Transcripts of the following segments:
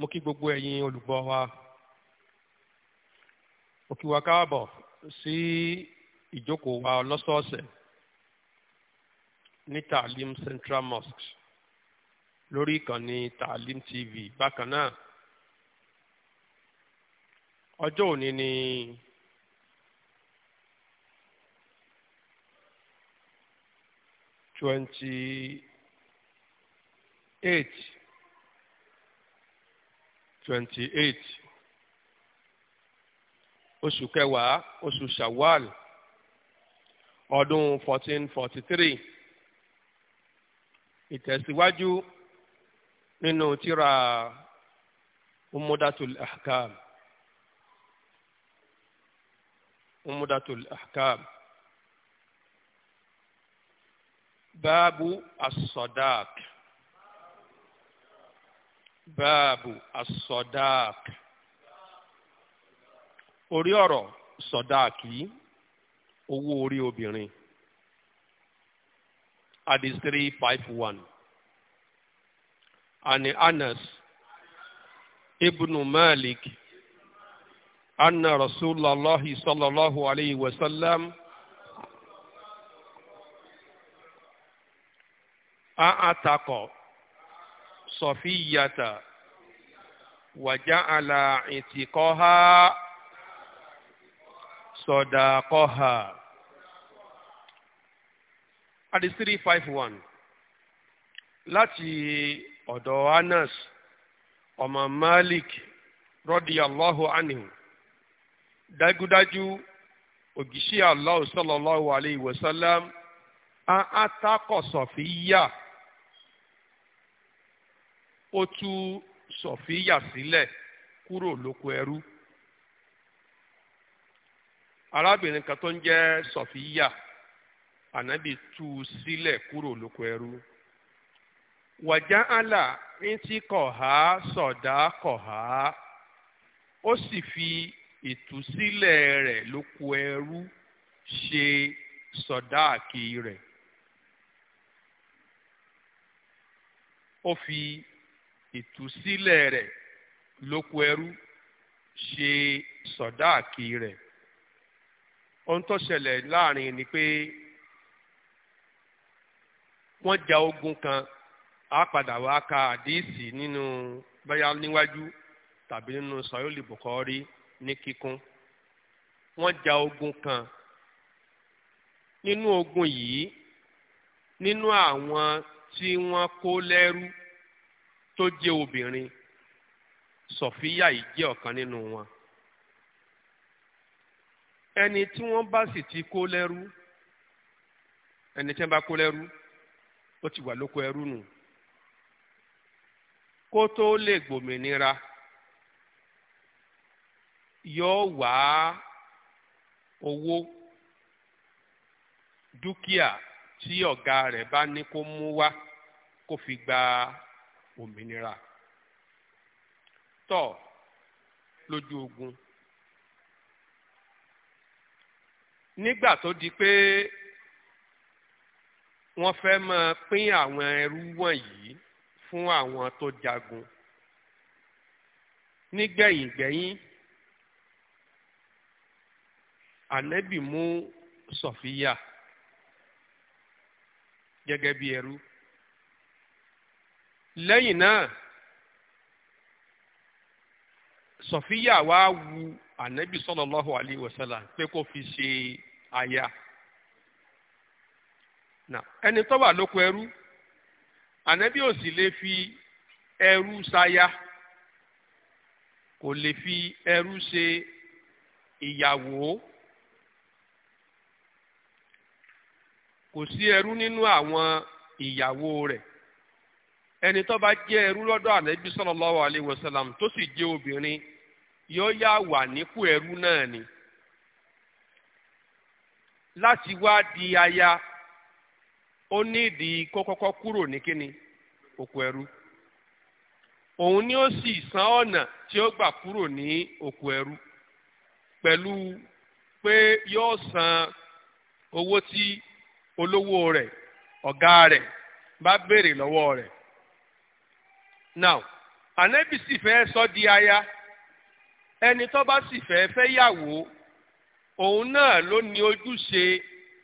mo kí gbogbo ẹ̀yin olùgbọ́ wa mo káàbọ̀ sí ìjókòó wa lọ́sọ̀ọ̀sẹ̀ ní Taalim Central Mosque lórí ìkànnì Taalim TV bákan náà ọjọ́ òní ni twenty eight twenty eight oṣù kẹwàá oṣù shawwal ọdún fourteen forty three ìtẹ̀síwájú nínú tírà umudatul ahkam umudatul ahkam báàbù asọdáàkì. báàbù a orí ọ̀rọ̀ sọdáàkì owó orí obìnrin hadith three five one ani anas ibnu malik anna rasulallah sallallahu alayhi wa sallam a'ataqa sofiyata waja ala itikoha sodakoha Hadis 351 Lati Odo Anas Oma Malik radiyallahu anhu Dagudaju Ogishi Allah sallallahu alaihi wasallam A atakọ sofiyya ó tú sọ̀fíyà sílẹ̀ kúrò lóko ẹrú arábìnrin kan tó ń jẹ́ sọfíyà, ànábì tú u sílẹ̀ kúrò lóko ẹrú wàjá àlà ń tí kọ̀ há sọ̀dá kọ̀ há ó sì fi ìtúsílẹ̀ rẹ̀ lóko ẹrú ṣe sọ̀dáàkì rẹ̀ ó fi ìtúsílẹ̀ rẹ̀ lóko ẹrú ṣe sọ̀dáàkì rẹ̀ ohun tó ṣẹlẹ̀ láàrin ni pé wọ́n ja ogun kan á padà wá ka àdíìsì nínú báyà níwájú tàbí nínú sọ́yọ́lì bùkọ́rí ní kíkún wọ́n ja ogun kan nínú ogun yìí nínú àwọn tí wọ́n kó lẹ́rú tó jẹ́ obìnrin sọ̀fíyà yìí jẹ́ ọ̀kan nínú wọn ẹni tí wọ́n bá sì ti kó lẹ́rú ẹni tí wọ́n bá kó lẹ́rú ó ti wà lóko ẹrú nù kó tó lè gbòmìnira yóò wá owó dúkìá tí ọ̀gá rẹ̀ bá ní kó mú wá kó fi gba òmìnira tọ́ lójú ogun nígbà tó di pé wọ́n fẹ́ máa pín àwọn ẹrú wọ̀nyí fún àwọn tó jagun nígbẹ̀yìngbẹ̀yìn ànẹ́bì mú sọ̀fíyà gẹ́gẹ́ bí ẹrú. lẹ́yìn náà sọ̀fíyà wá wu ànábì sallallahu alayhi wa sallam pé kó fi ṣe aya ẹni tó wà lóko ẹrú ànábì ò sì lè fi ẹrú ṣaya kò lè fi ẹrú ṣe ìyàwó kò sí ẹrú nínú àwọn ìyàwó rẹ̀ ẹni tó bá jẹ́ ẹrú lọ́dọ̀ ànábì sallallahu alaihi wasallam tó sì jẹ́ obìnrin yóò yá wà nípò ẹrú náà ni láti wá di aya ó ní ìdí kọ́kọ́kọ́ kúrò ní kíni òkú ẹrú òun ni ó sì san ọ̀nà tí ó gbà kúrò ní òkú ẹrú pẹ̀lú pé yóò san owó tí olówó rẹ̀ ọ̀gá rẹ̀ bá béèrè lọ́wọ́ rẹ̀ now ànábì sì fẹ́ sọ di aya ẹni tó bá sì fẹ́ fẹ́ yàwó òun náà ló ní ojúṣe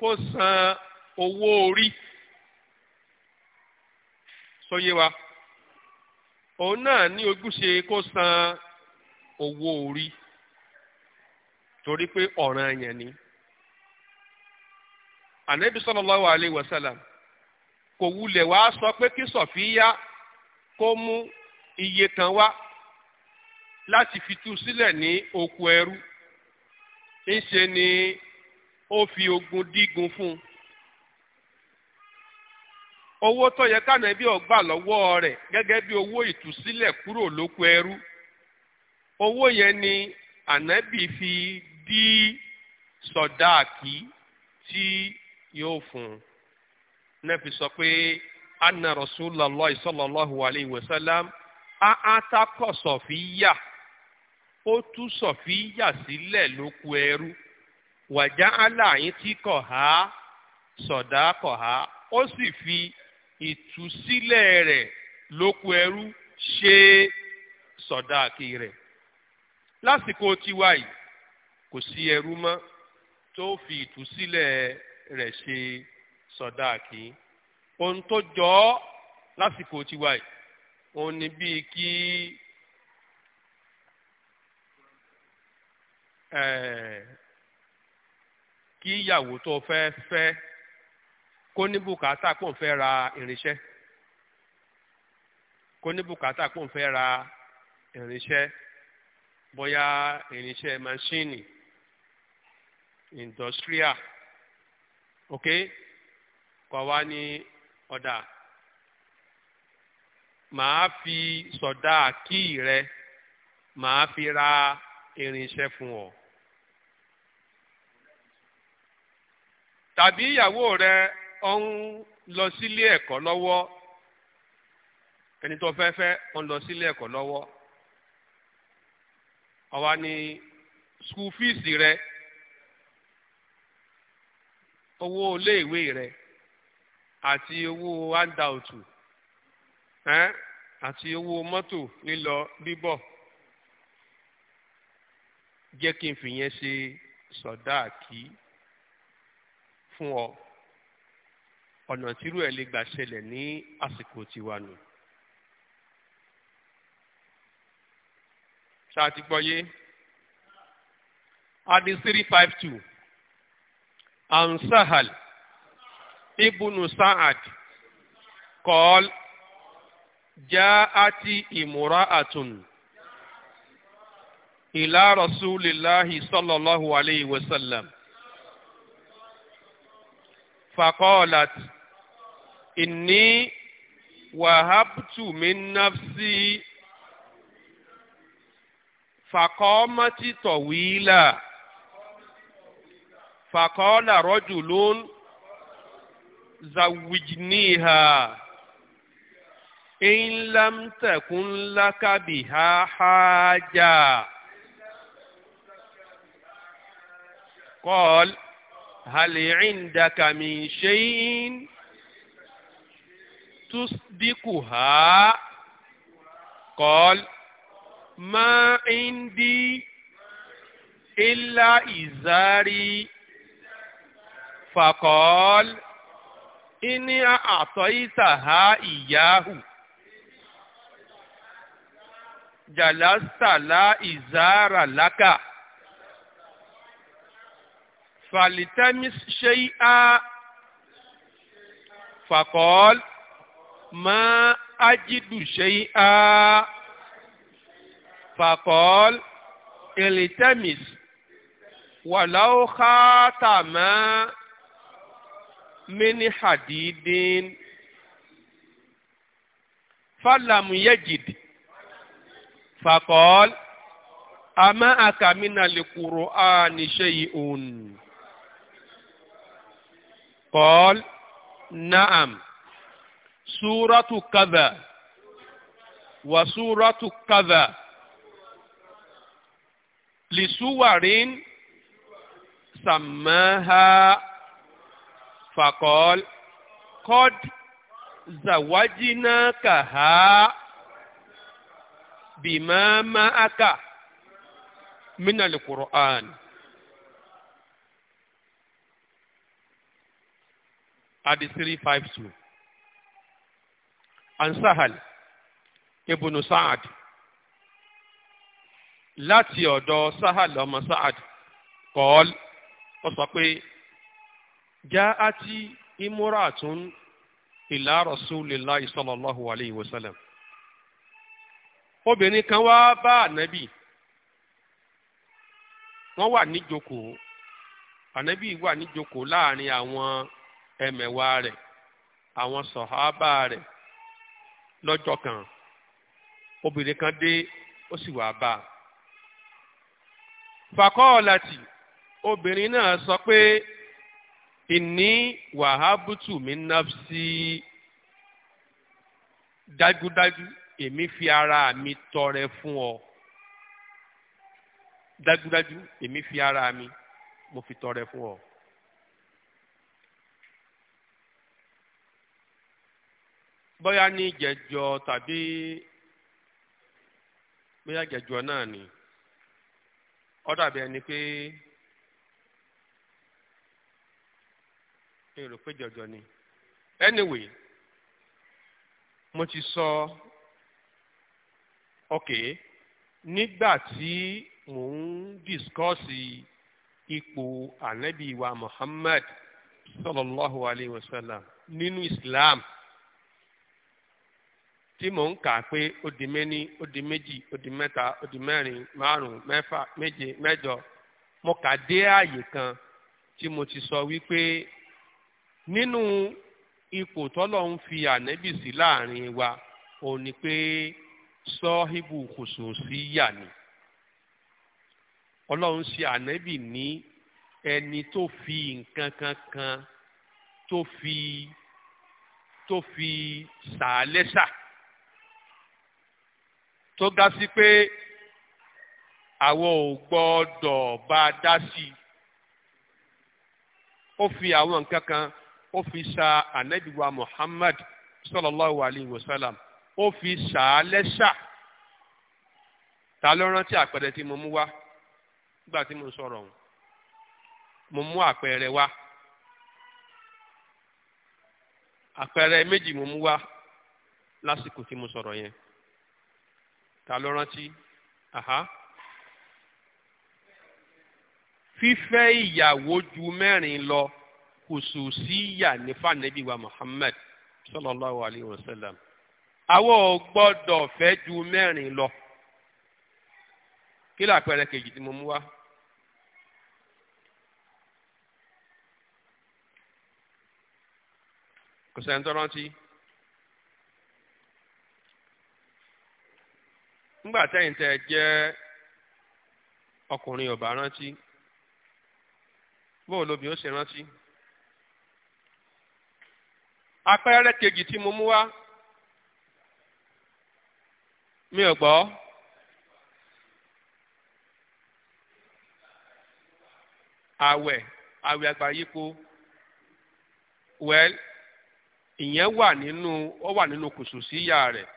kó san owó orí sọyé wa òun náà ní ojúṣe kó san owó orí torí pé ọ̀ràn yẹn ni ànábì sallallahu alaihi wasallam kò wulẹ̀ wá sọ pé kí sọ̀fíyá. So kó mú iye kan wá láti fi tú sílẹ̀ ní oko ẹrú ńṣe ni ó fi ogun dígun fún un owó tó yẹ kánà bí ọgbà lọ́wọ́ rẹ̀ gẹ́gẹ́ bí owó ìtúsílẹ̀ kúrò lóko ẹrú owó yẹn ni ànábì fi dí sọ̀dáàkì tí yóò fún un náà sọ pé anna rasulallah sallallahu alayhi wa sallam àtàkọ sọfíyà ó tú sọfíyà sílẹ̀ lóko ẹrú wàjá aláàyín eru waja ha ti kọ̀ ha ó si fi lásìkò tiwa yìí kò sí ẹrú tó fi ìtúsílẹ̀ rẹ̀ ṣe se So ohun tó jọ ọ́ lásìkò tiwa yìí òun ni bíi kí eh, kí ìyàwó tó fẹ́ fẹ́ kó ní bùkátà kó ń fẹ́ ra irinṣẹ́ kó ní bùkátà kó ń fẹ́ ra irinṣẹ́ bóyá irinṣẹ́ maṣíìnì industrial ok kọ̀ wá ni ọ̀dà màá fi sọ̀dá kí rẹ màá fi ra irinṣẹ́ fún ọ. tàbí ìyàwó rẹ ọ ń lọ sílé ẹ̀kọ́ lọ́wọ́ ẹni tó fẹ́ fẹ́ ọ ń lọ sílé ẹ̀kọ́ lọ́wọ́ ọwa ni skul fíìsì rẹ owó iléèwé rẹ. àti owó handout ẹ́n àti owó mọ́tò lílọ bíbọ̀ jẹ́ kí n fìyẹn ṣe sọ̀dáàkì fún ọ ọ̀nà tírú ẹ̀ lè gbà ṣẹlẹ̀ ní àsìkò tiwa nù. ṣáà ti gbọ́ yé adi three five two ansahal ibnu sa'ad qal jaati imura'atun ila rasulillahi sallallahu alayhi wa sallam faqalat inni wahabtu min nafsi faqamati tawila faqala rajulun زوجنيها إن لم تكن لك بها حاجة قال هل عندك من شيء تصدقها قال ما عندي إلا إزاري فقال ìní àtọ̀ ìtàhá ìyáhù jàlásítàlá ìzára lákà fàlítẹ́mís ṣe á fàkọ́ọ́l mọ́ ájídù ṣe á fàkọ́ọ́l ìlítẹ́mís wàláwó ká tàmá mini hadidin falam yejid fakol ama aka mina likuru ani sheyun kol naam suratu kadha wa suratu kadha lisuwarin samaha fàkọ́l kọ́d zawajina kàhá bìmá máàkà mínàlì kùrọ̀án. Adi 352 An Sahal Ibn Sa'ad láti ọ̀dọ̀ Sahal ọmọ Sa'ad kọ́ọ́l ó sọ pé jaati imuratun ila rasulillahi sallallahu alayhi wa sallam obìnrin kan wá bá ànábì wọ́n wà níjókòó ànábì wà níjókòó láàrin àwọn ẹmẹ̀wà rẹ̀ àwọn sọ̀hábà rẹ̀ lọ́jọ́ kan obìnrin kan dé ó sì wá bá a fàkọọlàtì obìnrin náà sọ pé. inni wàhábùtù mi nafsi dájúdájú èmi fi ara mi tọrẹ fún ọ dájúdájú èmi fi ara mi mo fi tọrẹ fún ọ. bóyá ní ìjẹjọ tàbí bóyá ìjẹjọ náà ni Ọ dàbí ẹni pé. mi ò jọjọ ni anyway mo ti sọ ok nígbà tí mò ń discọ́sì ipò ànábì wa Muhammad sallallahu alayhi wa sallam nínú Islam tí mò ń kà pé ó di méní ó di méjì ó di mẹ́ta ó di mẹ́rin márùn-ún mẹ́fà méje mẹ́jọ mo kà dé ààyè kan tí mo ti sọ wípé nínú ipò tọ́lọ̀ ń fi ànẹ́bì sí láàrin wa òun ni pé sọ́híbù kùsùsì yà ni ọlọ́run ṣe ànẹ́bì ní ẹni tó fi nǹkan kan kan tó fi tó fi sàálẹ́sà tó ga sí pé àwọn ò gbọ́dọ̀ bá a dá sí i ó fi àwọn nǹkan kan. ó fi ṣa ànábìwá Muhammad sallallahu alayhi wa sallam ó fi ṣà á ta ló rántí àpẹẹrẹ tí mo mú wá nígbà tí mo sọ̀rọ̀ ọ̀hún mo mú àpẹẹrẹ wá àpẹẹrẹ méjì mo mú wá lásìkò tí mo sọ̀rọ̀ yẹn ta ló rántí aha fífẹ́ ìyàwó ju mẹ́rin lọ kùsùsíyà ní fànẹ́bí wa Muhammad sallallahu alayhi wa sallam àwọn ò gbọ́dọ̀ fẹ́ ju mẹ́rin lọ kí làpẹẹrẹ kejì tí mo mú wá. kò sẹ́ni tó rántí. nígbà tẹ́yìn tẹ́ ẹ ọkùnrin ọ̀bà rántí bóòlù obìnrin ó ṣe rántí. àpẹẹrẹ kejì tí mo mú wá mi ò gbọ́. àwẹ̀ àwẹ̀ àgbà yípo well ìyẹn wà nínú ó wà nínú kùsùsíyà rẹ̀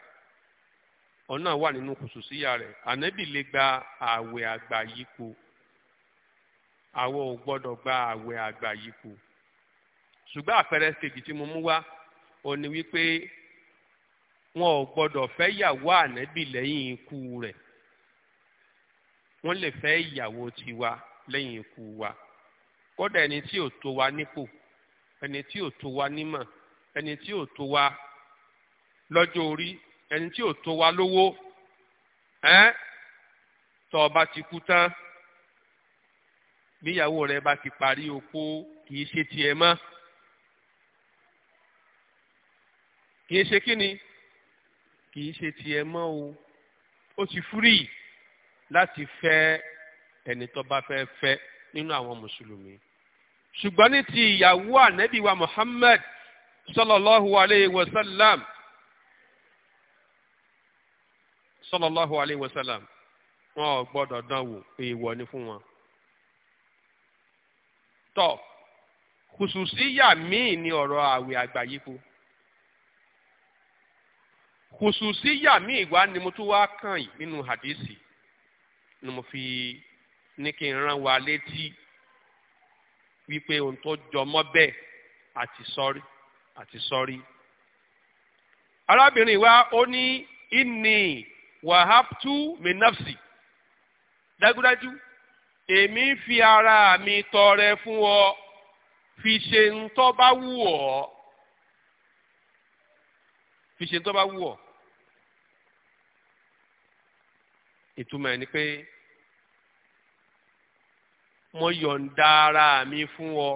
ọ̀nà wà nínú kùsùsíyà rẹ̀ ànábì lè gba àwẹ̀ àgbà yípo awọ ò gbọ́dọ̀ gba àwẹ̀ àgbà yípo ṣùgbọ́n àpẹẹrẹ kejì tí mo mú wá ó ní wípé wọn ò gbọdọ̀ fẹ́ yàwó ànábì lẹ́yìn ikú rẹ̀ wọ́n lè fẹ́ ìyàwó tiwa lẹ́yìn ikú wa kódà ẹni tí ò tó wa nípò ẹni tí ò tó wa nímọ̀ ẹni tí ò tó wa lọ́jọ́ orí ẹni tí ò tó wa lówó ẹ́ tọ́ ọba ti kú tán bíyàwó rẹ bá ti parí opó kì í ṣe tiẹ̀ mọ́. kì í ṣe kí ni kì í ṣe tiẹ̀ mọ́ o ó ti fúrì láti fẹ́ ẹni tó bá fẹ́ fẹ́ nínú àwọn mùsùlùmí ṣùgbọ́n ní ti ìyàwó ànábì wa Muhammad sallallahu alayhi wa sallam sallallahu alayhi wa sallam wọn ò gbọ́dọ̀ dánwò èèwọ̀ ni fún wọn. tọ́ kùsùsíyà míì ni ọ̀rọ̀ àwẹ̀ àgbáyé fún kùsùsíyà míì wá ni mo tún wá kàn yìí nínú hadisi ni mo fi ní kí n rán wa létí wípé ohun tó jọmọ́ bẹ́ẹ̀ àti sọ́rí àti sọ́rí. arábìnrin wa ó ní inni wàháptú minafsi dájúdájú èmi ń fi ara mi tọrẹ fún ọ fi ṣe ń tọ́ bá wù ọ́ fi ṣe tó bá wù ọ́ ìtumọ̀ ẹ̀ ni pé mo yọ̀ǹda ara mi fún ọ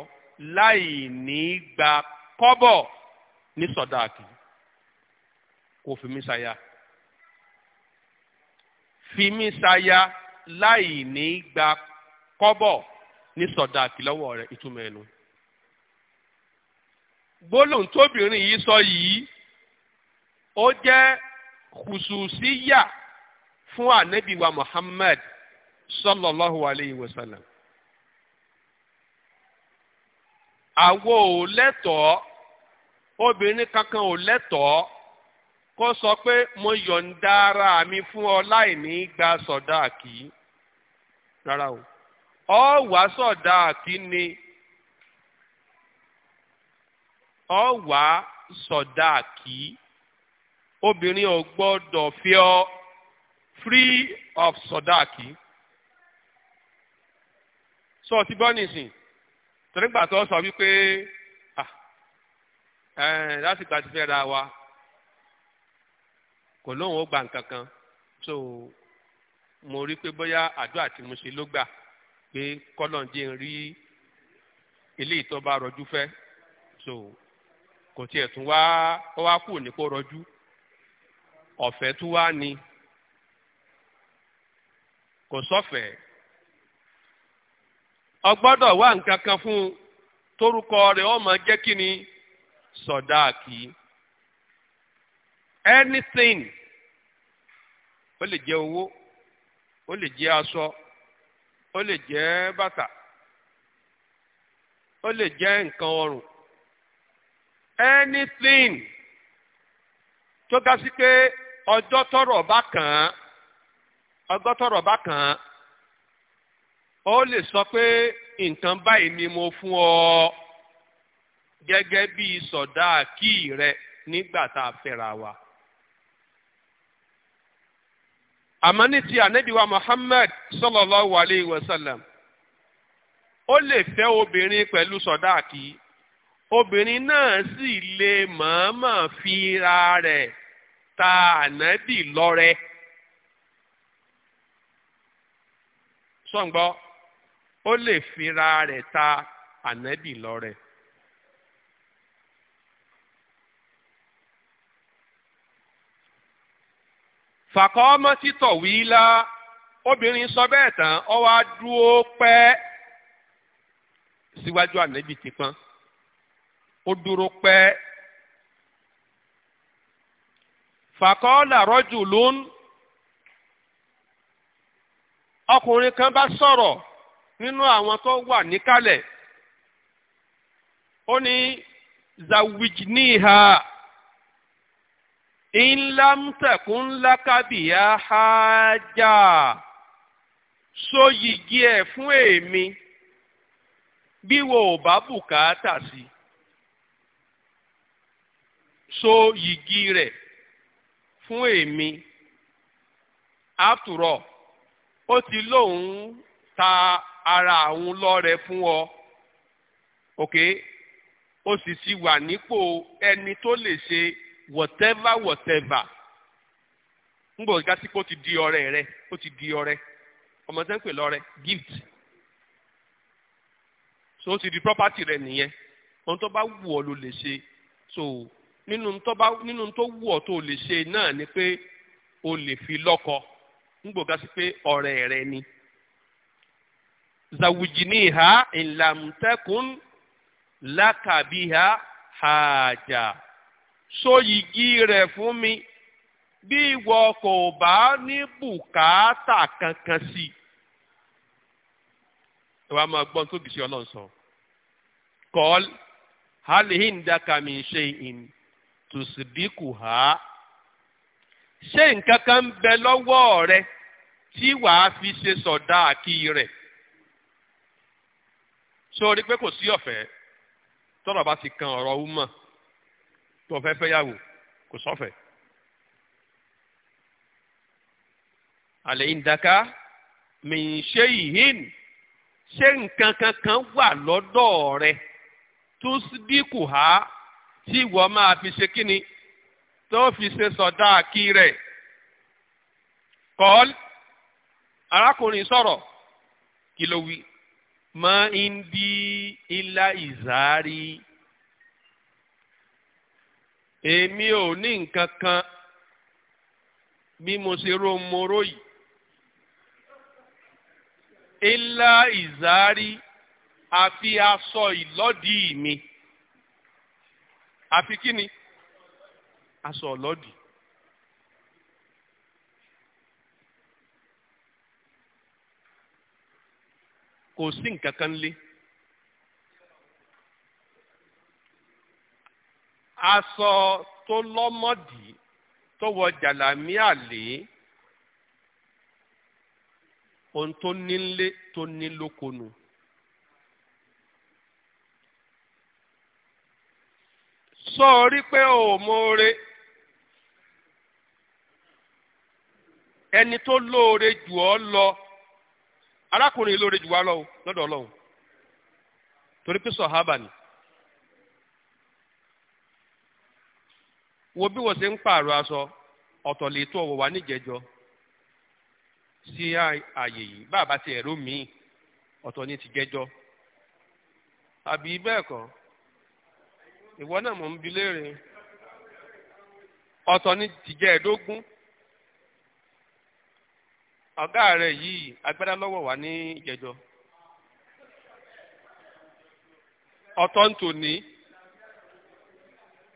láì ní gba kọ́bọ̀ ní sọ̀dáàkì kò fi mí ṣaya fi mí ṣaya láì ní gba kọ́bọ̀ ní sọ̀dáàkì lọ́wọ́ rẹ̀ ìtumọ̀ ẹ̀nu gbólóhùn tóbìnrin yìí sọ yìí ó jẹ́ kùsùsíyà fún ànábì wa Muhammad sallallahu alayhi wa sallam. àwo ò lẹ́tọ̀ọ́ obìnrin kankan ò lẹ́tọ̀ọ́ kó sọ pé mo yọ̀ǹda ara mi fún ọ gba sọ̀dáàkì rárá o ọ ni obìnrin ò gbọ́dọ̀ fi ọ free of sọdáàkì sọ ti bọ́ nìsín tẹ̀légbà tó sọ wípé ah, láti gbà ti fẹ́ ra wa kò lóun ó gba nǹkan kan so mo rí pé bóyá àdúrà tí mo ṣe ló gbà pé kọ́lọ́njẹ́ ń rí eléyìí tó bá rọjú fẹ́ so kò tiẹ̀ tún wá ó wá kù nípò rọjú ọ̀fẹ́ tó wá ní, kò sọ́fẹ̀ẹ́ ọgbọ́dọ̀ wá nǹkan kan fún un torúkọ rẹ̀ ọmọ jẹ́ kí ni sọ̀dáàkì anything ó lè jẹ́ owó ó lè jẹ́ aṣọ ó lè jẹ́ bàtà ó lè jẹ́ nǹkan ọrùn anything. tó ga sí pé ọjọ́ tọ́rọ̀ bá kàn án ọjọ́ tọ́rọ̀ bá kàn án ó lè sọ pé nǹkan báyìí ni mo fún ọ gẹ́gẹ́ bí sọ̀dáàkì rẹ nígbà tá a fẹ́ra wa. àmọ́ ní ti ànábìwá Muhammad sallallahu alayhi wa sallam ó lè fẹ́ obìnrin pẹ̀lú sọ̀dáàkì obìnrin náà sì lè mọ̀ọ́mọ̀ fi rẹ̀ ta ànábì lọ́rẹ sọ̀ǹgbọ́ ó lè fira rẹ̀ ta ànábì lọ́rẹ. fàkọ́mọ́ títọ̀ wíìlá obìnrin sọ bẹ́ẹ̀ tán ó wá dúró pẹ́ síwájú ànábì ti pọ́n ó dúró pẹ́ fàkọ́ọ́là rọ́jù lón ọkùnrin kan bá sọ̀rọ̀ nínú àwọn tó wà níkàlẹ̀ ó ní zawijniha in lam takun laka so yìgì ẹ̀ fún èmi bí wo ò bá bùkátà sí so yìgì rẹ̀ fún èmi àtúrọ̀ ó ti lóun ta ara àwọn lọ́rẹ fún ọ ok ó sì ti wà nípò ẹni tó lè ṣe whatever whatever ngbọ ìgbà tí kò ti di ọ̀rẹ́ rẹ ó ti di ọ̀rẹ́ ọmọ tẹ́ ń pè lọ́rẹ́ gift so ó ti di property rẹ nìyẹn ohun tó bá wù ọ́ ló lè ṣe so nínú tó bá nínú tó wù ọ́ tó lè ṣe náà ni pé o lè fi lọ́kọ ńgbòga sí pé ọ̀rẹ́ rẹ ni. zawujiniha ìlàmùtẹ́kùn lákàbíha hajà sóyigi rẹ̀ fún mi bí ìwọ kò bá ní bùkátà kankan sí i. ìwà máa gbọ́n tó bìí sí ọlọ́run sọ. kọ́ọ́lì halihin daka ṣe in tùsídìkù ha ṣé nǹkan kan ń bẹ lọ́wọ́ rẹ tí wàá fi ṣe sọ̀dá àkí rẹ̀ sórí pé kò sí ọ̀fẹ́ tọ́rọ̀ bá ti kan ọ̀rọ̀ ọ̀húnmọ̀ tó fẹ́ fẹ́ yàwó kò sọ́fẹ́. àlẹ́ ìdàkà mìín ṣe ìhìn ṣé nǹkan kankan wà lọ́dọ̀ rẹ tó tí ìwọ máa fi ṣe kíni tó fi ṣe sọ̀dá àkí rẹ̀ kọ́ọ́l arákùnrin sọ̀rọ̀ kí ló wí mọ indi ilá ìzárí èmi ò ní nǹkan kan bí mo ṣe ró moro yìí ilá ìzárí àfi aṣọ ìlọ́dì mi àfi kí ni aṣọ ọlọ́dì. kò sí nǹkan kan lé. aṣọ tó lọ́mọdì tó wọ jàlámíà lé ohun tó nílé tó ní lóko sọ ọ rí pé ò mọ̀ọ́re ẹni tó lóore jù ọ lọ arákùnrin lóore jù wá lọ lọ́dọ̀ Ọlọ́run torí pé sọ̀hábà ni. wo bí wọ́n ṣe ń pààrọ̀ aṣọ ọ̀tọ̀ lè tó ọ̀wọ̀ wá níjẹ̀jọ sí ààyè yìí bàbá ti ẹ̀rọ míì ọ̀tọ̀ ní ti jẹ́jọ́ àbí bẹ́ẹ̀ kọ́. ìwọ náà mọ̀ ń bi léèrè ọ̀tọ̀ ní tìjẹ́ ẹ̀dógún ọ̀gá rẹ̀ yìí agbádá lọ́wọ́ wà ní ìjẹjọ ọ̀tọ̀ ń ní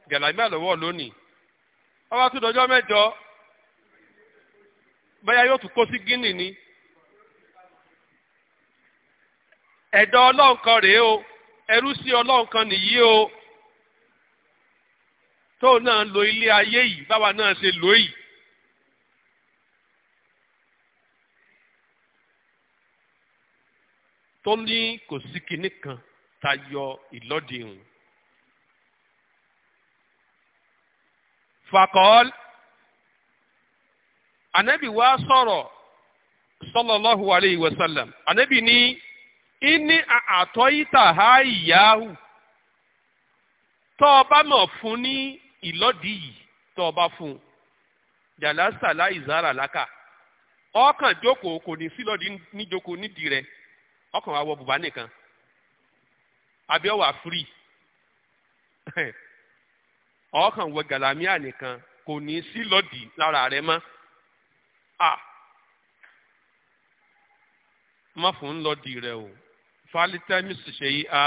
gàlámì àlọ́wọ́ lónìí ọba tó dọjọ́ mẹ́jọ bóyá yóò tún kó o ẹrú sí nìyí o. tó náà lo ilé ayé yìí báwa náà ṣe lò yìí. tó ní kò sí kinní kan tayọ ìlọ́dì hùn. fàkọ́ọ́l anabi wa sọ̀rọ̀ sallallahu alayhi wa sallam anabi ní inni àtọ́yítà ha ìyáhù tọ́ ọ bá mọ̀ fún ní ìlọ́dì yìí tó o bá fún un jàlásà láìzára lákà ọkàn jókòó kò ní sílọ́dì níjókòó nídìí rẹ ọkàn wa wọ bùbá nìkan àbí ọwà free ọkàn wọ gàlámíà nìkan kò ní sílọ́dì lára rẹ mọ́ a má fún un lọ́dì rẹ o fálítẹ́mìsì ṣe yí a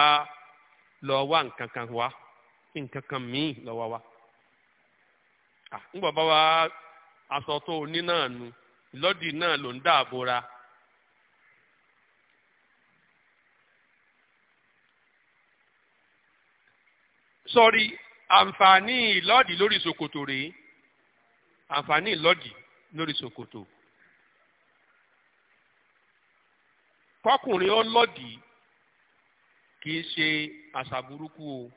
lọ wá nǹkan kan wá nǹkan kan míì lọ́wọ́ wa. Ah, ńgbọ̀n bá wa aṣọ tó o ní náà nu ìlọ́dì náà ló ń dáàbò ra. sọ́rí àǹfààní ìlọ́dì lórí ṣòkòtò rèé àǹfààní ìlọ́dì lórí ṣòkòtò. kọkùnrin ọlọ́dì kì í ṣe àṣà burúkú o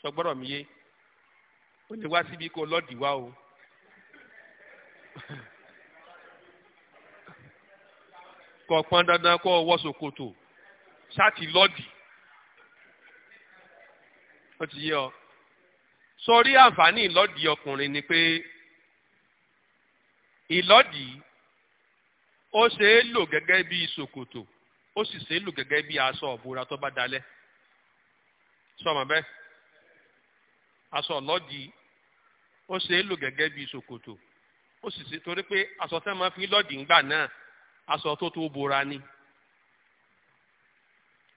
sọgbọ́dọ̀ mi yé ó ní wá síbi kó lọ́ọ̀dì wá o. kò pọn dandan kó o wọ ṣòkòtò ṣáàtì lọ́ọ̀dì ó ti yé ọ. sọrí àǹfààní ìlọ́ọ̀dì ọkùnrin ni pé ìlọ́ọ̀dì ó ṣeé lò gẹ́gẹ́ bí ṣòkòtò ó sì ṣeé lò gẹ́gẹ́ bí aṣọ ọ̀bùra tó bá dalẹ̀ sọmọ bẹ́ẹ̀ aṣọ ọlọ́dì ó ṣe é lò gẹ́gẹ́ bíi ṣòkòtò ó sì ṣe torí pé aṣọ tẹ́ máa fi lọ́ọ̀dì ńgbà náà aṣọ tó tó bora ni.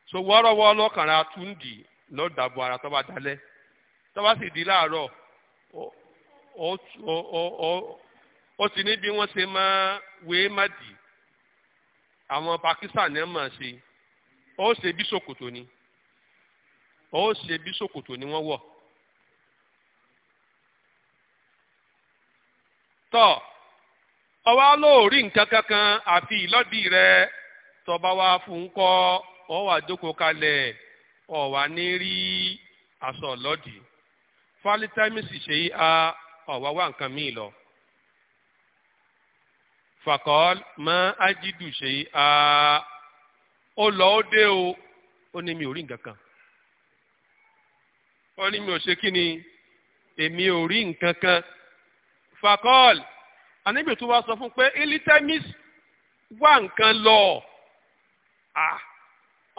so wọ́ọ́rọ́wọ́ lọ́kànra túndì lọ́ọ́ dàbò ara tó bá dalẹ̀ tó bá sì di láàárọ̀ ó ti ní bí wọ́n ṣe máa wé mádì àwọn Pakistan náà máa ṣe ó ṣe bí ṣòkòtò ni ó ṣe bí ṣòkòtò ni wọ́n wọ̀. tọ́ ọwá lóòrí nǹkan kankan àfi ìlọ́dì rẹ tọba wa fún kọ́ ọ wà jókòó kalẹ̀ ọ wà ní rí aṣọ lọ́dì fálítámísì ṣe a ọ̀wá wà nǹkan míì lọ. fàkọ́l mọ́ ájídù ṣe a ó lọ ó dé o ó ní mi ò rí nǹkan kan ó ní mi ò ṣe kí ni èmi ò rí nǹkan kan. fakọ́ọ̀l ànábì tó wá sọ fún pé ilitemis wá nǹkan lọ ọ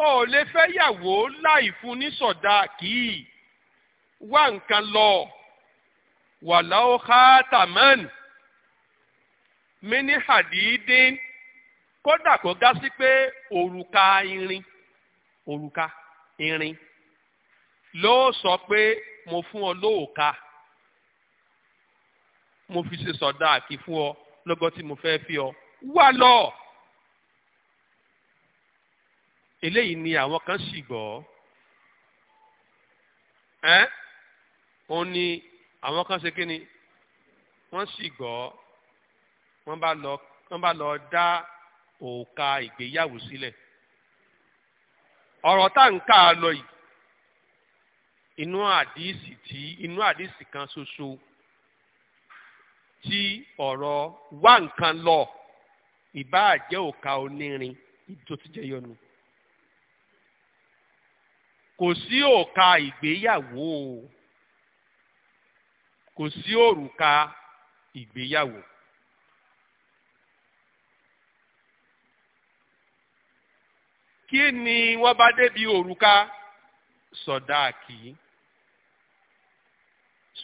ò lè fẹ́ yàwó láì fún ní sọ̀dá kì í wá nǹkan lọ wàláwó khataman mini hadidin kódà kó gá sí pé òrùka irin òrùka irin ló sọ pé mo fún ọ lóòka mo fi ṣe sọ̀dá àkí fún ọ lọ́gọ́ tí mo fẹ́ fi ọ wá lọ. eléyìí ni àwọn kan sì gbọ́ ẹ́ òun ni àwọn kan ṣe kí ni wọ́n sì gbọ́ wọ́n bá lọ wọ́n bá lọ dá òòka ìgbéyàwó sílẹ̀ ọ̀rọ̀ tá à ń kà á lọ yìí inú àdìsí tí inú àdìsí kan ṣoṣo. So -so tí ọ̀rọ̀ wá nǹkan lọ ìbáà jẹ́ òka onírin tó ti jẹ́ yọnu. kò sí òka ìgbéyàwó kò sí òrùka ìgbéyàwó. kí ni wọ́n bá débi òrùka sọ̀dáàkì. So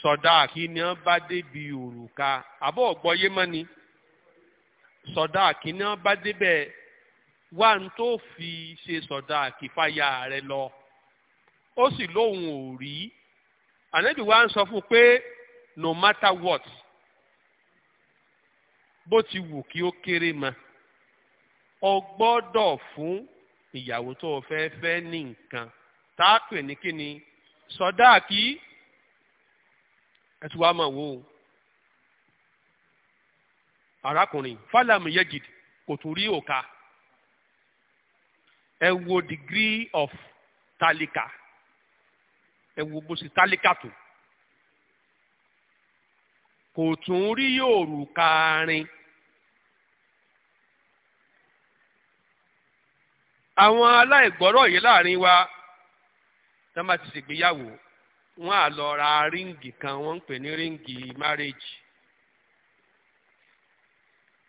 sọdáàkì ni ọ bá débi òrùka àbọ̀ yé mọ́ ni sọdáàkì ni ọ bá débẹ̀ wá ń tó fi ṣe sọdáàkì fáyà rẹ lọ ó sì lóhun ò rí ànábì sọ fún un pé no matter what bó ti wù kí ó kéré mọ́ ọ gbọ́dọ̀ fún ìyàwó tó o fẹ́ fẹ́ ní nǹkan tá a ẹ ti wá mọ̀ wò ó arákùnrin fálàmù yejid kò tún rí òka ẹ wo degree of talika, ẹ wo bó ṣe tálíkà tó kò tún rí òrùka rin. àwọn aláìgbọ́rọ̀ yìí láàrin wa tá má ti ṣègbéyàwó wọ́n á lọ ra ríǹgì kan wọ́n ń pè ní ríǹgì márèjì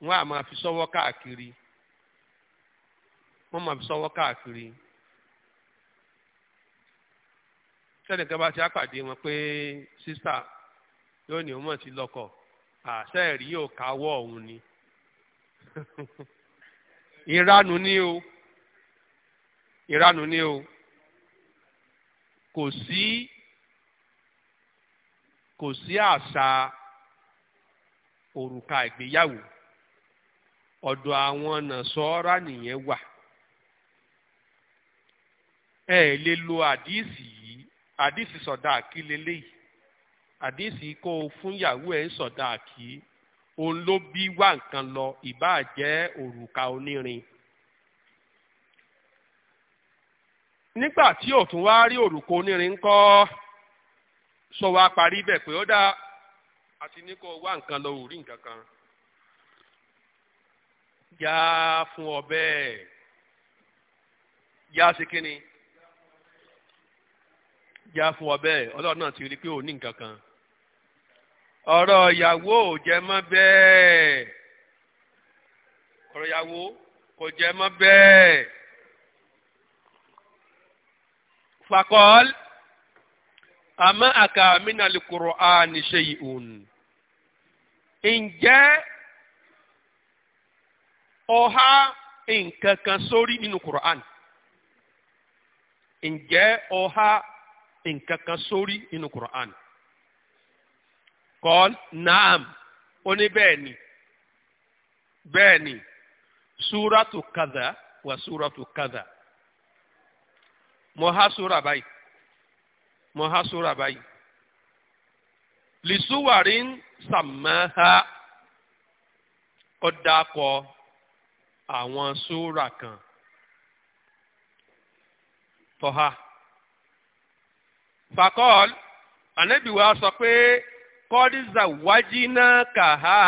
wọ́n á máa fi sọ́wọ́ káàkiri wọ́n máa fi sọ́wọ́ káàkiri sẹ́nìkan bá ti àpàdé wọn pé sísà yóò ní òun mọ̀ sí lọ́kọ̀ yóò káwọ́ òun ni ìranu ni o ìranu ni o kò sí. Si kò sí àṣà òrùka ìgbéyàwó ọ̀dọ̀ àwọn nàṣọ́ra nìyẹn wà ẹ lè lo àdíìsì yìí àdíìsì sọ̀dá àkí leléyìí àdíìsì kó o fún yàwó ẹ̀ ń sọ̀dá àkí òun ló bí wá nǹkan lọ ìbáà jẹ́ òrùka onírin. nígbà tí òtún wá rí òrùka onírin kọ́ ọ́ sọ wá parí bẹ́ẹ̀ pé ó dá àti ní kó wá nǹkan lọ òrí nǹkan kan yá fún ọ bẹ́ẹ̀ yá sí kínni yá fún ọ bẹ́ẹ̀ ọlọ́run náà ti rí i pé ò ní nǹkan kan ọ̀rọ̀ ìyàwó ò jẹ mọ́ bẹ́ẹ̀ ọ̀rọ̀ ìyàwó kò jẹ mọ́ bẹ́ẹ̀ fakọ́ọ́lì. àmọ́ aka lè kúrò á ní ṣe ọha nǹkan kan sórí nínú ọha nǹkan kan sórí nínú naam onye ni bẹ́ẹ̀ ni súrátù kadà wà súrátù kadà mo há sura báyìí. mọ̀hásúra báyìí lisuwarin samaha ó dákọ àwọn súra kan tọ́ha fakọ́l anábìwá sọ pé kọ́díza wájínà kàhá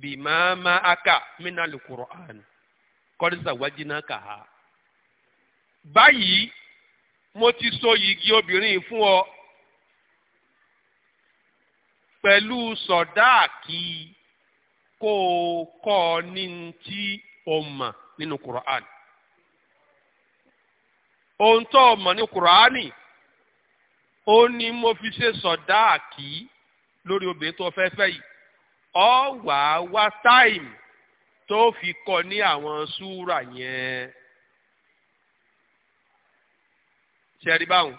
bìmáàmá aka mínà lùkùrọ̀ àn kọ́díza wájínà kàhá báyìí mo ti so yìgì obìnrin fún ọ pẹ̀lú sọ̀dáàkì kó o kọ́ ọ ní tí o mọ̀ nínú Quran ohun tó o mọ̀ ní Qurani ó ní mo fi ṣe sọ̀dáàkì lórí obìnrin tó fẹ́ fẹ́ yìí ọ wàá wá táìmù tó fi kọ́ ní àwọn súrà yẹn. ṣẹ́rí báwọn.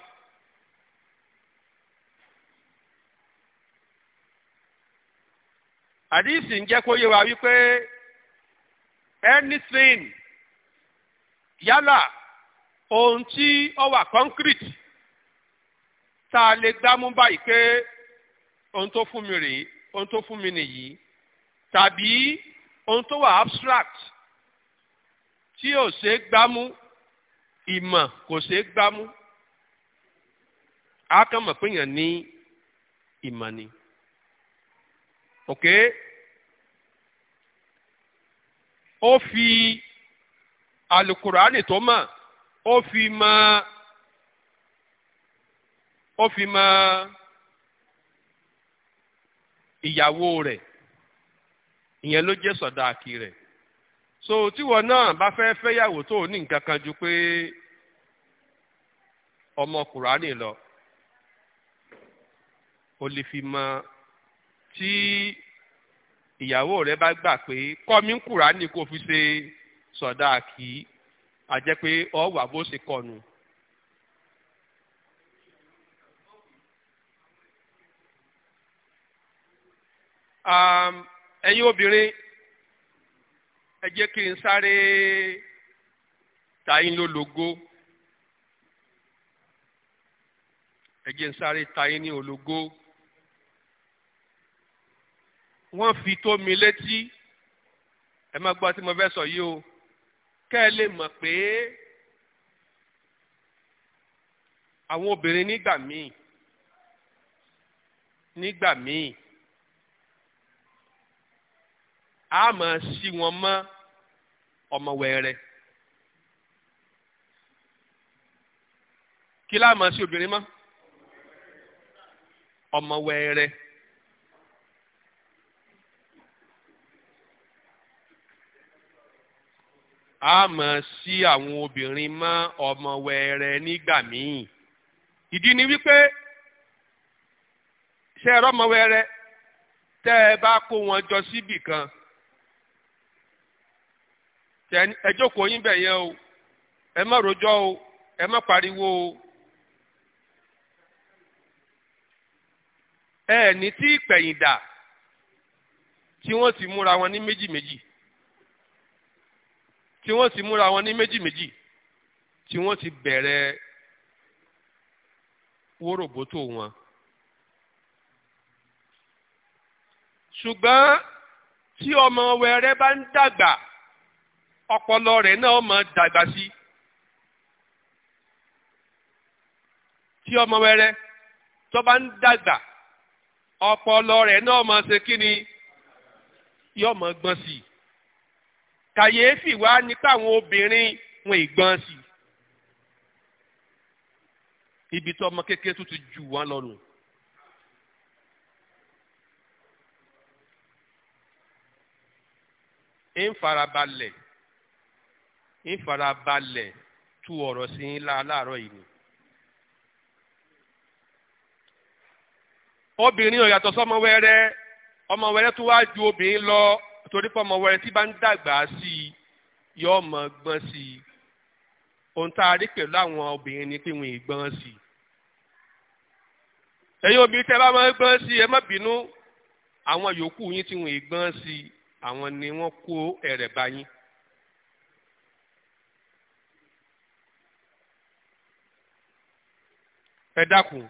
àdìsí ń jẹ́ kó yé wa wípé anything yálà ohun tí ó wà concrete tá a lè gbámú báyìí pé ohun tó fún mi rèé ohun tó fún mi nìyí tàbí ohun tó wà abstract tí ò ṣeé gbámú ìmọ̀ kò ṣeé gbámú á kàn mọ̀ ni ok ó fi alukurani tó mọ̀ ó fi mọ̀ ó ìyàwó rẹ̀ ìyẹn ló sọ̀dáàkì rẹ̀ so tíwọ náà bá fẹ́ fẹ́yàwó tó ní nǹkan kan ju pé ọmọ kùránì lọ o lè fi mọ tí ìyàwó rẹ bá gbà pé kọ́ mi ń kùrà ní kó fi ṣe sọ̀dá kì í a jẹ́ pé ọ wà bó ṣe kọnu. Um, ẹ̀yin obìnrin ẹ jẹ́ kí n sáré ta yín lólogó ẹ jẹ́ n sáré ta ní ológó wọ́n fi tó mi létí ẹ má gbọ́ tí mo fẹ́ sọ yìí o kẹ́ ẹ lè mọ̀ pé àwọn obìnrin nígbà míì nígbà míì a máa ṣí wọn mọ́ ọmọ wẹrẹ kí láà máa ṣí obìnrin mọ́ ọmọ wẹrẹ. a máa sí àwọn obìnrin mọ́ ọmọ wẹrẹ nígbà míì ìdí ni wípé ṣé ẹ̀rọ ọmọ wẹrẹ tẹ́ ẹ bá kó wọn jọ síbì kan ẹ jókòó yín bẹ̀ yẹn o ẹ má rojọ́ o ẹ má pariwo o ẹ ní tí ìpẹ̀yìndà tí wọ́n ti múra wọn ní méjì méjì tí wọ́n ti múra wọn ní méjì méjì tí wọ́n ti bẹ̀rẹ̀ wóróbótó wọn. ṣùgbọ́n tí ọmọ wẹrẹ bá ń dàgbà ọpọlọ rẹ̀ náà máa dàgbà sí i. tí ọmọ wẹrẹ tó bá ń dàgbà ọpọlọ rẹ̀ náà máa ṣe kí ni yóò máa gbọ́n sí i. kàyééfì wá nípa àwọn obìnrin wọn ìgbọ́n sí ibi tí ọmọ kékeré tó ti jù wọn lọ́nu. ń farabalẹ̀ ń ọ̀rọ̀ sí i láàárọ̀ yìí ni. obìnrin ò yàtọ̀ wẹ́rẹ́ ọmọ wẹ́rẹ́ tó wá ju obìnrin lọ torí pé ọmọ wẹrẹ tí bá ń dàgbà sí i yóò mọ gbọ́n sí i ohun tá a rí pẹ̀lú àwọn obìnrin ni pé wọ́n ì gbọ́n sí i ẹ̀yin obìnrin tẹ́ bá máa gbọ́n sí i ẹ má bínú àwọn yòókù yín tí wọ́n ì gbọ́n sí i àwọn ni wọ́n kó ẹ̀rẹ̀ bá yín. ẹ dákun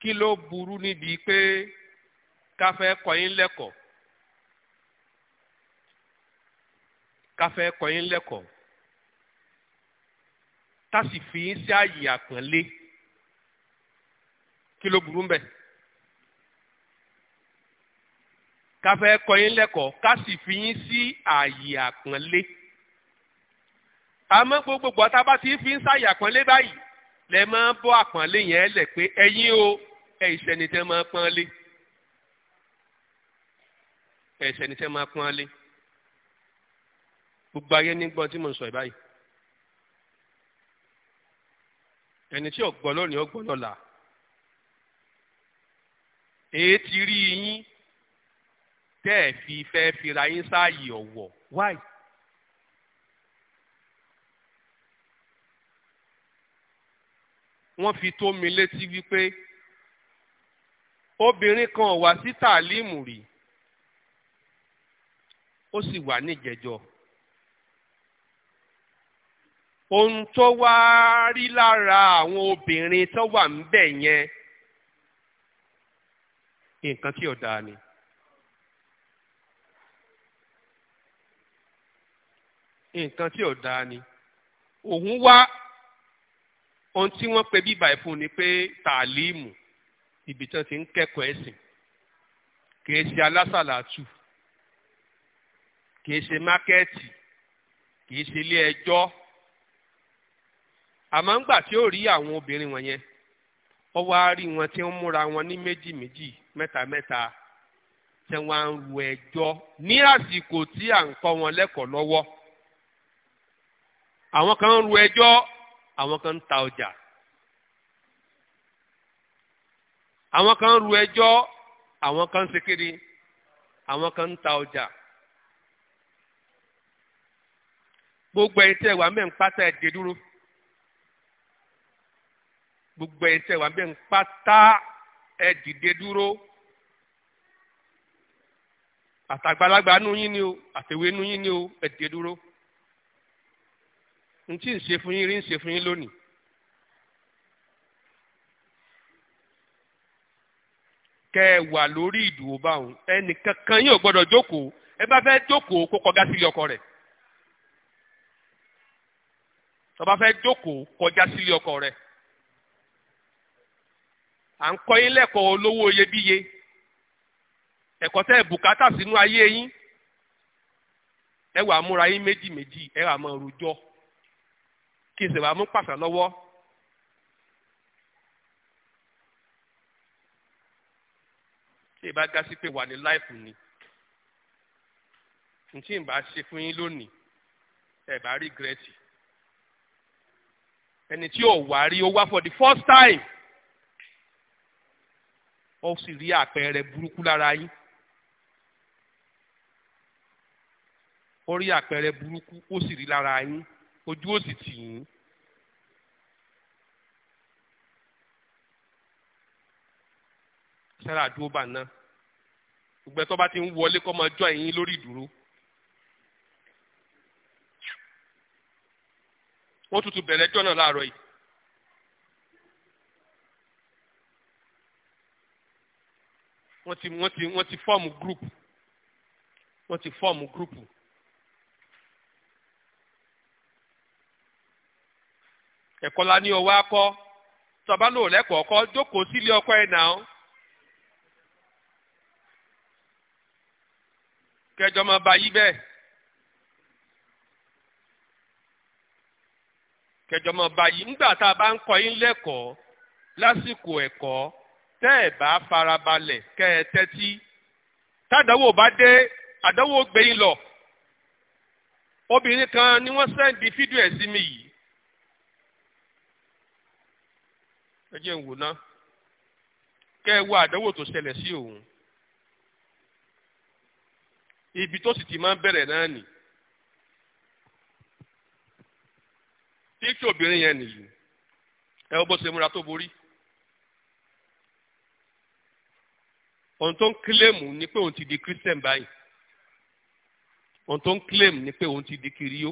kí ló burú níbi pé ká fẹ́ kọ́ yín lẹ́kọ̀ọ́ káfẹ́ kọ́ yín lẹ́kọ̀ọ́ tásì fi yín sí àyè àpọ́nlé kí ló burú mbẹ̀ káfẹ́ kọ́ yín lẹ́kọ̀ọ́ kásì fi yín sí àyè àpọ́nlé àmọ́ gbogbogbò àtàbá tí fi ń sáyè àpọ́nlé báyìí lẹ máa bọ́ àpọ́nlé yẹn lẹ̀ pé ẹ̀yin o ẹ̀ ìṣẹ̀nitẹ́ máa pọ́nlé ẹ̀ ìṣẹ̀nitẹ́ máa pọ́nlé gbogbo ayé ní gbọ́n tí mo ń sọ ìbáyìí ẹni tí ọ̀gbọ́n lónìí ọ̀gbọ́n lọ́la èé ti rí yín tẹ́ ẹ̀ fi fẹ́ fira yín sáàyè ọ̀wọ̀ wáyìí. wọ́n fi tó mi létí wípé obìnrin kan wá sí tàlímù rí ó sì wà níjẹ̀jọ́. Si ohun tó wá rí lára àwọn obìnrin tó wà ń bẹ̀ yẹn nǹkan tí ò dáa ni. nǹkan tí ò dáa ni òun wá ohun tí wọ́n pe bíbá ìfún ni pé tàlímù ibi tí wọ́n ti ń kẹ́kọ̀ọ́ ẹ̀sìn kìí ṣe alásàlátù kìí ṣe mákẹ́ẹ̀tì kìí ṣe ilé ẹjọ́. E àmọ́ ńgbà tí ó rí àwọn obìnrin wọ̀nyẹn ó wá rí wọn tí ń múra wọn ní méjì méjì mẹ́ta mẹ́ta tí wọ́n ń ru ẹjọ́ ní àsìkò tí à ń kọ́ wọn lẹ́kọ̀ọ́ lọ́wọ́ àwọn kan ń ru ẹjọ́ àwọn kan ń ta ọjà àwọn kan ń ru ẹjọ́ àwọn kan ń ṣe kiri àwọn kan ń ta ọjà. gbogbo eti tí ẹ wà mẹ́rin pátá ẹ̀ dé dúró. gbogbo ẹ̀yin tẹ́ wà ń bẹ̀ ń pátá ẹ dìde dúró àtàgbàlagbà nú yín ni o àtẹ̀wé nú yín ni o ẹ dìde dúró n tí ń ṣe fún yín rí ń ṣe fún yín lónìí. kẹ ẹ wà lórí ìdùnnú báwọn ẹnìkankan jókòó ẹ bá jókòó kó kọjá sílé ọkọ jókòó kọjá sílé ọkọ à ń kọ́ yín lẹ́kọ̀ọ́ olówó iyebíye ẹ̀kọ́ tẹ́ bùkátà sínú ayé yín ẹ wá múra yín méjì méjì ẹ wá máa rojọ́ kí n sì wá mú pàṣẹ lọ́wọ́. tí ì bá ga sí pé wà ní láìpù ni ntí n bá ṣe fún yín lónìí ẹ bá rí gírẹ́tì ẹni tí ò wá rí ó wá for the first time ó sì rí àpẹẹrẹ burúkú lára yín ó rí àpẹẹrẹ burúkú ó sì rí lára yín ojú ó sì tì yín. sára àdúró bá ná gbogbo ẹtọ́ bá ti ń wọlé kọ́ máa jọ ẹ̀yìn lórí ìdúró. wọ́n tún bẹ̀rẹ̀ ẹjọ́ láàárọ̀ yìí. wọ́n ti wọ́n ti wọ́n ti fọ́ọ̀mù group wọ́n ti fọ́ọ̀mù group. ẹ̀kọ́ la ní ọwọ́ akọ́ tọba lò lẹ́kọ̀ọ́ kọ́ jókòó sílé ọkọ ẹ̀ náà. kẹjọ máa bá yí bẹ́ẹ̀. kẹjọ máa bá yí ńgbà tá a bá ń kọ́ yín lẹ́kọ̀ọ́ lásìkò ẹ̀kọ́ tẹ́ ẹ̀ bá farabalẹ̀ kẹ́ ẹ tẹ́tí tádàwọ̀ bá dé àdánwò gbẹ̀yìn lọ obìnrin kan ni wọ́n sẹ́ǹdì fídíò ẹ̀ sí mi yìí ẹ jẹ́ ń wò ná kẹ́ ẹ wo àdánwò tó ṣẹlẹ̀ sí òun ibi tó sì ti máa ń bẹ̀rẹ̀ náà nì fífi obìnrin yẹn nìyí ẹ wo bó ṣe múra tó borí. ohun tó ń kílèmù ni pé òun ti di christian báyìí ohun tó ń kílèmù ni pé òun ti di kiriyó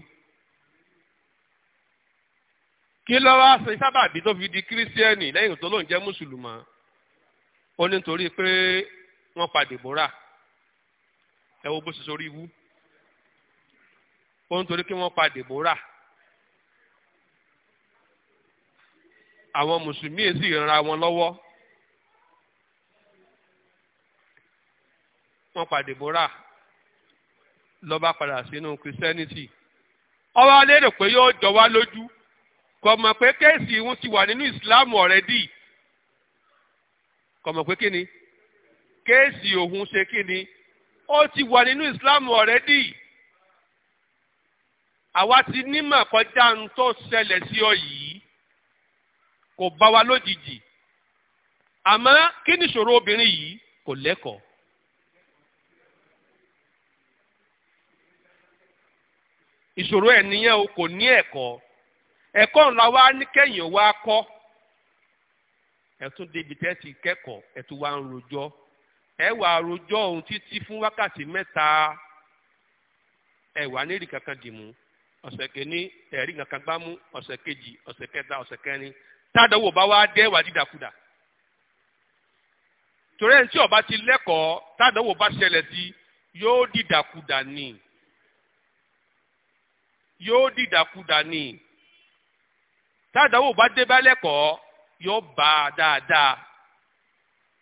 kí ló wá ṣe sábàbí tó fi di kírísítẹ́nì lẹ́yìn tó lóun jẹ́ mùsùlùmọ́ ó ní nítorí pé wọ́n pa Dèbórà ẹ wo bó ṣe sórí ibú ó ní nítorí pé wọ́n pa Dèbórà àwọn mùsùlùmí èsì ìranra wọn lọ́wọ́ wọ́n pa Deborah ló bá padà sínú Christianity ó wá lérò pé yóò jọ wá lójú kò mọ̀ pé kéèsì òun ti wà nínú Islam already kò mọ̀ pé kí ni kéèsì òun ṣe kí ó ti wà nínú Islam already àwa ti nímọ̀ kọjá ohun tó ṣẹlẹ̀ sí ọ yìí kò bá wa lójijì àmọ́ kí ìṣòro obìnrin yìí kò lẹ́kọ̀ọ́. ìṣòro ẹ̀ nìyẹn o kò ní ẹ̀kọ́ ẹ̀kọ́ wa ní kẹ́yìn wa kọ́ ẹ débi tẹ́ ti kẹ́kọ̀ọ́ ẹ wa ń rojọ́ wà rojọ́ ohun títí fún wákàtí mẹ́ta ẹ wà nírì kankan dìmú ọ̀sẹ̀ kìíní ẹ̀rí kankan gbámú ọ̀sẹ̀ kejì ọ̀sẹ̀ kẹta yóò dìdàkudà ni tádàwò bá dé bá lẹ́kọ̀ọ́ yóò bá a dáadáa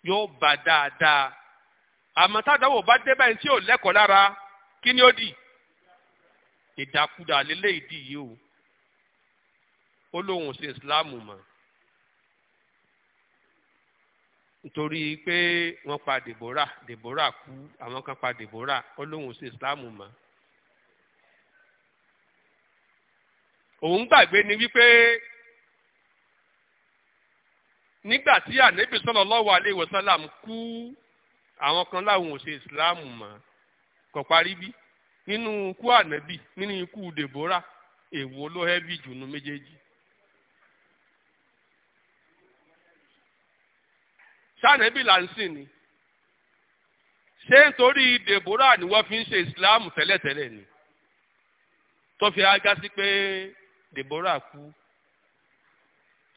yóò bá a dáadáa àmọ́ tádàwò bá dé báyìí tí ò lẹ́kọ̀ọ́ lára kí ni ó dì ìdàkudà lélẹ̀ ìdí yìí o ó lóun ṣe ìsìláàmù mọ́ nítorí pé wọ́n pa Deborah Deborah kú àwọn kan pa Deborah ó lóun ṣe ìsìláàmù mọ́. òun gbàgbé ni wípé nígbà tí ànábì sallallahu alaihi wasallam kú àwọn kan láwọn ò ṣe ìsìláàmù mọ́ kò parí bí nínú ikú ànábì nínú ikú dèbóra èwo ló hẹ́bì jù nínú méjèèjì. sànẹ́bì là ń sìn ni ṣé nítorí dèbóra ni wọ́n fi ń ṣe ìsìláàmù tẹ́lẹ̀tẹ́lẹ̀ ni tó fi ágá sí pé. Deborah kú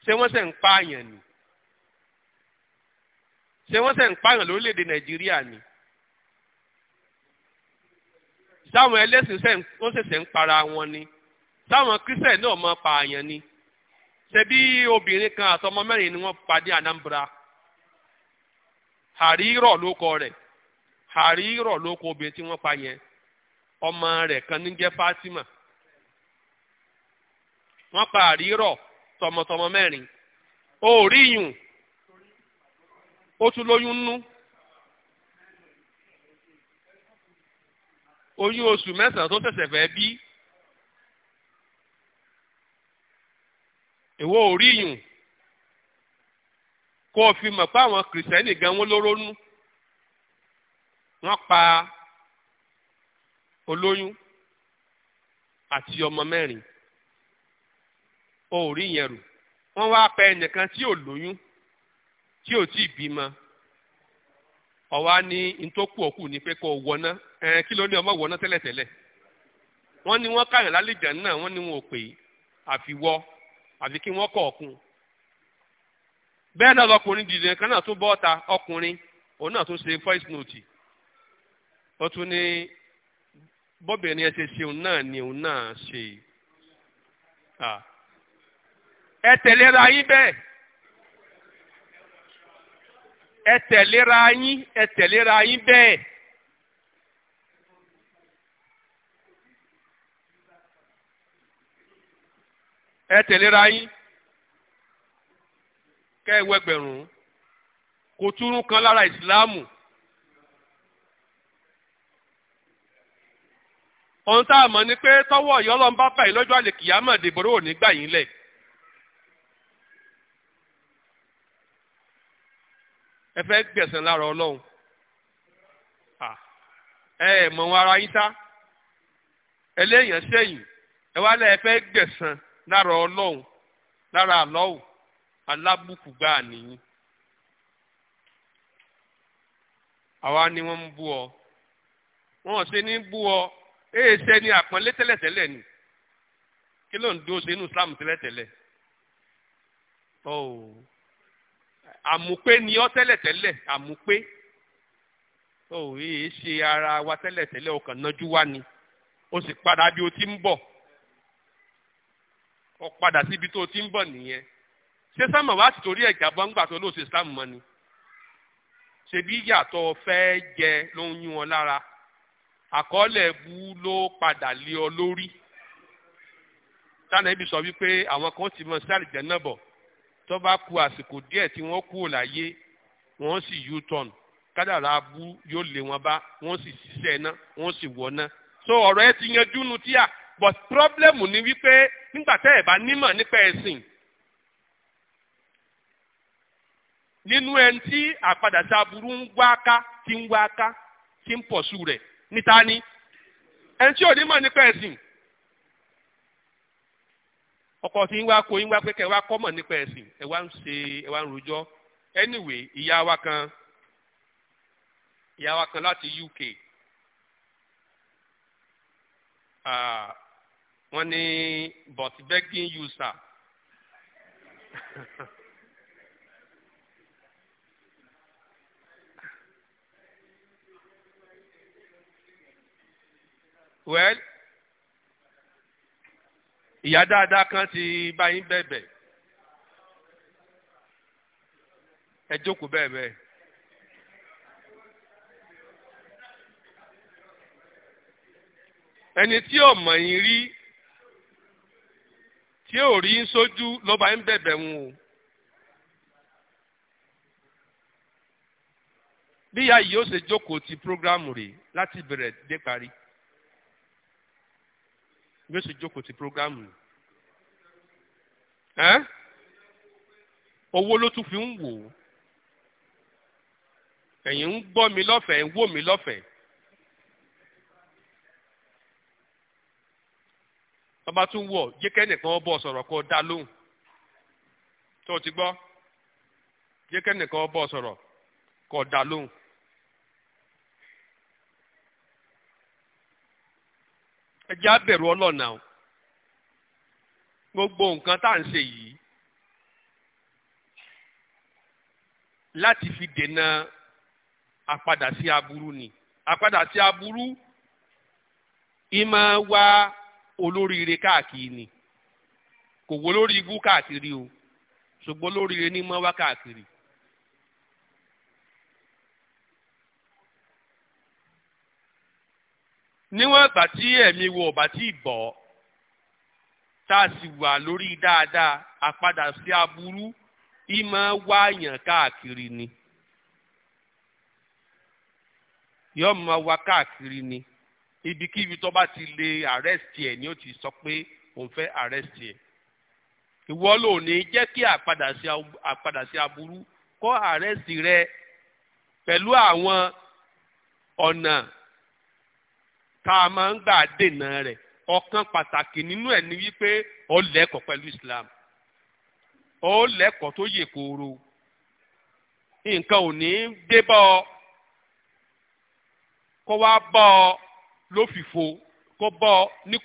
ṣé wọn ṣe ń pààyàn ni ṣé wọn ṣe ń pààyàn lórílẹ̀‐èdè Nàìjíríà ni sáwọn ẹlẹ́sìn wọ́n ṣẹ̀ṣẹ̀ ń para wọn ni sáwọn kírísẹ̀ náà mọ pààyàn ni bí obìnrin kan àtọmọ mẹ́rin ni wọ́n pàdé Anambra Hariro ló kọ rẹ̀ Hariro ló kọ obìnrin tí wọ́n pa yẹn ọmọ rẹ kan ní jẹ́ Fatima. wọ́n pa àrírọ̀ tọmọtọmọ mẹ́rin o ò rí yùn ó tún lóyún nú oyún oṣù mẹ́sàn-án tó ṣẹ̀ṣẹ̀ fẹ́ bí ìwọ ò rí yùn kó o fi mọ̀ pé àwọn kìrìsìtẹ́nì gan wọ́n lóró nú wọ́n pa olóyún àti ọmọ mẹ́rin. o ò rí yẹn rù wọ́n wá pẹ ẹnìkan tí ò lóyún tí ò tí ì bímọ ọ̀wá ní ntòkù ọ̀kù ní pé kò wọ̀ná ẹ̀ kí ló ní ọmọ wọ̀ná tẹ́lẹ̀tẹ́lẹ̀ wọ́n ní wọ́n káyàn lálejò náà wọ́n ní wọn ò pè é àfiwọ́ àfi kí wọ́n kọ̀ ọ̀kun bẹ́ẹ̀ náà lọkùnrin dìde kan náà tún bọ́ ọ̀ta ọkùnrin òun náà tún ṣe voice note ó tún ní bọ́bìnrin ẹ ṣe ṣe náà ni òun náà ṣe ẹ tẹ̀léra yín bẹẹ ẹ yín ẹ yín bẹẹ ẹ yín kò túrú kan lára ìsìláàmù. ohun tá a mọ̀ ni pé tọ́wọ́ ìyọ́lọ́ ń bá báyìí lọ́jọ́ àlè kìyàmọ̀ ẹ fẹ́ gbẹ̀sán lára ọlọ́run ẹ ẹ mọ̀ wọn ara yín tá ẹlẹ́yìn sẹ́yìn ẹ wá lẹ́ ẹ fẹ́ gbẹ̀sán lára ọlọ́run lára àlọ́hùn alábùkù gbáà nìyí àwa ni wọ́n ń bú ọ wọn ò ṣe ní bú ọ èè ṣe ni àpọ́nlé tẹ́lẹ̀tẹ́lẹ̀ ni kí ló ń dúró ṣe Islam tẹ́lẹ̀tẹ́lẹ̀. Oh àmúpé ni ọ́ tẹ́lẹ̀tẹ́lẹ̀ àmúpé ò yìí ṣe ara wa tẹ́lẹ̀tẹ́lẹ̀ ó kàn nájú wá ni ó sì padà bí o ti ń bọ̀ ó padà síbi tó o ti ń bọ̀ nìyẹn ṣé sámà wá sì torí ẹ̀jà bọ́ tó ló ṣe sámù mọ́ ni ṣebí yàtọ̀ fẹ́ jẹ ló ń yún ọ lára àkọọ́lẹ̀ bú ló padà lé ọ lórí tánà ibi sọ wípé àwọn kan ti mọ sí àlìjẹ náà bọ̀ tó bá ku àsìkò díẹ̀ tí wọ́n kú láyé wọ́n sì u-turn kádàrá abú yóò lé wọn bá wọ́n sì ṣiṣẹ́ ná wọ́n sì wọ̀ ná. so ọ̀rọ̀ ẹ ti yanjú nu tíà but problem ni wípé nígbà tẹ́ ẹ̀ bá nímọ̀ nípa ẹ̀sìn nínú ẹni tí àpadàsá aburú ń wá ká tí ń wá ká tí ń pọ̀ sùn rẹ̀ níta ni ẹni tí ò ní mọ̀ nípa ẹ̀sìn ọkọ tí ń wá kó yín wá pé kẹ́ wá nípa ẹ̀sìn ẹ wá ń ṣe ẹ wá ń rojọ́ anyway ìyá wa kan ìyá wa kan láti UK uh, wọ́n ní but begging you sir well ìyá dáadáa kan ti bá yín bẹ̀bẹ̀ ẹ jókòó bẹ́ẹ̀ bẹ́ẹ̀. ẹni tí ò mọ̀ yín rí tí ò rí yín sójú ló bá yín bẹ̀bẹ̀ ń o. bí ìyá yìí ó ṣe jókòó ti prógrámù rẹ̀ láti bẹ̀rẹ̀ dé parí bí ó sì jókòó ti prógámù ẹ́ owó ló tún fi ń wò ó ẹ̀yin ń gbọ́ mi lọ́fẹ̀ẹ́ ń wò mí lọ́fẹ̀ẹ́. ọba tún wọ̀ jẹ́ kẹ́nìkan ọbọ̀ sọ̀rọ̀ kó dá lóhùn tó o ti gbọ́ jẹ́ kẹ́nìkan ọbọ̀ sọ̀rọ̀ kó dá lóhùn. ẹjẹ́ abẹ̀rù ọlọ́ọ̀nà o gbogbo nǹkan tá à ń ṣe yìí láti fi dènà àpadà sí aburú ni àpadà sí aburú ìmọ̀ wá olóríire káàkiri ni kò wọ lórí ibú káàkiri o ṣùgbọ́n olóríire ni mọ́ wá káàkiri. níwọ̀n ìgbà tí ẹ̀mí wo ọ̀bà tí ì bọ̀ tá a sì wà lórí dáadáa àpadà sí aburú ìmọ̀ wáyàn káàkiri ni yóò máa wá káàkiri ni ibikíbi tó bá ti lè àrẹ́sì ẹ̀ ni ó ti sọ pé òun fẹ́ àrẹ́sì ẹ̀ ìwọ ló ní jẹ́ kí àpadà sí aburú kọ́ àrẹ́sì rẹ pẹ̀lú àwọn ọ̀nà tá a máa ń gbà dènà rẹ̀ ọ̀kan pàtàkì nínú ẹ̀ ni wípé ó lẹ́kọ̀ọ́ pẹ̀lú Islam ó lẹ́kọ̀ọ́ tó yè kooro nǹkan ò ní dé bọ́ ọ kó wá bọ́ ọ lófìfo kó bọ́ ọ ní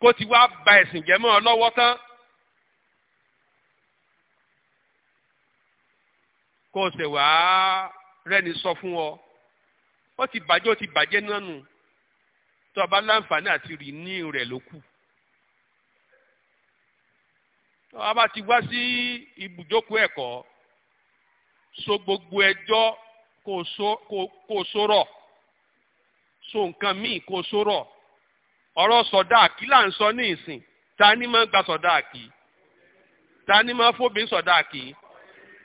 kó ti wá ba ẹ̀sìn jẹ́ mọ́ ọ lọ́wọ́ tán. kó o sì wá rẹ́ni sọ fún ọ ó ti bàjẹ́ ó ti bàjẹ́ náà nù tó o bá láǹfààní àti rì ní rẹ̀ ló kù. tó o bá ti wá sí ibùjókòó ẹ̀kọ́ so gbogbo ẹjọ́ kò so kò sọ̀rọ̀ so nǹkan míì kò sọ̀rọ̀ ọ̀rọ̀ sọ̀dáàkì là ń sọ ní ìsìn ta ni máa ń gba sọ̀dáàkì ta ni máa ń fóbi sọ̀dáàkì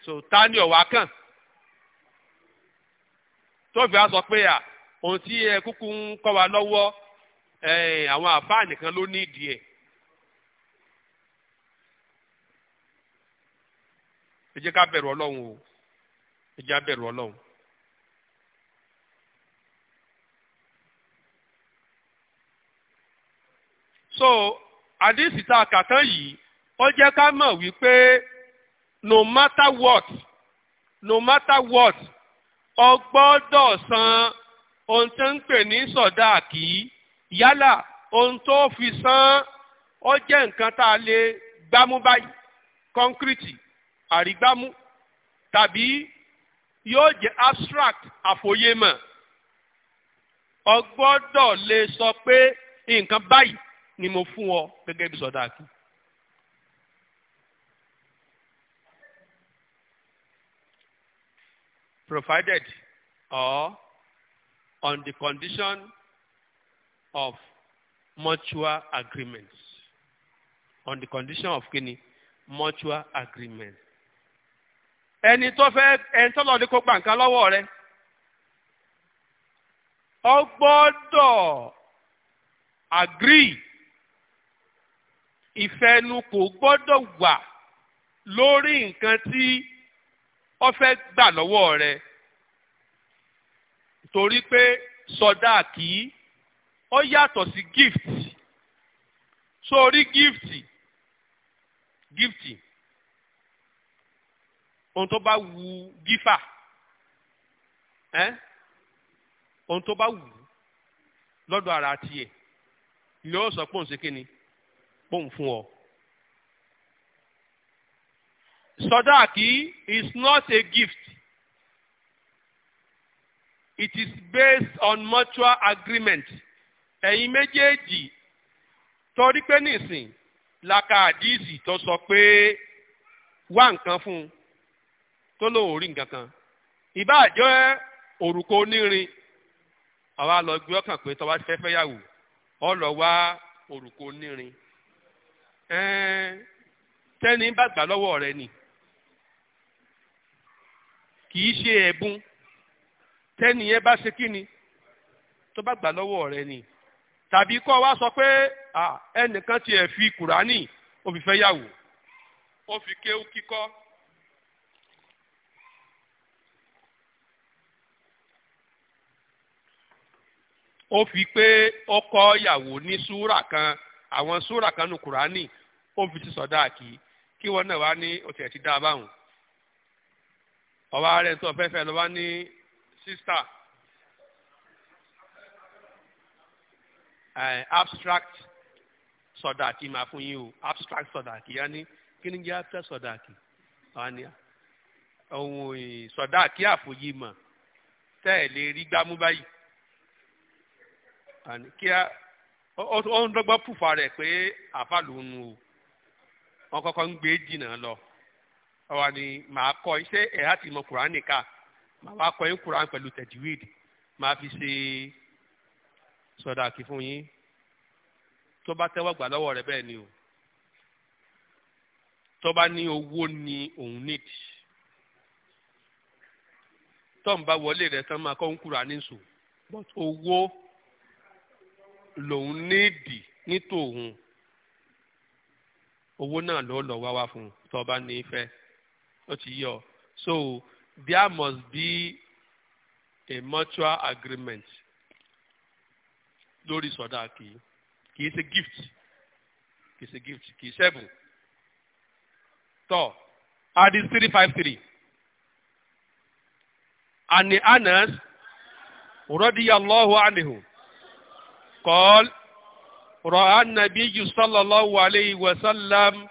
so ta ni ọ̀wá kàn tófì á sọ pé à ohun tí ẹ kúkú ń kọ́ wa lọ́wọ́ àwọn àfáà nìkan ló ní ìdí ẹ jẹ́ ká bẹ̀rù ọlọ́run o ẹ jẹ́ ká bẹ̀rù ọlọ́run. so àdìsí tá a kà tán yìí ó jẹ́ ká mọ̀ wípé no matter what no matter what o gbọ́dọ̀ san ohun tó ń pè ní sọ̀dáàkì yálà ohun tó fi san ó jẹ́ nǹkan tá a lè gbámú báyìí kọ́ńkírìtì àrígbámú tàbí yóò jẹ́ abstract àfòyémọ̀ o gbọ́dọ̀ lè sọ pé nǹkan báyìí ni mo fún ọ gẹ́gẹ́ bí sọ̀dáàkì. provided or on the condition of mutual agreements on the condition of kini mutual agreement. ẹni tó fẹ́ ẹni tó lọ ní kó gba nǹkan lọ́wọ́ rẹ̀ ọ gbọ́dọ̀ agree ìfẹnukò gbọ́dọ̀ wà lórí nǹkan tí ó fẹ́ gbà lọ́wọ́ rẹ torí pé sọdáàkì ó yàtọ̀ sí gift sórí gift gift ohun tó bá wù gífà ẹ ohun tó bá wù lọ́dọ̀ ara tiẹ̀ ni ó sọ pé òun ṣe kí ni pòun fún ọ. Sadaki is not a gift. It is based on mutual agreement. Ẹ̀yin méjèèjì torí pé nìsín làkà àdìsí tó sọ pé wá nǹkan fún un tó lóun ò rí nǹkan kan. Ìbáà jẹ́ òrùka onírin àwa lọ gbé ọkàn pé tọ́wá ti fẹ́ fẹ́ ọ lọ wá òrùka onírin. Ẹ̀ẹ́n bá gbà lọ́wọ́ rẹ ni kì í ṣe ẹ̀bùn tẹ́nìyẹn bá ṣe kí ni tó bá gbà lọ́wọ́ rẹ ni tàbí kọ́ wa sọ pé ẹnìkan tiẹ̀ fi kùránì ó fi fẹ́ yàwó ó fi kéwú kíkọ́. ó fi pé ó kọ́ yàwó ní súrà kan àwọn súrà kan nu kùránì ó fi ti sọ̀dá kí kí wọn náà wá ní ó tiẹ̀ báwọn ọba rẹ̀ tó fẹ́fẹ́ ló wá ní sísítà abstract sọdàkì máa fún yín o abstract sọdàkì yá ní kí ni jẹ́ abstract sọdàkì wá ní ohun sọdàkì àfòyímọ̀ tẹ́ ẹ̀ lè rí gbámú báyìí kí a ó ń dọ́gbọ́n pùfà rẹ̀ pé àfàlùnù o wọn kọ́kọ́ ń gbé jìnnà lọ. ọwọ́ ni màá kọ iṣẹ́ ẹ̀ á ti mọ kùránì ká màá wá kọ́ yín kùránì pẹ̀lú tajwid màá fi ṣe sọ̀dàkì fún yín tó bá tẹ́wọ́ gbà lọ́wọ́ rẹ̀ bẹ́ẹ̀ ni o tó bá ní owó ni òun nídìí tó ń bá wọlé rẹ tán máa kọ́ ń kúra ní sùn but owó lòun nídìí ní owó náà ló lọ wá wá fún un tó bá ní í fẹ́. ó ti yọ so there must be a mutual agreement lórí sọdá kì í kì í ṣe gift kì í ṣe gift kì í ṣẹ́bùn tọ́ hadith three five three ani Anas radiyallahu anhu qala ra'a an-nabiyyu sallallahu alayhi wa sallam.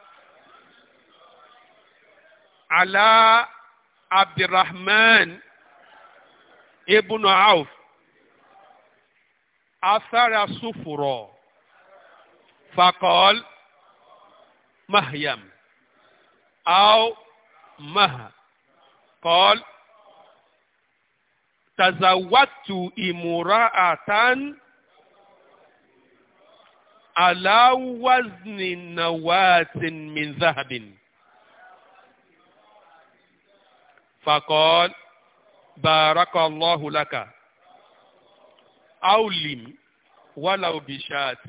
على عبد الرحمن ابن عوف أثر صفرا فقال مهيم أو مه قال تزوجت امرأة على وزن نواة من ذهب فقال بارك الله لك أولم ولو بشاة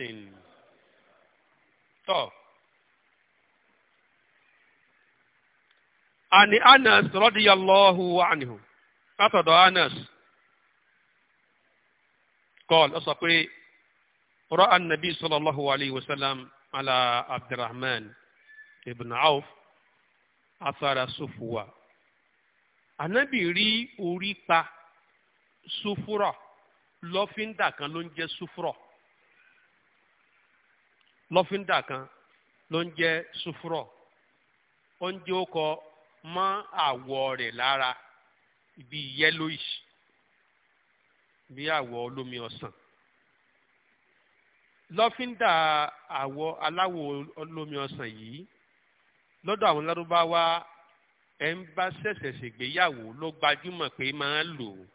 طب عن أنس رضي الله عنه أتدى أنس قال أصبحت رأى النبي صلى الله عليه وسلم على عبد الرحمن بن عوف أثر صفوة ànábì rí orí pa sufurọ̀ lọ́fíńdà kan ló ń jẹ́ sufurọ̀ lọ́fíńdà kan ló ń jẹ́ sufurọ̀ ó kọ mọ ọkọ̀ mọ́ àwọ̀ rẹ̀ lára ibi yellowish bí àwọ̀ olómi ọsàn lọ́fíńdà àwọ̀ aláwọ̀ olómi ọsàn yìí lọ́dọ̀ àwọn lárúbáwá ẹ ń bá ṣẹ̀ṣẹ̀ ṣègbéyàwó ló gbajúmọ̀ pé máa ń lò ó.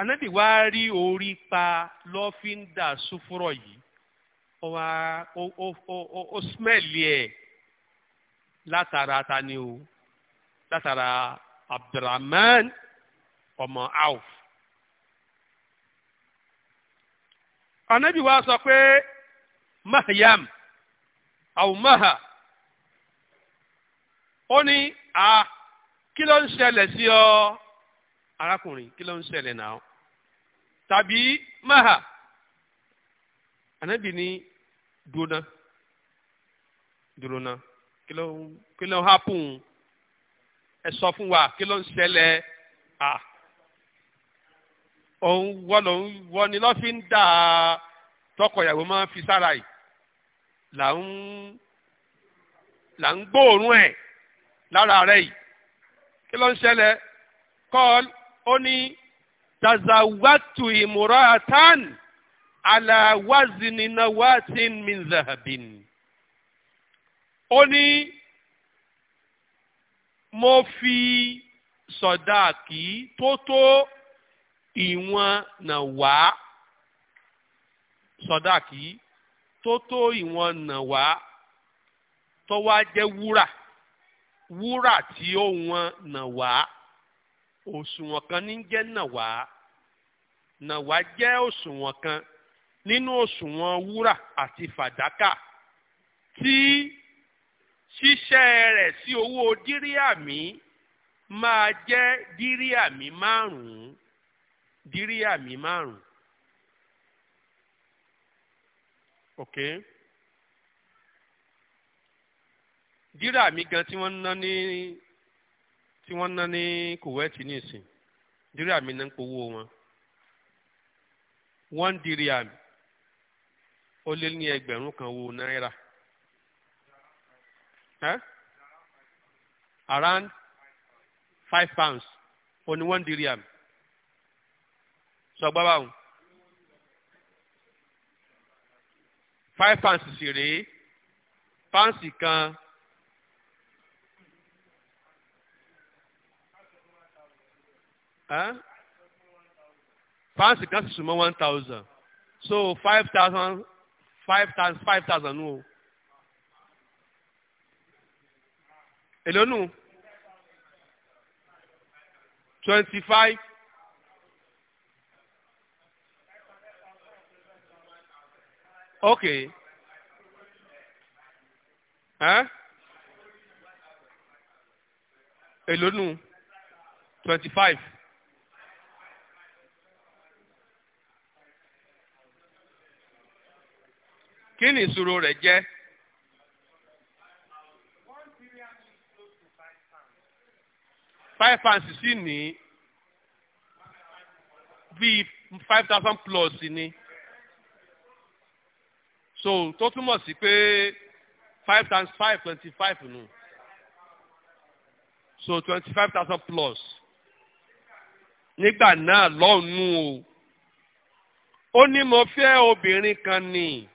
Ànábì wá rí orí pa lọ́fíńdà sùfúrọ̀ yìí ó wá ó ó ó ó smẹ́ẹ̀lì ẹ̀ látara tani o látara Abdulrahman ọmọ Auf. Ànábì wá sọ pé Mahyam àwọn Maha ó ní à kí ló ń ṣẹlẹ̀ sí ọ arákùnrin kí ló ń ṣẹlẹ̀ náà tàbí máa ànábì ní dúró náà dúró náà kí ló ń kí ló ń hápùn ẹ sọ fún wa kí ló ń ṣẹlẹ̀ à òun wọ́n lòun wọ́n ni lọ́ fi ń dà á tọkọ máa fi sára yìí là ń là ń gbóòórùn ẹ̀ lára rẹ̀ yìí kí ló ń ṣẹlẹ̀ kọ́l ó ní tazawatu imuratan ala wazini nawatin min zahabin ó ní mo fi sọ̀dáàkì tó tó ìwọ̀n nàwá sọ̀dáàkì tó tó ìwọ̀n nàwá tó wá jẹ́ wúrà. wúrà tí ó wọn nàwá òṣùwọ̀n kan ní jẹ́ nàwá nàwá jẹ́ òṣùwọ̀n kan nínú òṣùwọ̀n wúrà àti fàdákà tí ṣíṣẹ́ rẹ̀ sí owó díríàmì máa jẹ́ díríàmì márùn-ún díríàmì márùn-ún. Okay. dírà mi gan tí wọ́n ná ní tí wọ́n ná ní kuwẹ́ẹ̀tì nísìn dírà mi ná ń powó wọn one diriam ó lé ní ẹgbẹ̀rún kan wo náírà around five pounds ó ní one diriam sọ gbọ́dọ̀ àwọn five pounds sì rèé pounds kan. fáǹsì kan sì súnmọ́ one thousand so five thousand five thousand five thousand nù Hello? èló twenty five. Okay. Huh? Hello. nù? Twenty-five. kí ni ìṣòro rẹ̀ jẹ́. five pounds sì ní bíi five thousand plus ni so tó túmọ̀ sí pé five times five twenty five nù so twenty five thousand plus nígbà náà lọ́ọ̀nù o ó ní mo fẹ́ obìnrin kan ni.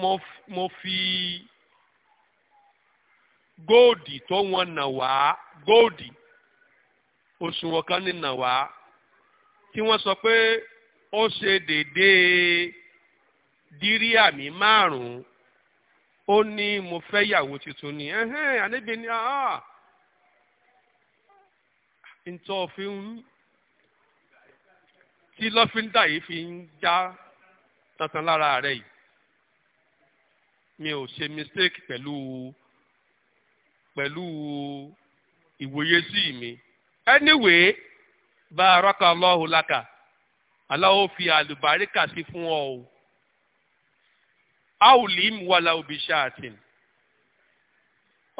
mo, mo fi góòdì tó wọn nà wá góòdì òṣùwọ̀n kan ní nà wá tí wọ́n sọ pé ó ṣe déédéé díríà mi márùn-ún ó ní mo fẹ́ yàwó tuntun ni ni ntọ́ fi ń tí lọ́fíńdà yìí fi ń já tantan lára rẹ̀ mi ò ṣe mistake pẹ̀lú pẹ̀lú ìwòye sí mi anyway baraka Allahu laka Allah ó fi àlùbáríkà sí fún ọ o aulim wàlà òbí ṣáàtìn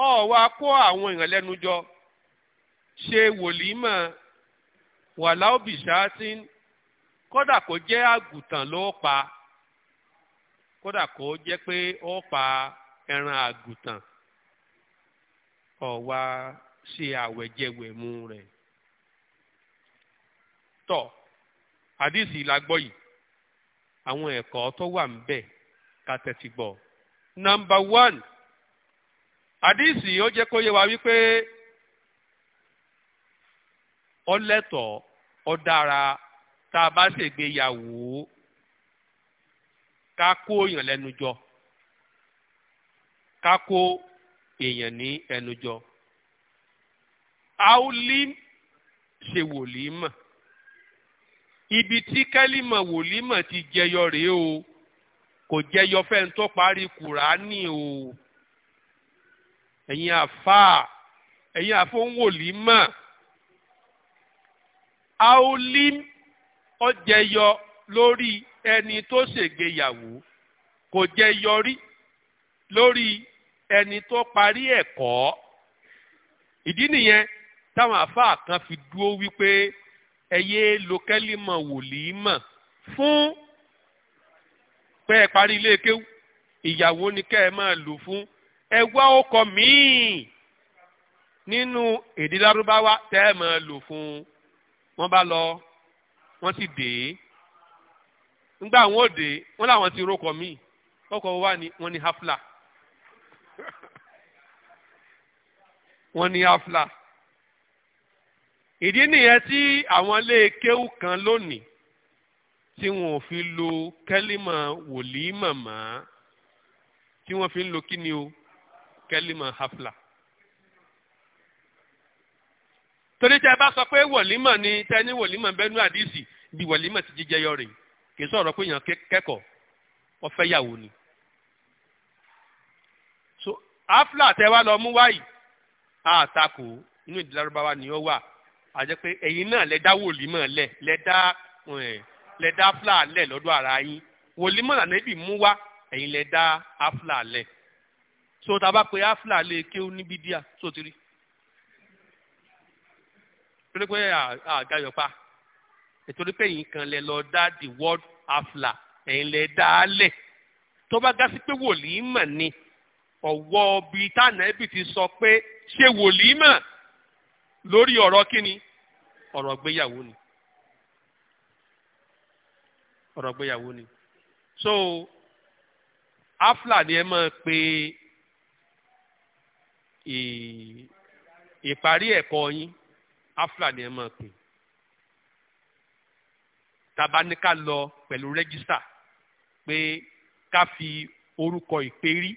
ọ wá kó àwọn èèyàn lẹ́nu jọ ṣe wòlímọ̀ wàlà òbí ṣáàtìn kódà kó jẹ́ àgùntàn ló pa. kódà kó jẹ́ pé ó pa ẹran àgùntàn ọ̀wá ṣe àwẹ̀jẹwẹ̀mu rẹ̀ tọ́ àdìsì la yìí àwọn ẹ̀kọ́ tó wà ń bẹ̀ ká tẹ́tí gbọ́. nọmba one àdìsì ó jẹ́ kó yé wa wípé ó lẹ́tọ̀ọ́ ó dára tá a bá ṣègbéyàwó ká kó èèyàn lẹ́nu jọ ká kó èèyàn ní ẹnu jọ aulim ṣe wòlímọ̀ ibi tí kẹ́límọ̀ wòlímọ̀ ti jẹyọ rèé o kò jẹyọ fẹ́ni tó parí kùránì o ẹ̀yin àfáà ẹ̀yin àfọ̀nwòlímọ̀ aulim ó jẹyọ lórí ẹni tó ṣègbéyàwó kò jẹ yọrí lórí ẹni tó parí ẹ̀kọ́ ìdí nìyẹn táwọn àfáà kan fi dúró wípé ẹyẹ lokẹ́límọ̀ wòlíìmọ̀ fún pé ẹ parí ilé kéwú ìyàwó ni kẹ́ ẹ máa lò fún ẹ wá ọkọ míì nínú èdè lárúbáwá tẹ́ ẹ máa lò fún wọ́n bá lọ wọ́n sì dé ńgbà àwọn òde wọn làwọn ti rọkọ̀ míì ọkọ̀ wa ni wọ́n ní hafla wọ́n ní hafla ìdí nìyẹn tí àwọn ilé kéwù kan lónìí tí wọn ò fi lo kẹ́límà wòlímà mọ́ tí wọ́n fi ń lo kíni o kẹ́límà hafla. torí tẹ́ ẹ bá sọ pé wòlímà ni tẹ́ ní wòlímà bẹ́ẹ̀ ní àdìsí bí wòlímà ti jíjẹyọ rèé kì í sọ̀rọ̀ pé èèyàn kẹ́kọ̀ọ́ wọ́n fẹ́ yàwó ni. so afla tẹ́wá lọ mú wáyì àtakò inú ìdílé arúgbáwá ni ó wà á jẹ́ pé ẹ̀yin náà lẹ dá wòlímọ̀ lẹ̀ lẹ dá lẹ dá afla lẹ̀ lọ́dọ̀ ara yín wòlímọ̀ lànàbì mú wá ẹ̀yin lẹ dá afla lẹ̀ so tá a bá pe afla lè kéwú níbi díà sótìrí. torí pé àgàyọ̀pá. So, nítorí pé yìí kan lẹ lọ dá the World afla ẹ̀yin lẹ dá a lẹ̀ tó bá gásí pé wòlíìmọ̀ ni ọ̀wọ́ bíi tànàbì ti sọ pé ṣe wòlíìmọ̀ lórí ọ̀rọ̀ kíni ọ̀rọ̀ gbéyàwó ni ọ̀rọ̀ gbéyàwó ni so afla ni ẹ máa pe ìparí ẹ̀kọ́ yín afla ni ẹ máa pè tàbá ní ká lọ pẹ̀lú rẹ́gísítà pé ká fi orúkọ ìpérí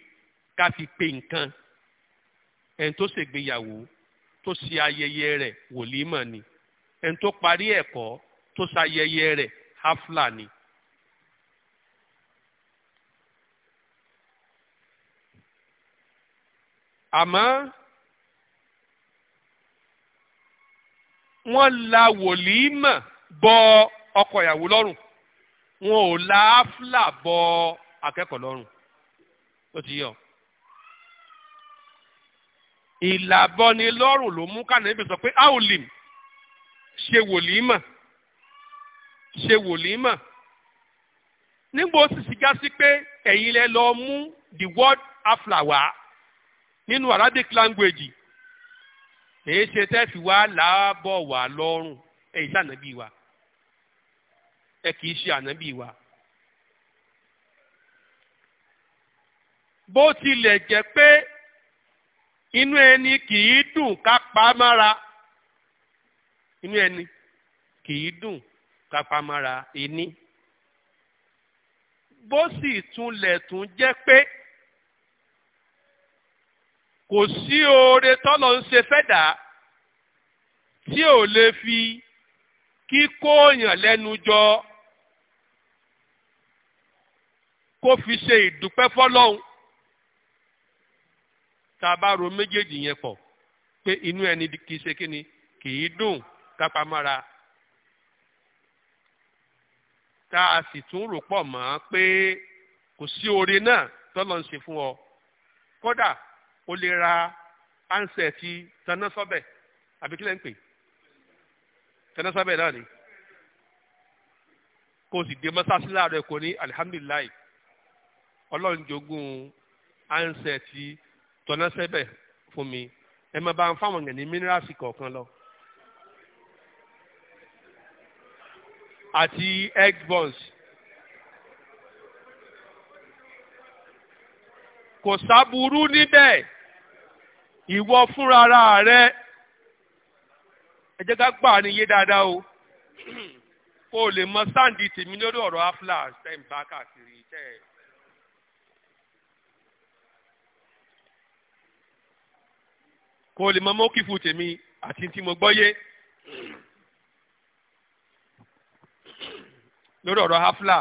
ká fi pe nǹkan ẹni tó ṣègbéyàwó tó ṣe ayẹyẹ rẹ̀ wòlímọ̀ ni ẹni tó parí ẹ̀kọ́ tó ṣayẹyẹ rẹ̀ hafla ni. àmọ́ wọ́n la wòlímọ̀ bọ ọkọ ìyàwó lọ́rùn wọn ò la áfúlà bọ akẹ́kọ̀ọ́ lọ́rùn ó ti yọ. ìlàbọni lọ́rùn ló mú kànáíbì sọ pé aolim ṣe wòlímà ṣe wòlímà nígbà ó sì sì já sí pé ẹ̀yin lẹ lọ mú the word afla wá nínú Arabic language èyí ṣe tẹ́ fi wá làábọ̀ wá lọ́rùn èyí sànàbí wa ẹ kì í ṣe ànábì wa. bó tilẹ̀ jẹ́ pé inú ẹni kì í dùn ká pa á mára inú ẹni kì í dùn ká pa á mára ẹni bó sì túnlẹ̀ tún jẹ́ pé kò sí oore tọ́lọ̀ ń ṣe fẹ́dà tí ò lè fi kíkó èèyàn lẹ́nu jọ kó fi ṣe ìdúpẹ́ fọ́lọ́hun tá a bá ro méjèèjì yẹn pọ̀ pé inú ẹni kì í ṣe kíni kì í dùn kápá mọ́ra tá a sì tún rò pọ̀ mọ́ pé kò sí oore náà tọ́lọ́ ń ṣe fún ọ kódà o lè ra ánsẹ̀tì tanná sọ́bẹ̀ àbí kílẹ̀ ń pè tanná náà ni kó o sì dé mọ́sáàsì láàárọ̀ kò ní alihamdulilayi ọlọ́run jogún ansẹ̀tì tọ́násẹ́bẹ̀ fún mi ẹ máa bá ń fáwọn èèyàn ní mínírààsì kọ̀ọ̀kan lọ. àti egg buns kò sábúrú níbẹ̀ ìwọ fúnra rẹ ẹ jẹ́ ká gbà ní iye dáadáa o kó o lè mọ sáǹdì tèmi lórí ọ̀rọ̀ afla ṣe ń tẹ́ ẹ. kó o lè mọ mọ́kìfù tèmi àti tí mo gbọ́ yé lórí ọ̀rọ̀ hafla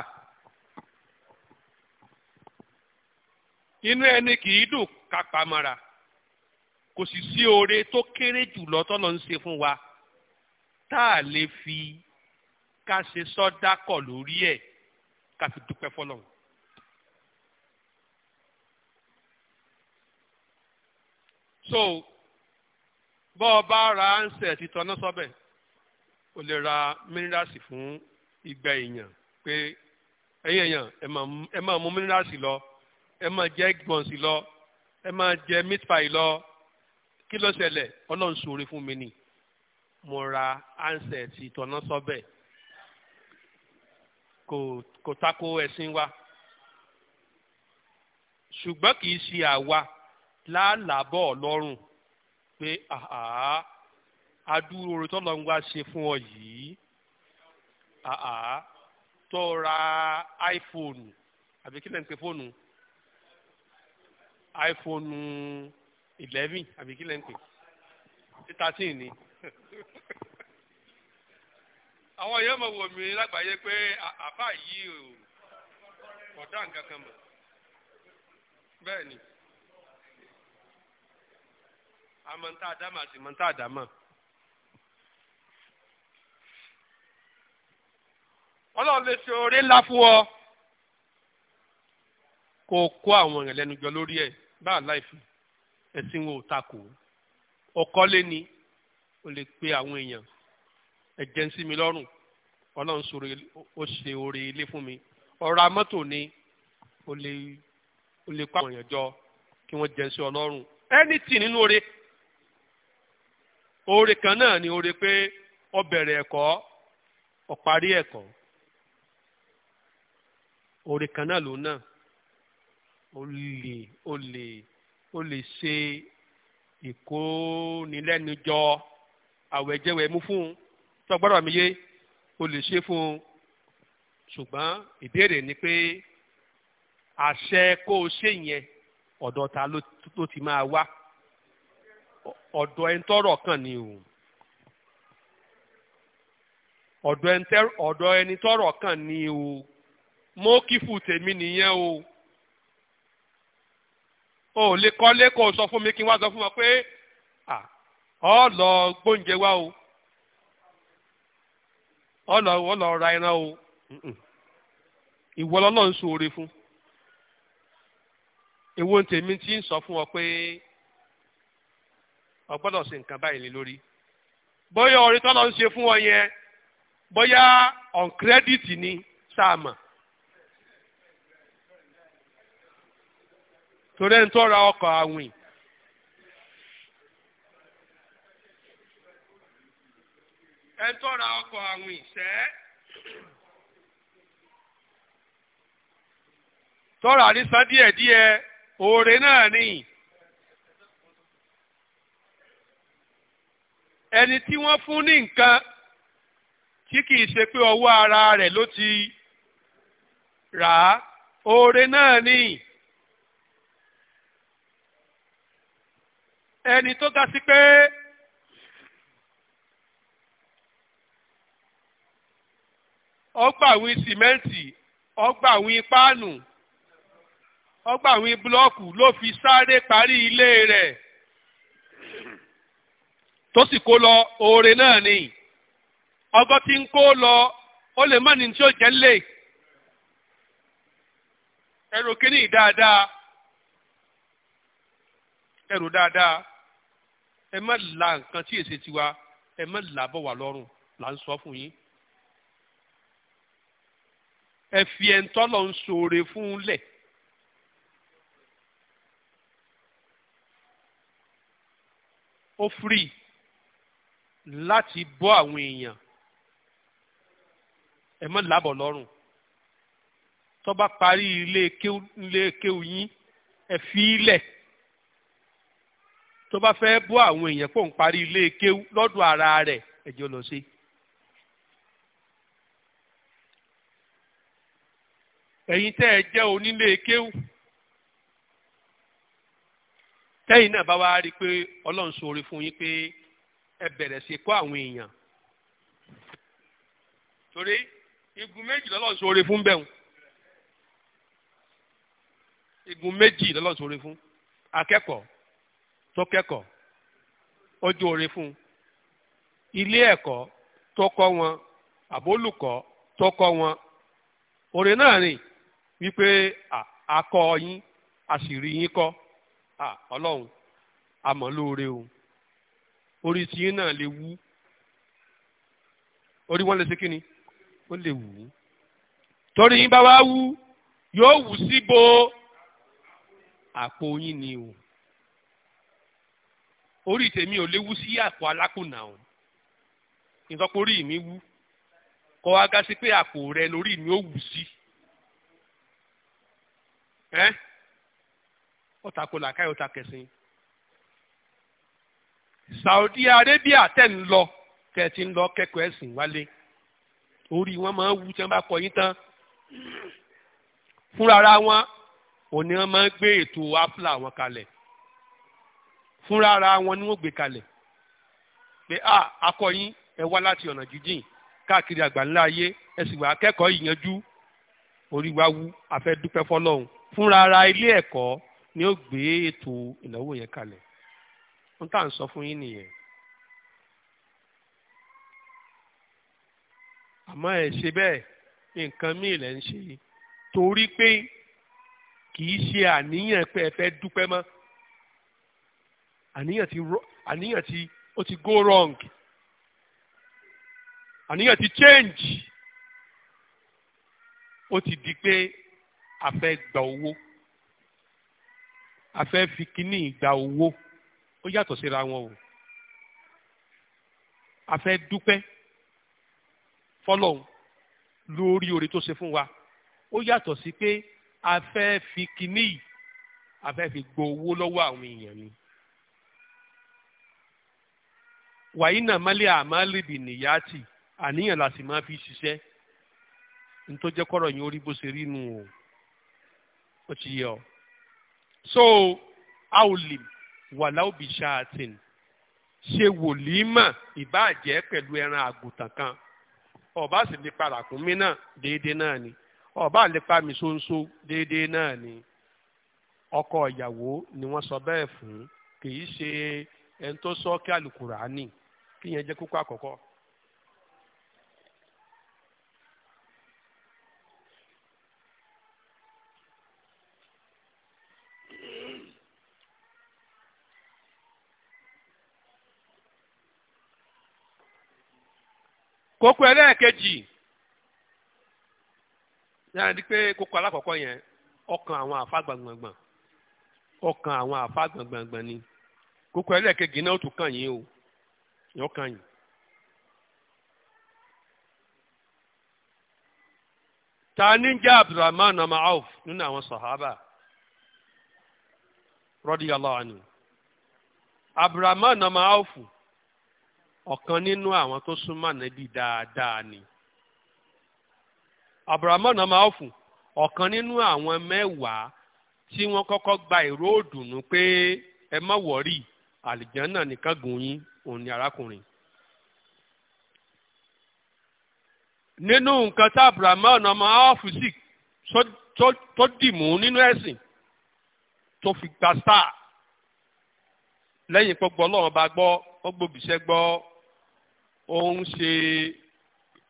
inú ẹni kì í dùn kápámọ́ra kò sì sí oore tó kéré jùlọ tọ́nà ń ṣe fún wa tá a lè fi ká ṣe sọ́dá kọ̀ lórí ẹ̀ ká fi dúpẹ́ fọlọ́run. so bọ́ ọ bá ra ansẹ̀ títọ́ náà sọ́bẹ̀ o lè ra mínírààsì fún igba èèyàn pé ẹ̀yin èèyàn ẹ máa mú mínírààsì lọ ẹ máa jẹ gbọ̀nsì lọ ẹ máa jẹ meat pie lọ kí ló ṣẹlẹ̀ ọlọ́run ṣoore fún mi ni mo ra ansẹ̀ títọ́ náà sọ́bẹ̀ kò tako ẹ̀sìn wa ṣùgbọ́n kì í ṣe àwa láàlàbọ̀ ọlọ́run pé àhà adúró orin tọ́lọ́ ń wá ṣe fún ọ yìí àhà tó ra iPhone àbí kí lẹ́ ń fóònù iPhone eleven àbí kí lẹ́ ń pè thirteen ni àwọn èèyàn mọ̀ wò mí lágbàáyé pé àbá yìí ò kọ̀dá nǹkan kan mọ̀ bẹ́ẹ̀ ni àmọ́ ń tá a dá mà sí mọ́ ń tá a dá mà. ọlọ́run lè ṣe oore ńlá fún ọ kó o kó àwọn èèyàn lẹ́nu jọ lórí ẹ̀ bá a láì ẹ̀sìn wọn ò takò ọkọ́lé ni o lè pe àwọn èèyàn ẹ̀jẹ̀ ń sí mi lọ́rùn ọlọ́run sọ̀rọ̀ ó ṣe oore ilé fún mi ọ̀rọ̀ amọ́tò ni o lè o lè pa àwọn èèyàn jọ kí wọ́n jẹ́ sí ọlọ́run anything nínú oore oore kan náà ni oore pé ọ bẹ̀rẹ̀ ẹ̀kọ́ ọ parí ẹ̀kọ́ oore kan náà ló náà ó lè ó lè ó lè ṣe ìkónilẹ́nujọ àwẹ̀jẹwẹ̀ mú fún un tó gbọ́dọ̀ mi yé ó lè ṣe fún un ṣùgbọ́n ìbéèrè ni pé àṣẹ kó o ṣe yẹn ọ̀dọ̀ ta ló ti máa wá. ọ̀dọ̀ ẹni tọ́rọ̀ kàn ni o ọ̀dọ̀ ẹni tọ́rọ̀ o mo tèmi nìyẹn o o lè sọ fún mi kí n sọ fún ọ pé ọ lọ gbóúnjẹ o ọ lọ ọ lọ ra ẹran o ìwọ lọ́lọ́run sọ oore fún ewo tèmi ti ń sọ fún ọ pé. ọgbọdọ si ṣe nǹkan báyìí lórí bóyá orí tọ́lọ́ ń ṣe fún ọ yẹn bóyá on credit ni sáàmà torí ẹni tó ra ọkọ̀ àwìn ẹni tó ra ọkọ̀ àwìn sẹ́ẹ́. tọ́ra ní sá díẹ̀díẹ̀ oore náà nìyí. ẹni tí wọ́n fún ní nǹkan tí kìí ṣe pé ọwọ́ ara rẹ̀ ló ti rà á oore náà ni ẹni tó ga sí pé ọgbàwìn sìmẹ́ǹtì ọgbàwìn páànù ọgbàwìn búlọ́ọ̀kù ló fi sáré parí ilé rẹ̀ tó sì kó lọ oore náà ni ọgọ́ tí ń kó lọ ó lè má tí ó jẹ́ lè ẹrù kínní dáadáa ẹrù dáadáa ẹ má la nǹkan tí èsì tiwa ẹ má là bọ̀ wá lọ́rùn là ń sọ fún yín ẹ fi ẹ̀ ń tọ́lọ̀ ń ṣoore fún un lẹ̀. ó free láti bọ́ àwọn èèyàn ẹ mọ́ làbọ̀ lọ́rùn tó bá parí ilé kéwú ilé kéwú yín ẹ fi í lẹ̀ tó bá fẹ́ bọ́ àwọn èèyàn pò ń parí ilé kéwú lọ́dọ̀ ara rẹ̀ ẹ lọ sí. ẹ̀yin tẹ́ ẹ jẹ́ onílé kéwú tẹ́yìn náà bá wá rí i pé ọlọ́run ṣoore fún yín pé ẹ bẹ̀rẹ̀ sí kọ́ àwọn èèyàn torí igun méjì lọ́lọ́ sóore fún bẹ́ẹ̀ igun méjì lọ́lọ́ sóore fún akẹ́kọ̀ọ́ tó kẹ́kọ̀ọ́ ọjọ́ oore fún ilé ẹ̀kọ́ tó kọ́ wọn àbólùkọ́ tó kọ́ wọn oore náà rìn wípé akọ yín àṣírí yín kọ́ ọlọ́run àmọ́ lóore o orí tiyín náà lè wú orí wọn lè ṣe kíni ó lè wù torí yín bá wá wú yóò wù síbo àpò yín ni o orí tèmi ò léwu sí àpò alákùnà o nǹkan pé orí mi wú kọ́ wá gá sí pé àpò rẹ lórí mi ó wù sí ẹ́ ó tako làákàyè Saudi Arabia tẹ̀ ń lọ kẹ́ ti ń lọ kẹ́kọ̀ọ́ ẹ̀sìn wálé orí wọn máa ń wú tí wọ́n bá kọ yín tán fúnra wọn òní wọn máa ń gbé ètò afla wọn kalẹ̀ fúnra wọn ni wọ́n gbé kalẹ̀ pé a akọyin ẹ wá láti ọ̀nà jíjìn káàkiri àgbáńlá ayé ẹ sì wá akẹ́kọ̀ọ́ ìyanjú orí wa wú a fẹ́ dúpẹ́ ilé ẹ̀kọ́ ni ó gbé ètò ìnáwó yẹn kalẹ̀ ń tà ń sọ fún yín nìyẹn. àmọ́ ẹ̀ ṣe bẹ́ẹ̀ nǹkan míì lẹ́ ń ṣe torí pé kì í ṣe àníyàn pé ẹ fẹ́ dúpẹ́ mọ́ àníyàn ti àníyàn ti ó ti go wrong àníyàn ti change ó ti di pé a fẹ́ gba owó a fẹ́ fi kínní gba owó. ó yàtọ̀ síra wọn o a fẹ́ dúpẹ́ fọlọ́hún lórí oore tó ṣe fún wa ó yàtọ̀ sí pé a fẹ́ fi kinní a fẹ́ fi gbowó lọ́wọ́ àwọn èèyàn ni. wàyí náà mọ́lẹ́ àmọ́lẹ́bì nìyàtì àníyàn la sì máa fi ṣiṣẹ́ nítòjẹ́ kọ́rọ̀ yín orí bó ṣe rí nù o ó ti yẹ ọ. so a ò lè Walau bí ṣáàtìn ṣe wòlímà ìbáàjẹ́ pẹ̀lú ẹran àgùntàn kan ọba sì lè pa ràkúnmí náà déédéé náà ni ọba lè pa mìsonso déédéé náà ni ọkọ ìyàwó ni wọ́n sọ bẹ́ẹ̀ fún kì í ṣe ẹni tó sọ kí àlùkùránì kí yẹn jẹ́ kókó àkọ́kọ́. kókó ẹlẹ́ẹ̀kejì yára di pé kókó alákọ̀ọ́kọ́ yẹn ọkàn àwọn àfa gbàngbàngbàn ọkàn àwọn àfa gbàngbàngbàn ni kókó ẹlẹ́ẹ̀kejì náà tún kàn yín o yọ kàn yín. ta ni jẹ́ abdulrahman ọmọ auf nínú àwọn sọ̀hábà radiyallahu anhu abdulrahman ọmọ auf. ọ̀kan nínú àwọn tó súnmọ́ ànábì dáadáa ni abdulrahman amaufu ọ̀kan nínú àwọn mẹ́wàá tí wọ́n kọ́kọ́ gba èrò òdùnnú pé ẹ má wọ̀rí àlìjánà nìkan gùn yín òun ni arákùnrin. nínú nǹkan tá abdulrahman amaufu sì tó dìmú nínú ẹ̀sìn tó fi gba star lẹ́yìn pé gbọ́ ọlọ́run bá gbọ́ ó gbòbìṣẹ́ gbọ́ ó ń ṣe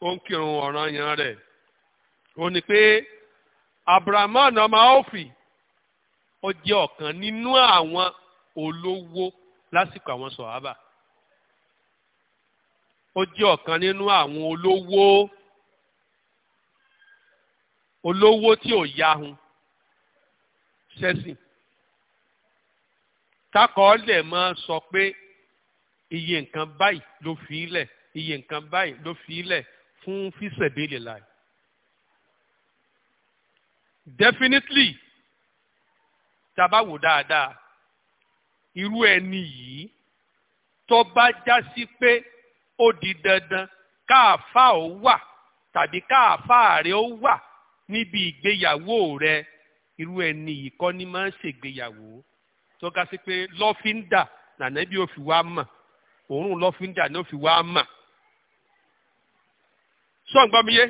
ó ń kírun ọ̀ranyàn rẹ̀ ó ní pé abrahamu ọmọ ọ̀fì ó jẹ́ ọ̀kan nínú àwọn olówó lásìkò àwọn sọ̀hábà ó jẹ́ ọ̀kan nínú àwọn olówó olówó tí ò yahun ṣẹ́sìn takọ̀ọ́lẹ̀ máa sọ pé iye nǹkan báyìí ló fi í lẹ̀ iye nǹkan báyìí ló fi ilẹ̀ fún fíṣẹ̀bílì láì. definitely tá a bá wò dáadáa irú ẹni yìí tó bá já sí pé ó di dandan káàfà ó wà tàbí káàfà rẹ ó wà níbi ìgbéyàwó rẹ irú ẹni yìí kọ́ ni máa ń ṣègbéyàwó tó ga sí pé lọ́fíńdà nànẹ́bí ò fi wá mọ̀ òórùn lọ́fíńdà ni ó fi wá mọ̀ sọ̀ǹgbọ́miyé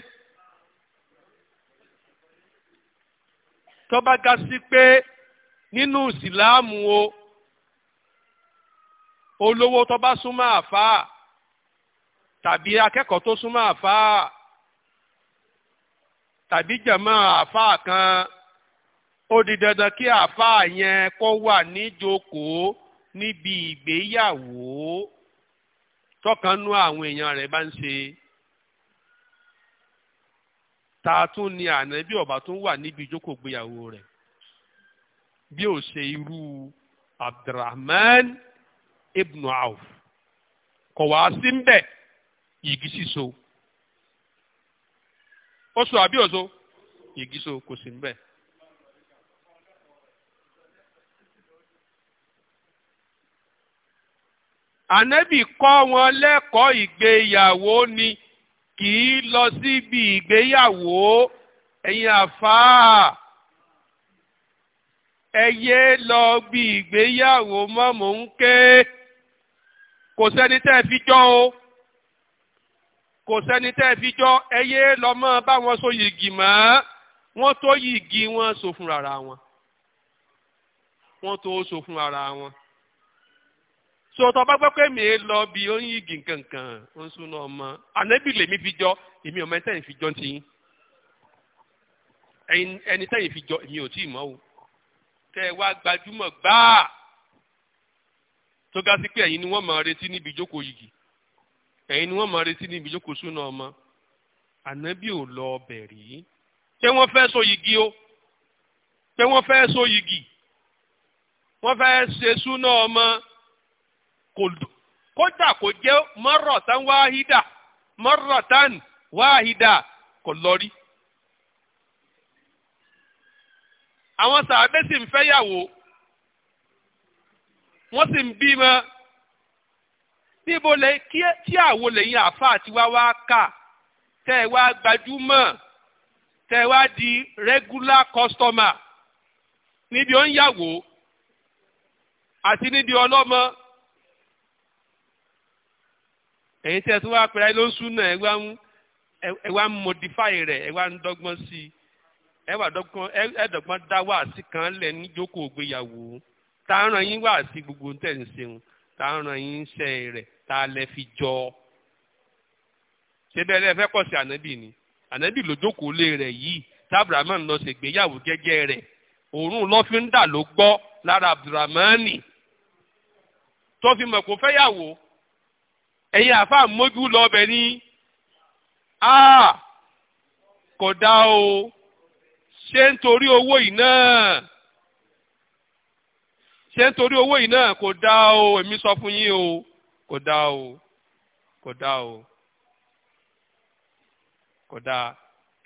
tọ́ba ga sí pé nínú ìsìláàmù o olówó tọ́ba súnmọ́ àfáà tàbí akẹ́kọ̀ọ́ tó súnmọ́ àfáà tàbí jẹ̀mọ́ àfáà kan ó di dandan kí àfáà yẹn kó wà níjókòó níbi ìgbéyàwó tọkànnú àwọn èèyàn rẹ̀ bá ń ṣe ta tún ni ànábì ọba tó wà níbi ìjókòó gbéyàwó rẹ̀ bí ó ṣe irú abdulrahman ibn auf kò wá sí ń bẹ̀ yìgì síso ó sọ àbí òso yìgì so kò sí ń bẹ̀. ànábì kọ́ wọn lẹ́kọ̀ọ́ ìgbéyàwó ni kì í lọ síbi ìgbéyàwó ẹ̀yin àfáà ẹ yé lọ bí ìgbéyàwó mọ́ mò ń ké kò sẹ́ni tẹ́ ẹ fi jọ́ o kò sẹ́ni tẹ́ ẹ fi jọ́ ẹ lọ mọ́ bá wọn so yìgì mọ́ wọ́n tó yìgì wọn so fún ara wọn wọ́n tó so fún ara wọn so tó bá gbọ́ pé mi lọ bí oyin igi nkankan ó ń súná ọmọ ànábì lèmi fi jọ èmi ọmọ ẹni tẹ́yìn fi jọ ti yín ẹni tẹ́yìn fi jọ èmi ò tí ì mọ̀ o kẹ́ ẹ wá gbajúmọ̀ gbáà tó ga sí pé ẹ̀yin ni wọ́n máa retí níbi ìjókòó yìí ẹ̀yin ni wọ́n máa retí níbi ìjókòó súná ọmọ ànábì ò lọ ọbẹ̀ rí ṣé wọ́n fẹ́ so yìgì o ṣé wọ́n fẹ́ so yìgì wọ́n fẹ́ ṣe súná ọmọ kódà kò jẹ́ mọ́rọ̀tán wáhídà mọ́rọ̀tán wáhídà kò lọ rí. àwọn sàbẹ́ sì ń fẹ́yàwó wọ́n sì ń bímọ níbo lẹ kí àwo lẹ́yìn àáfàá tí wá wá kà tẹ́ ẹ wá gbajúmọ̀ tẹ́ ẹ wá di regular customer níbi ó ń yàwó àti níbi ọlọ́mọ èyí tí ẹ tún wá pera ẹ ló ń súnà ẹ wá ń ẹ wá ń modify rẹ̀ ẹ wá ń dọ́gbọ́n sí i ẹ wá dọ́gbọ́n ẹ dọ́gbọ́n dá wáàsí kan lẹ̀ níjókòó gbéyàwó tá a ràn yín gbogbo tẹ̀ ń ṣeun tá a ràn yín ṣẹ́ rẹ̀ tá a lẹ fi jọ ọ. ṣé bẹ́ẹ̀ fẹ́ sí ànábì ni ànábì ló jókòó lé rẹ̀ yìí tá abdulrahman lọ ṣègbéyàwó jẹ́jẹ́ rẹ̀ òórùn lọ́fíńdà ló gbọ́ lára abdulrahman tó fi mọ̀ kó ẹ̀yin àáfàá mójú lọ ọbẹ̀ ní a kò dá o ṣé nítorí owó yìí náà ṣé nítorí owó yìí náà kò dá o èmi sọ fún yín o kò dá o kò dá o kò dá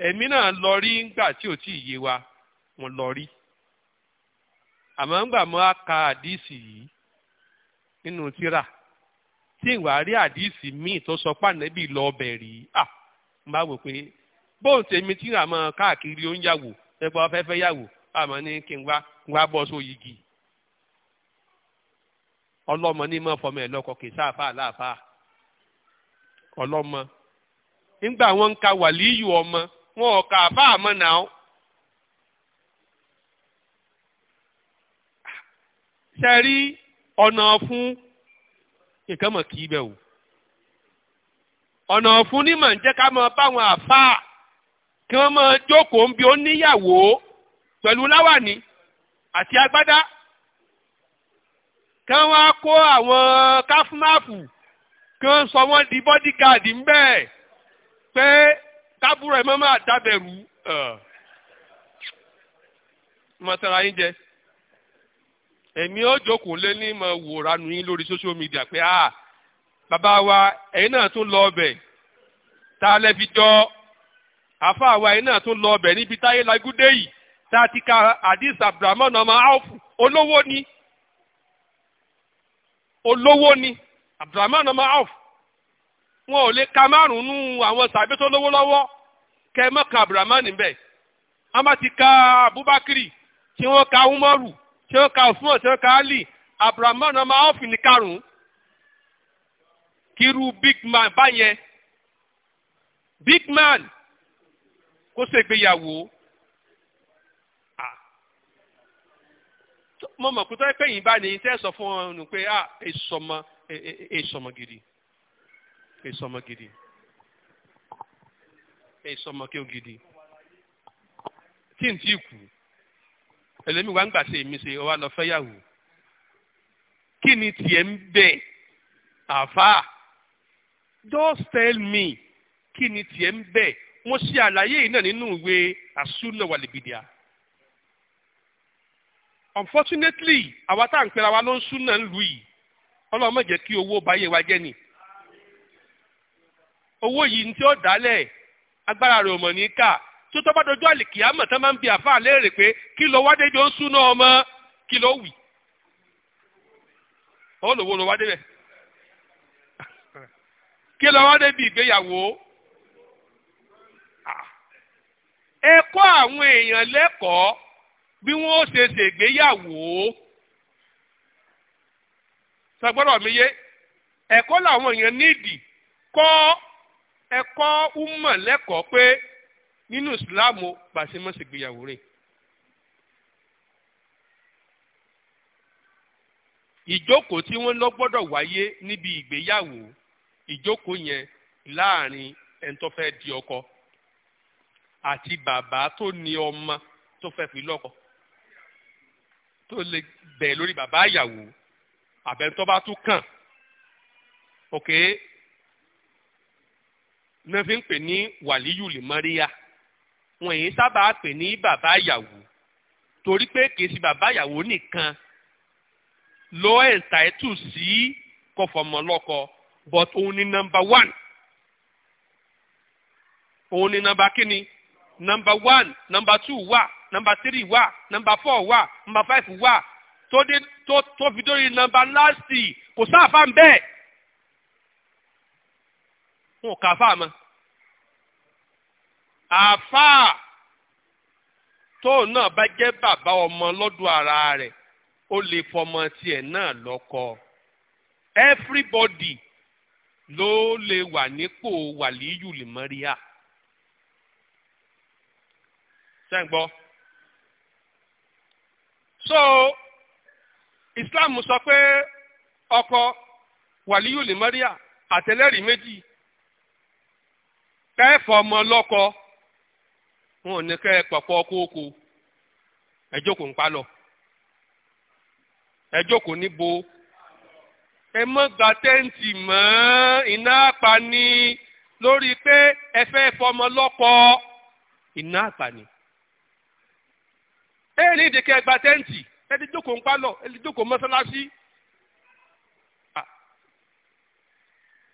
èmi náà lọ rí nígbà tí ò tí ì yé wa mo lọ rí àmọ́ ńgbà mọ́ á ka àdíìsì yìí nínú tírà. tí ìwà rí àdìsí míì tó sọ pàǹdẹ́bì lọ bẹ̀rì à ń bá wò pé bóun tèmi tí àmọ́ káàkiri ó ń ẹgbẹ́ afẹ́fẹ́ yàwò àmọ́ ní kí n wá wá bọ́ ọlọ́mọ ní mọ́ fọmọ ẹ̀ lọ́kọ̀ kì í sáfà láàfà ọlọ́mọ nígbà wọn fún nǹkan mọ̀ kì í bẹ̀ ọ̀nà ọ̀fun ní mà jẹ́ ká máa bá wọn àfáà kí wọ́n máa jókòó ń bi oníyàwó pẹ̀lú láwàní àti agbádá kí wọ́n á kó àwọn káfúmáàfù kí wọ́n sọ wọ́n di bọ́dígaàdì ń bẹ́ẹ̀ pé kábúrò ẹ̀ máa máa dábẹ̀rù mọ̀tàrà yín jẹ́. èmi ó jókòó lé ní mọ̀ yín lórí social media pé ah bàbá wa ẹ̀yin náà tún lọ ọbẹ̀ tá a lẹ fi jọ àfa wa ẹ̀yin náà tún lọ ọbẹ̀ níbi táyé lagúdé yìí tá a ti ka hadith abdulrahman ọmọ alf olówó ni olówó ni abdulrahman ọmọ alf wọn ò lè ka márùn àwọn sàbẹ́ tó lówó lọ́wọ́ kẹ́ mọ́ ti ka abubakar tí ka umaru tí ó ka Usman tí ó ka Ali Abdulrahman ọmọ áwọ̀fì ní karùn-ún kírú big man báyẹn big man kó ṣègbéyàwó ah. mo mọ̀ kó tó pé yìí bá ní tẹ́ sọ fún ọ nù pé à ah, èsọmọ èsọmọ gidi èsọmọ gidi èsọmọ kí o gidi tí n tí kú ẹlẹ́mìí wá ń gbà ṣe èmi ṣe ọwọ́ lọ fẹ́yàwó kí ni tiẹ̀ ń bẹ̀ àfà just tell me kí ni tiẹ̀ ń bẹ̀ mo ṣe àlàyé yìí náà nínú ìwé àṣúná wàlìbìdìá unfortunately àwa tá à ń pera wa ló ń ṣúná lù yìí ọlọ́run má jẹ́ kí owó báyé wa jẹ́ ni owó yìí ní tí ó dálẹ̀ agbára rẹ̀ ò mọ̀ ní ká tó tọ́ bá dojú àlìkì àmọ̀ tán máa ń bi àfáà léèrè pé kí ló wádé jọ ń súná ọmọ kí ló wì ó lò wo ló wádé bẹ̀ kí ló wádé bí ìgbéyàwó ah. ẹ kọ́ àwọn èèyàn lẹ́kọ̀ọ́ bí wọ́n ó ṣe ṣègbéyàwó sọgbọ́dọ̀ mi yé ẹ̀kọ́ làwọn èèyàn nídìí kọ́ ẹ̀kọ́ ń mọ̀ lẹ́kọ̀ọ́ pé nínú islam o pàṣẹ mọ́ sí gbéyàwó rẹ̀. ìjókòó tí wọ́n lọ gbọ́dọ̀ wáyé níbi ìgbéyàwó ìjókòó yẹn láàrin ẹni tó fẹ́ di ọkọ àti bàbá tó ní ọmọ tó fẹ́ fi lọ́kọ tó lè bẹ̀ lórí bàbá ìyàwó àbẹ̀ntọ́ bá tún kàn òkè okay. náà fi ń pè ní wàlíyù lè mọ́ríyá wọn èyí sábà pè ní bàbá ìyàwó torí pé kìí ṣe bàbá ìyàwó nìkan ló ẹ̀ǹtàìtù sí kọfọmọlọkọ but òun ni nọ́mbà one òun ni nọ́mbà kíni nọ́mbà one nọ́mbà two wà nọ́mbà three wà nọ́mbà four wà nọ́mbà five wà tó dé tó tó fi dórí nọ́mbà láàsì kò sáà fáà ń bẹ́ẹ̀ wọn ò kà fáà mọ́. àáfàá tóun náà bá jẹ́ bàbá ọmọ lọ́dọ̀ ara rẹ̀ ó lè fọmọ tiẹ̀ náà lọ́kọ everybody ló lè wà nípò wàlíyù lìmọ́ríà sẹ́ǹgbọ́. so Islam sọ pé ọkọ wàlíyù lìmọ́ríà àtẹlẹ́rìí méjì kẹ́ẹ̀fọ́ ọmọ lọ́kọ. wọn ò ní kẹ́ ẹ pọ̀pọ̀ kókó ẹ jókòó ń palọ̀ ẹ jókòó níbo ẹ mọ́ gba tẹ́ǹtì mọ́ iná apani lórí pé ẹ fẹ́ fọmọ lọ́kọ iná apani ẹ ní ìdíkẹ́ gba tẹ́ǹtì ẹ ti jókòó ń palọ̀ ẹ ti jókòó mọ́sálásí. Ah.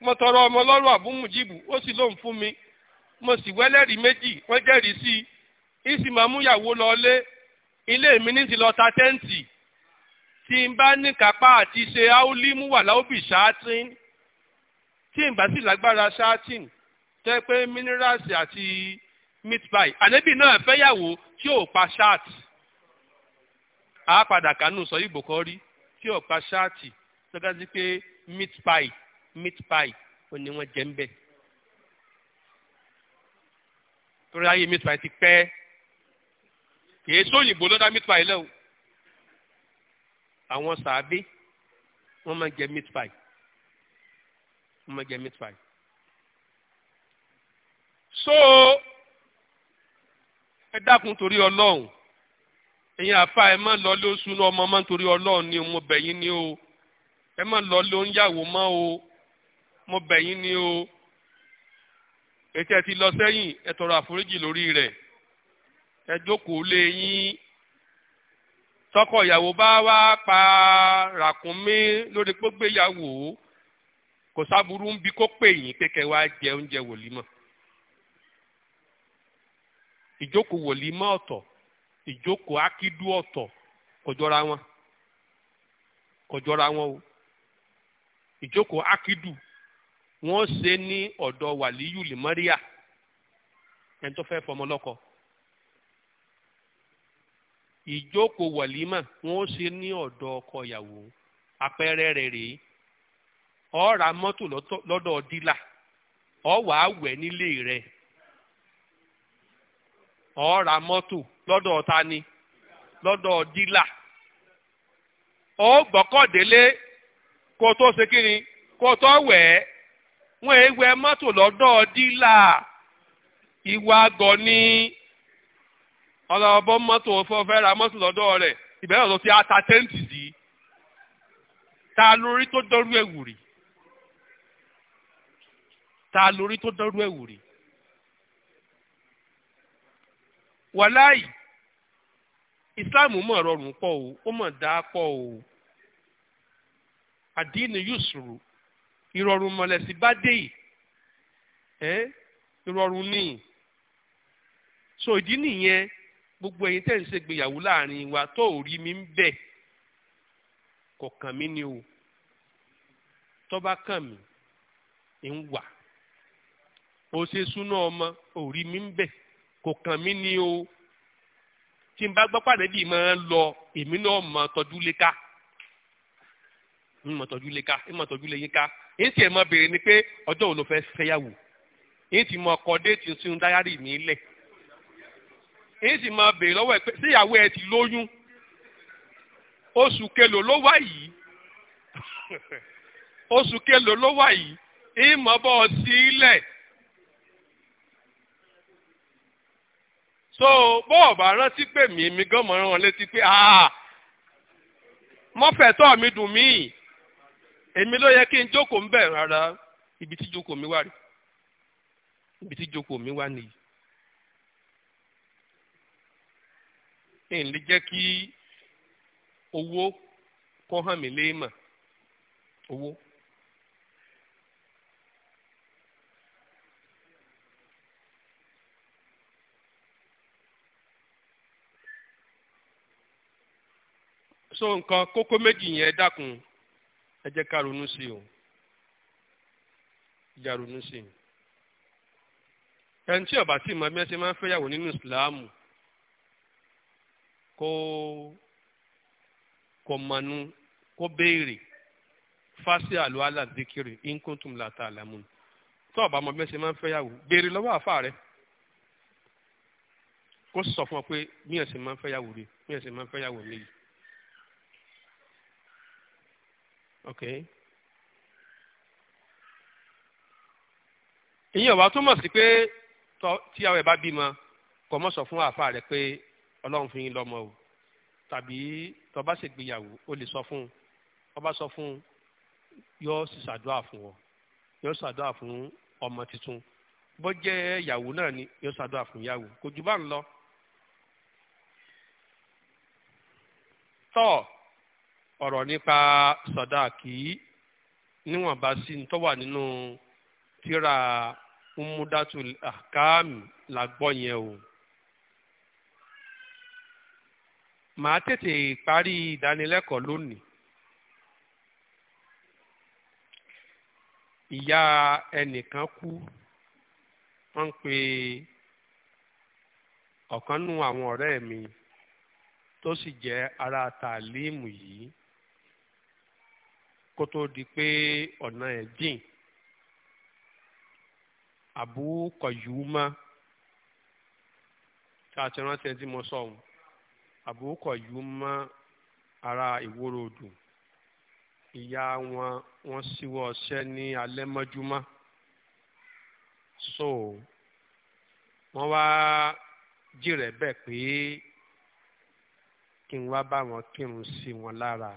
mo tọrọ ọmọ lọ́rùn àbúmùjìbù ó sì lóun fún mi mo sì wẹ́lẹ́rìí méjì wọ́n jẹ́rìí sí i ìsì máa mú ìyàwó lọlé ilé mi ní ti lọ ta tẹ́ǹtì tí n bá ní kápá àti ṣe áúlímù wà láòbì ṣáàtìn tí n bá sì lágbára ṣáàtìn tẹ́ pé mínírààsì àti mitbai ànẹ́bì náà fẹ́yàwó tí ò pa ṣáàtì a padà kánú sọ ìgbò rí tí ò pa ṣáàtì lọ́gá sí pé mitbai mitbai ò ní wọ́n jẹ́ ń bẹ́ẹ̀ torí ayé meat ti pẹ́ kìí sóyìnbó ló dá meat pie lẹ́wọ̀ àwọn sàábé wọ́n máa jẹ meat pie wọ́n máa jẹ meat pie so ẹ dákun torí ọlọ́run ẹ̀yin àfa ẹ má lọ lóṣù náà ọmọ má torí ọlọ́run ni mo bẹ̀ ni o ẹ má lọ lóńyàwó mọ́ o mo bẹ̀ ni o. ètò ẹ ti lọ sẹ́yìn ẹ tọrọ àforíjì lórí rẹ̀ ẹ jókòó lé yín tọkọ ìyàwó bá wá pa ràkúnmí lórí gbogbo kò sábúrú ń bi kó pè yín pé kẹ́ jẹ oúnjẹ wòlímọ̀ ìjókòó ọ̀tọ̀ ìjókòó ọ̀tọ̀ kò jọra wọn o ìjókòó wọ́n ṣe ní ọ̀dọ̀ wàlíyù lìmọ́ríà ẹni tó fẹ́ fọmọ ìjókòó wàlímà wọ́n ṣe ní ọ̀dọ̀ ọkọ ìyàwó àpẹẹrẹ rẹ̀ rèé ra lọ́dọ̀ dílà wà nílé ra tani dílà wọ́n ẹ wẹ mọ́tò lọ́dọ̀ dílà ìwà àgọ̀ ní ọlọ́bọ mọ́tò fẹ́ ra mọ́tò lọ́dọ̀ rẹ̀ ìbẹ̀rẹ̀ lọ fi ata tẹ́ǹtì sí ta lórí tó dọ́rú ẹ̀wù rí ta lórí tó dọ́rú ẹ̀wù rí wàláì islam mọ̀ rọrùn pọ̀ o ó mọ̀ dáa pọ̀ o àdínì yusuru ìrọ̀rùn mọ̀lẹ́sì bá dé yìí ẹ́ ìrọ̀rùn ni so ìdí nìyẹn gbogbo ẹ̀yin tẹ́ ń ṣègbéyàwó láàrin wa tó ò rí mi ń bẹ̀ kò kàn mí ni o tó bá kàn mí ń wà o ṣe súná ọmọ ò rí mi ń bẹ̀ kò kàn mí ni o tí n bá gbọ́ pàdé bíi máa ń lọ èmi náà mọ̀ tọ́jú léka ń mọ̀ tọ́jú léka ń mọ̀ tọ́jú léyìn ká yín tiẹ̀ mọ béèrè ni pé ọjọ́ wo ló fẹ́ fẹ́yàwó yín ti mọ ọkọ déètì sínú dáyárì mi lẹ̀ yín ti mọ béèrè lọ́wọ́ ẹ pé síyàwó ẹ ti lóyún oṣù kelò ló wà yìí oṣù kelò ló wà yìí ìmọ̀ bọ̀ sílẹ̀. so bọ́ọ̀ bá rántí pé mi mi gan mọ̀ rán létí pé mọ́fẹ̀tọ́ mi dùn míì. èmi ló yẹ kí n jókòó ń bẹ̀ rárá ibi tí jókòó mi wà rí ibi tí jókòó mi wà nìyí. n lè jẹ́ kí owó kọ́ hàn mí léèmọ̀ owó. so nǹkan kókó méjì yẹn dákun ẹ jẹ́ ká ronú sí o ìjà ronú sí i ẹni tí ọba tí mọ bí wọn ṣe máa ń fẹ́yàwó nínú ìsìláàmù kó kó mọnú kó béèrè fásí àlọ aládìkiri inkuntum làtà àlàmúnú tó ọba mọ bí wọn ṣe máa ń fẹ́yàwó béèrè lọ́wọ́ àfa rẹ kó sọ fún ọ pé bí wọn ṣe máa ń fẹ́yàwó rí bí wọn ṣe máa ń fẹ́yàwó léyìí. okay. ìyẹn wàá túmọ̀ sí pé tí àwọn ẹ̀ bá bímọ kò mọ̀ sọ fún àáfà rẹ̀ pé ọlọ́run fi yín lọ́mọ o tàbí tó bá ṣègbéyàwó o lè sọ fún un ó bá sọ fún un yóò sì ṣàdúrà fún ọ yóò ṣàdúrà fún ọmọ tuntun bó jẹ́ ìyàwó náà ni yóò ṣàdúrà fún ìyàwó kò jù bá ń lọ. tọ́ọ̀ ọ̀rọ̀ nípa sàdáàkì níwọ̀nba sí tó wà nínú tírà umudatul ahkam la gbọ́ yẹn o. màá tètè parí ìdánilẹ́kọ̀ọ́ lónìí. ìyá ẹnìkan kú wọ́n ń pe ọ̀kan nú àwọn ọ̀rẹ́ mi tó sì jẹ́ ara tàlímù yìí. kó tó di pé ọ̀nà ẹ̀ jìn Abu Qayyuma tá a ti rántí ẹni tí mo sọ ohun Abu Qayyuma ara ìwòrò odò ìyá wọn wọ́n ṣíwọ́ ọṣẹ́ ní alẹ́ mọ́júmọ́ so wọ́n wá jìrẹ̀ bẹ́ẹ̀ pé kí n wá bá wọn kírun sí wọn lára.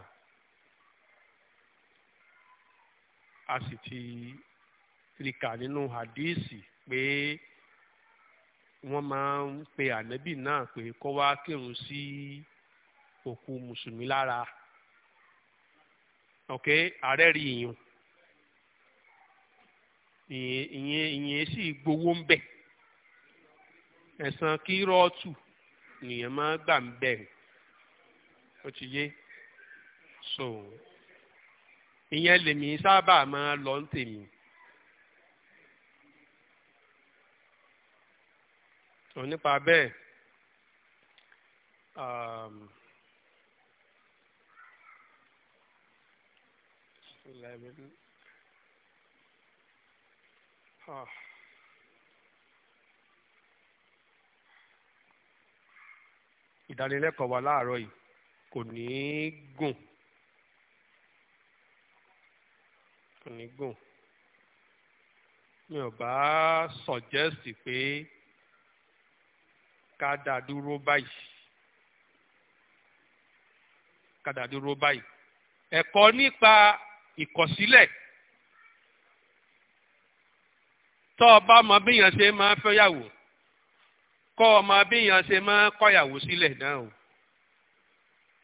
a sì ti rí kà nínú hadísì pé wọ́n máa ń pe ànábì náà pé kó wá kírun sí òkú mùsùlùmí lára ok ààrẹ rí ìyún ìyẹn ìyẹn sì gbowó ń bẹ ẹ̀san kí rọ́ọ̀tù nìyẹn máa gbà ń bẹ ó ti yé so ìyẹn lèmi sábà máa lọ ń tèmi. ò nípa bẹ́ẹ̀ Oh. ìdánilẹ́kọ̀ọ́ wa láàárọ̀ yìí kò ní í gùn kò ní gùn mi ò bá sọ̀jẹ́sì pé ká dá dúró báyìí ká dá dúró báyìí ẹ̀kọ́ nípa ìkọ̀sílẹ̀ tọ́ ọ bá mọ bíyàn ṣe máa fẹ́yàwó kọ́ ọ bíyàn ṣe máa kọ́yàwó sílẹ̀ náà o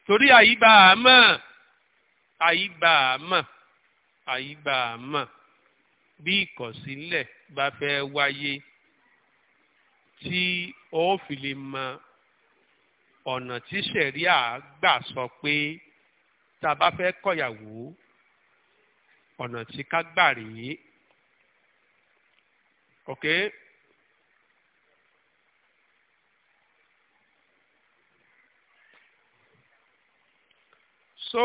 torí àyíbá àmọ́ àyíbá àmọ́ àyíbàámà bí ìkọ̀sílẹ̀ bá fẹ́ wáyé tí ó fi lè mọ ọ̀nà tí sẹ̀ríà gbà sọ pé tá a bá fẹ́ kọ̀yàwó ọ̀nà tí ká gbà rèé ok. so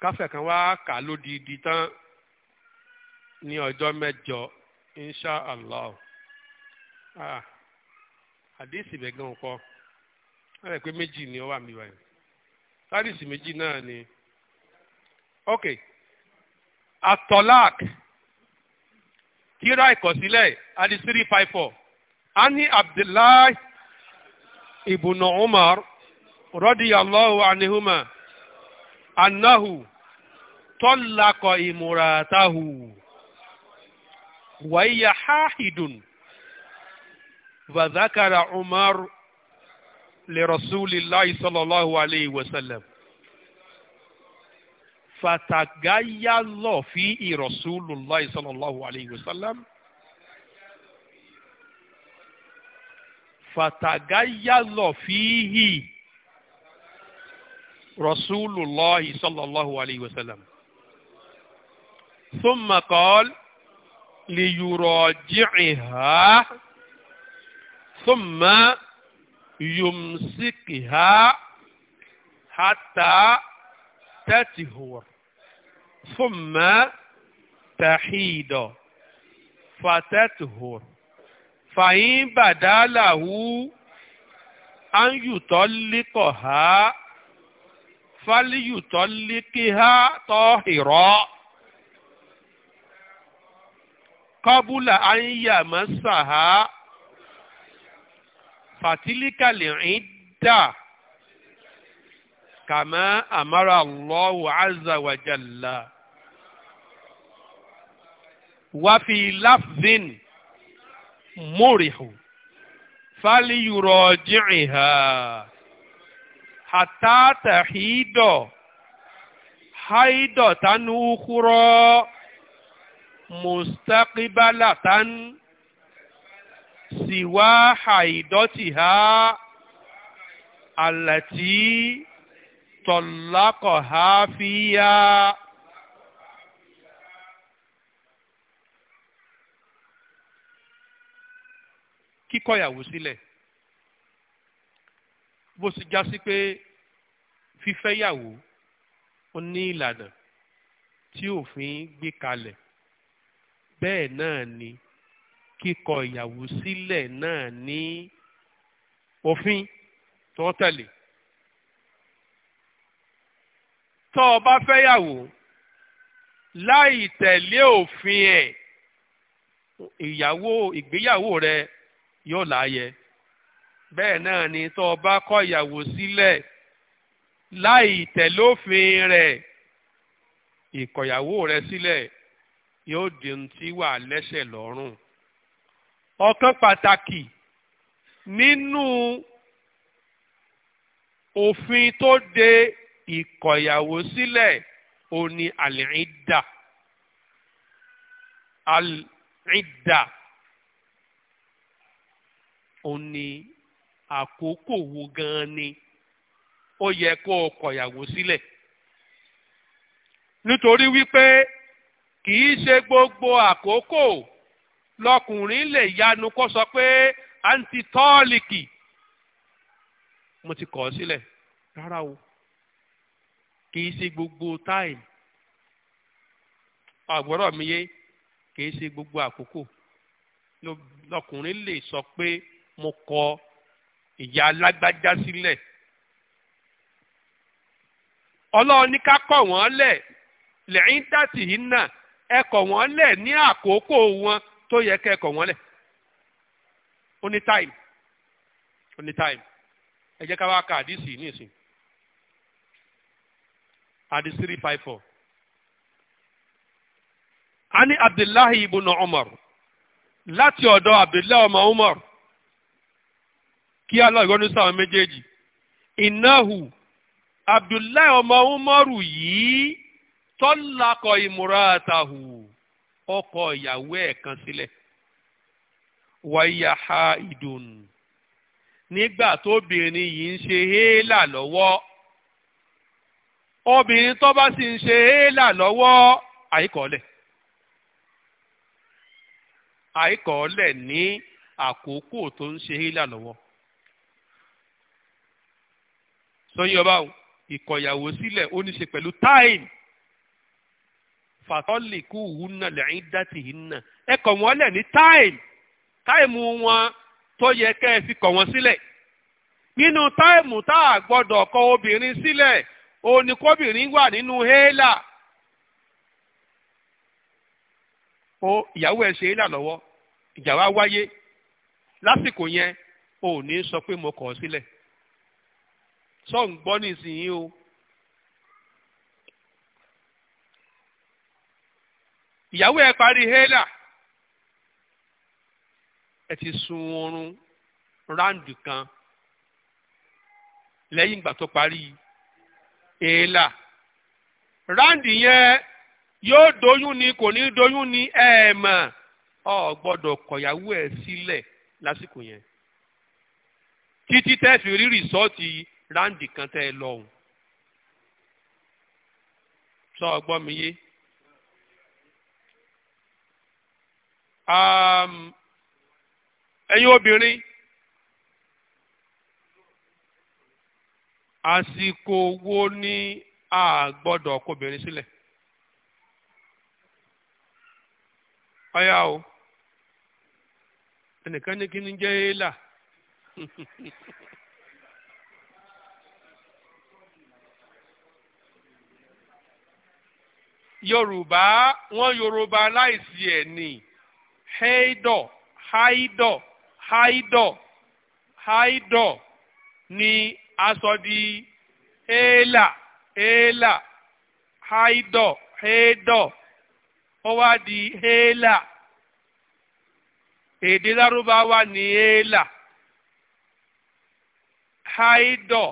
káfẹ́ kan wá kà lódìdí tán ní ọjọ́ mẹ́jọ insha allah ah àdéhìsì bẹ̀ gan kọ́ wọ́n rẹ̀ pé méjì ni ó wà mí báyìí sáàdìsì méjì náà ni ok atolak tíra ìkọ̀sílẹ̀ adisiri five four ani abdullahi ibùnà umar rọ́díyàlọ́hu anihuma annahu tọ́lákọ̀ ìmúratáhù wàyà háhìdùn vazakara umar lè rasulillahi sallallahu alayhi wa sallam fatagayalọ fi rasulillahi sallallahu alayhi wa sallam fatagayalọ fihi. رسول الله صلى الله عليه وسلم ثم قال ليراجعها ثم يمسكها حتى تتهور ثم تحيد فتتهور فإن بدا له أن يطلقها fáliyùtọ́ líkíhá tọ́hìrọ́ kọ́bùlà àyàmọ́ sàhá fàtílíkàlì ìdá kàmá àmàrà Allahu azza wa jalla wàfi láfíìn múrìhù fáliyùrọ̀ jìrìhà hatata hido haido tanu ukuro mustaqibala tan siwa haidotiha alati tọlákọha fíyà. kíkọ̀yàwó sílẹ̀ bó sì já sí pé fífẹ́yàwó ó ní ìlànà tí òfin gbé kalẹ̀ bẹ́ẹ̀ náà ni kíkọ ìyàwó sílẹ̀ náà ní òfin tó ń tẹ̀lé tó o bá fẹ́yàwó láì tẹ̀lé òfin ẹ̀ ìyàwó ìgbéyàwó rẹ yóò láàyè bẹ́ẹ̀ náà ni tó o bá kọ ìyàwó sílẹ̀ láì tẹ̀lófin rẹ̀ ìkọ̀yàwó rẹ̀ sílẹ̀ yóò di ohun tí wà lẹ́sẹ̀ lọ́rùn. ọ̀kan pàtàkì nínú òfin tó de ìkọ̀yàwó sílẹ̀ ó ní àlìídà àlìídà àkókò wo gan-an ni ó yẹ kó o kọ̀yàwó sílẹ̀ nítorí wípé kì í ṣe gbogbo àkókò lọkùnrin lè yanu kó sọ pé àǹtí tọ́ọ̀lìkì mo ti kọ̀ ọ́ sílẹ̀ rárá o kì í ṣe gbogbo táìmù àgbọ̀rọ̀ mi yé kì í ṣe gbogbo àkókò lọkùnrin lè sọ pé mo kọ̀ ọ́ ìyá alágbájá sílẹ̀ ọlọ́run ní ká kọ̀ wọ́n lẹ̀ lẹ́yìn yìí náà ẹ kọ̀ wọ́n lẹ̀ ní àkókò wọn tó yẹ kẹ́ ẹ kọ̀ wọ́n lẹ̀ ó ní táìmù ó ní táìmù ẹ jẹ́ ká wá ka àdìsí kí ala yọ́nú sáwọn méjèèjì ìnáhù abdullahi ọmọ umaru yìí tọ́lákọ̀ ìmúratàhù ọkọ ìyàwó ẹ̀ kan sílẹ̀ wáyà ha ìdùn nígbà tóbìnrin yìí ń ṣe lọ́wọ́ obìnrin tó bá sì ń ṣe lọ́wọ́ ní àkókò tó lọ́wọ́. sọyìn ọba o ìkọ̀yàwó sílẹ̀ ó ní ṣe pẹ̀lú táìm fàtọ́lìkù hùnà lẹ́yìn dátì hìnà ẹ kọ̀ wọ́n lẹ̀ ní táìm táìmù wọn tó yẹ kẹ́ ẹ fi kọ̀ wọ́n sílẹ̀ nínú táìmù tá a gbọ́dọ̀ kọ̀ obìnrin sílẹ̀ òun ni kóbìnrin wà nínú hélà ó ìyàwó ẹ ṣe hélà lọ́wọ́ ìjà wa wáyé lásìkò yẹn ò ní sọ pé mo kọ̀ ọ́ sílẹ̀ sọ ń gbọ́ nísìnyí o. ìyàwó ẹ parí hélà ẹ ti sun oorun ráǹdù kan lẹ́yìn ìgbà tó parí hélà ráǹdì yẹn yóò doyún ni kò ní doyún ni ẹ mọ̀ ọ gbọ́dọ̀ kọ̀yàwó ẹ sílẹ̀ lásìkò yẹn títí tẹ́ fi rí rìsọ́ọ̀tì láǹdì kan tẹ́ ẹ lọ òun sọ ọgbọ́n mi yé. Um, ẹ̀yin obìnrin àsìkò wo ni a gbọdọ kóbìnrin sílẹ̀ ọ̀yá o ẹnìkan ní kí ni yorùbá wọn yorùbá láìsí ẹ̀ ní haidọ̀ haidọ̀ haidọ̀ haidọ̀ ni aṣọ di éèlà éèlà haidọ̀ haidọ̀ ó wá di éèlà èdè lárúbáwá ni éèlà haidọ̀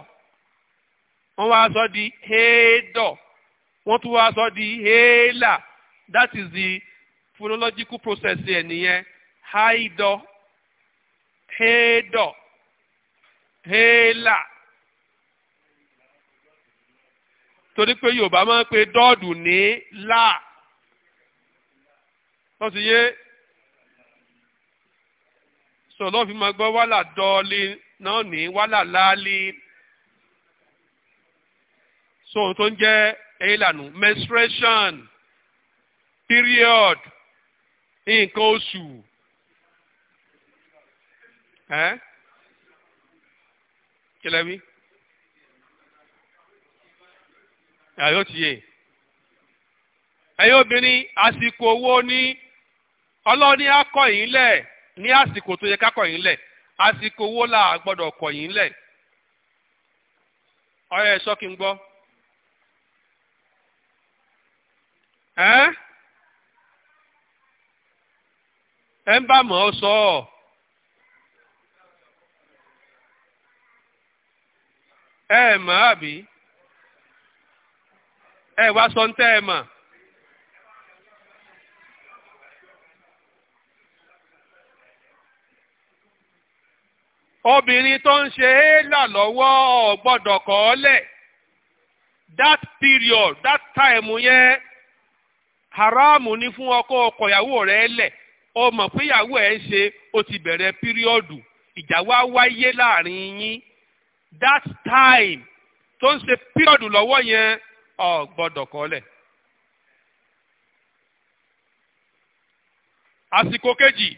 wọ́n wá sọ di héèdọ̀ wọ́n tún wá sọ di hélà that is the phonological process ẹ̀ nìyẹn haidọ hédọ hélà torí pé Yorùbá máa ń pe dọ́ọ̀dù ní là wọ́n ti yé sọ̀lọ́ fi máa gbọ́ wàhálà dọ́ọ̀lì náà ní wàhálà láàlì so ohun tó ń jẹ́ ìlànà menstruation period nǹkan oṣù ẹ kílẹ̀ wí àyọ̀ ti yé ẹ̀yin obìnrin àsìkò owó ní ọlọ́ọ̀ni akọ̀yìn lẹ̀ ní àsìkò tó yẹ kákọ̀yìn lẹ̀ àsìkò owó là gbọ́dọ̀ kọ̀yìn lẹ̀ ọ̀rẹ́ ẹ̀ sọ́kì gbọ́. ẹ́ ẹ ma bá mọ̀ ọ́ sọ ọ́. ẹ mọ̀ àbí ẹ wá obìnrin tó ń ṣe é là lọ́wọ́ ò gbọ́dọ̀ kọ́ ọ́ lẹ̀ that period that time yẹn haramu ni fún ọkọ ọkọ ìyàwó rẹ lẹ̀ ó mọ̀ pé ìyàwó ẹ̀ ń ṣe ó ti bẹ̀rẹ̀ píríọ̀dù ìjà wá wáyé láàrin yín that time tó ń ṣe píríọ̀dù lọ́wọ́ yẹn ò gbọ́dọ̀ kọ́lẹ̀. àsìkò kejì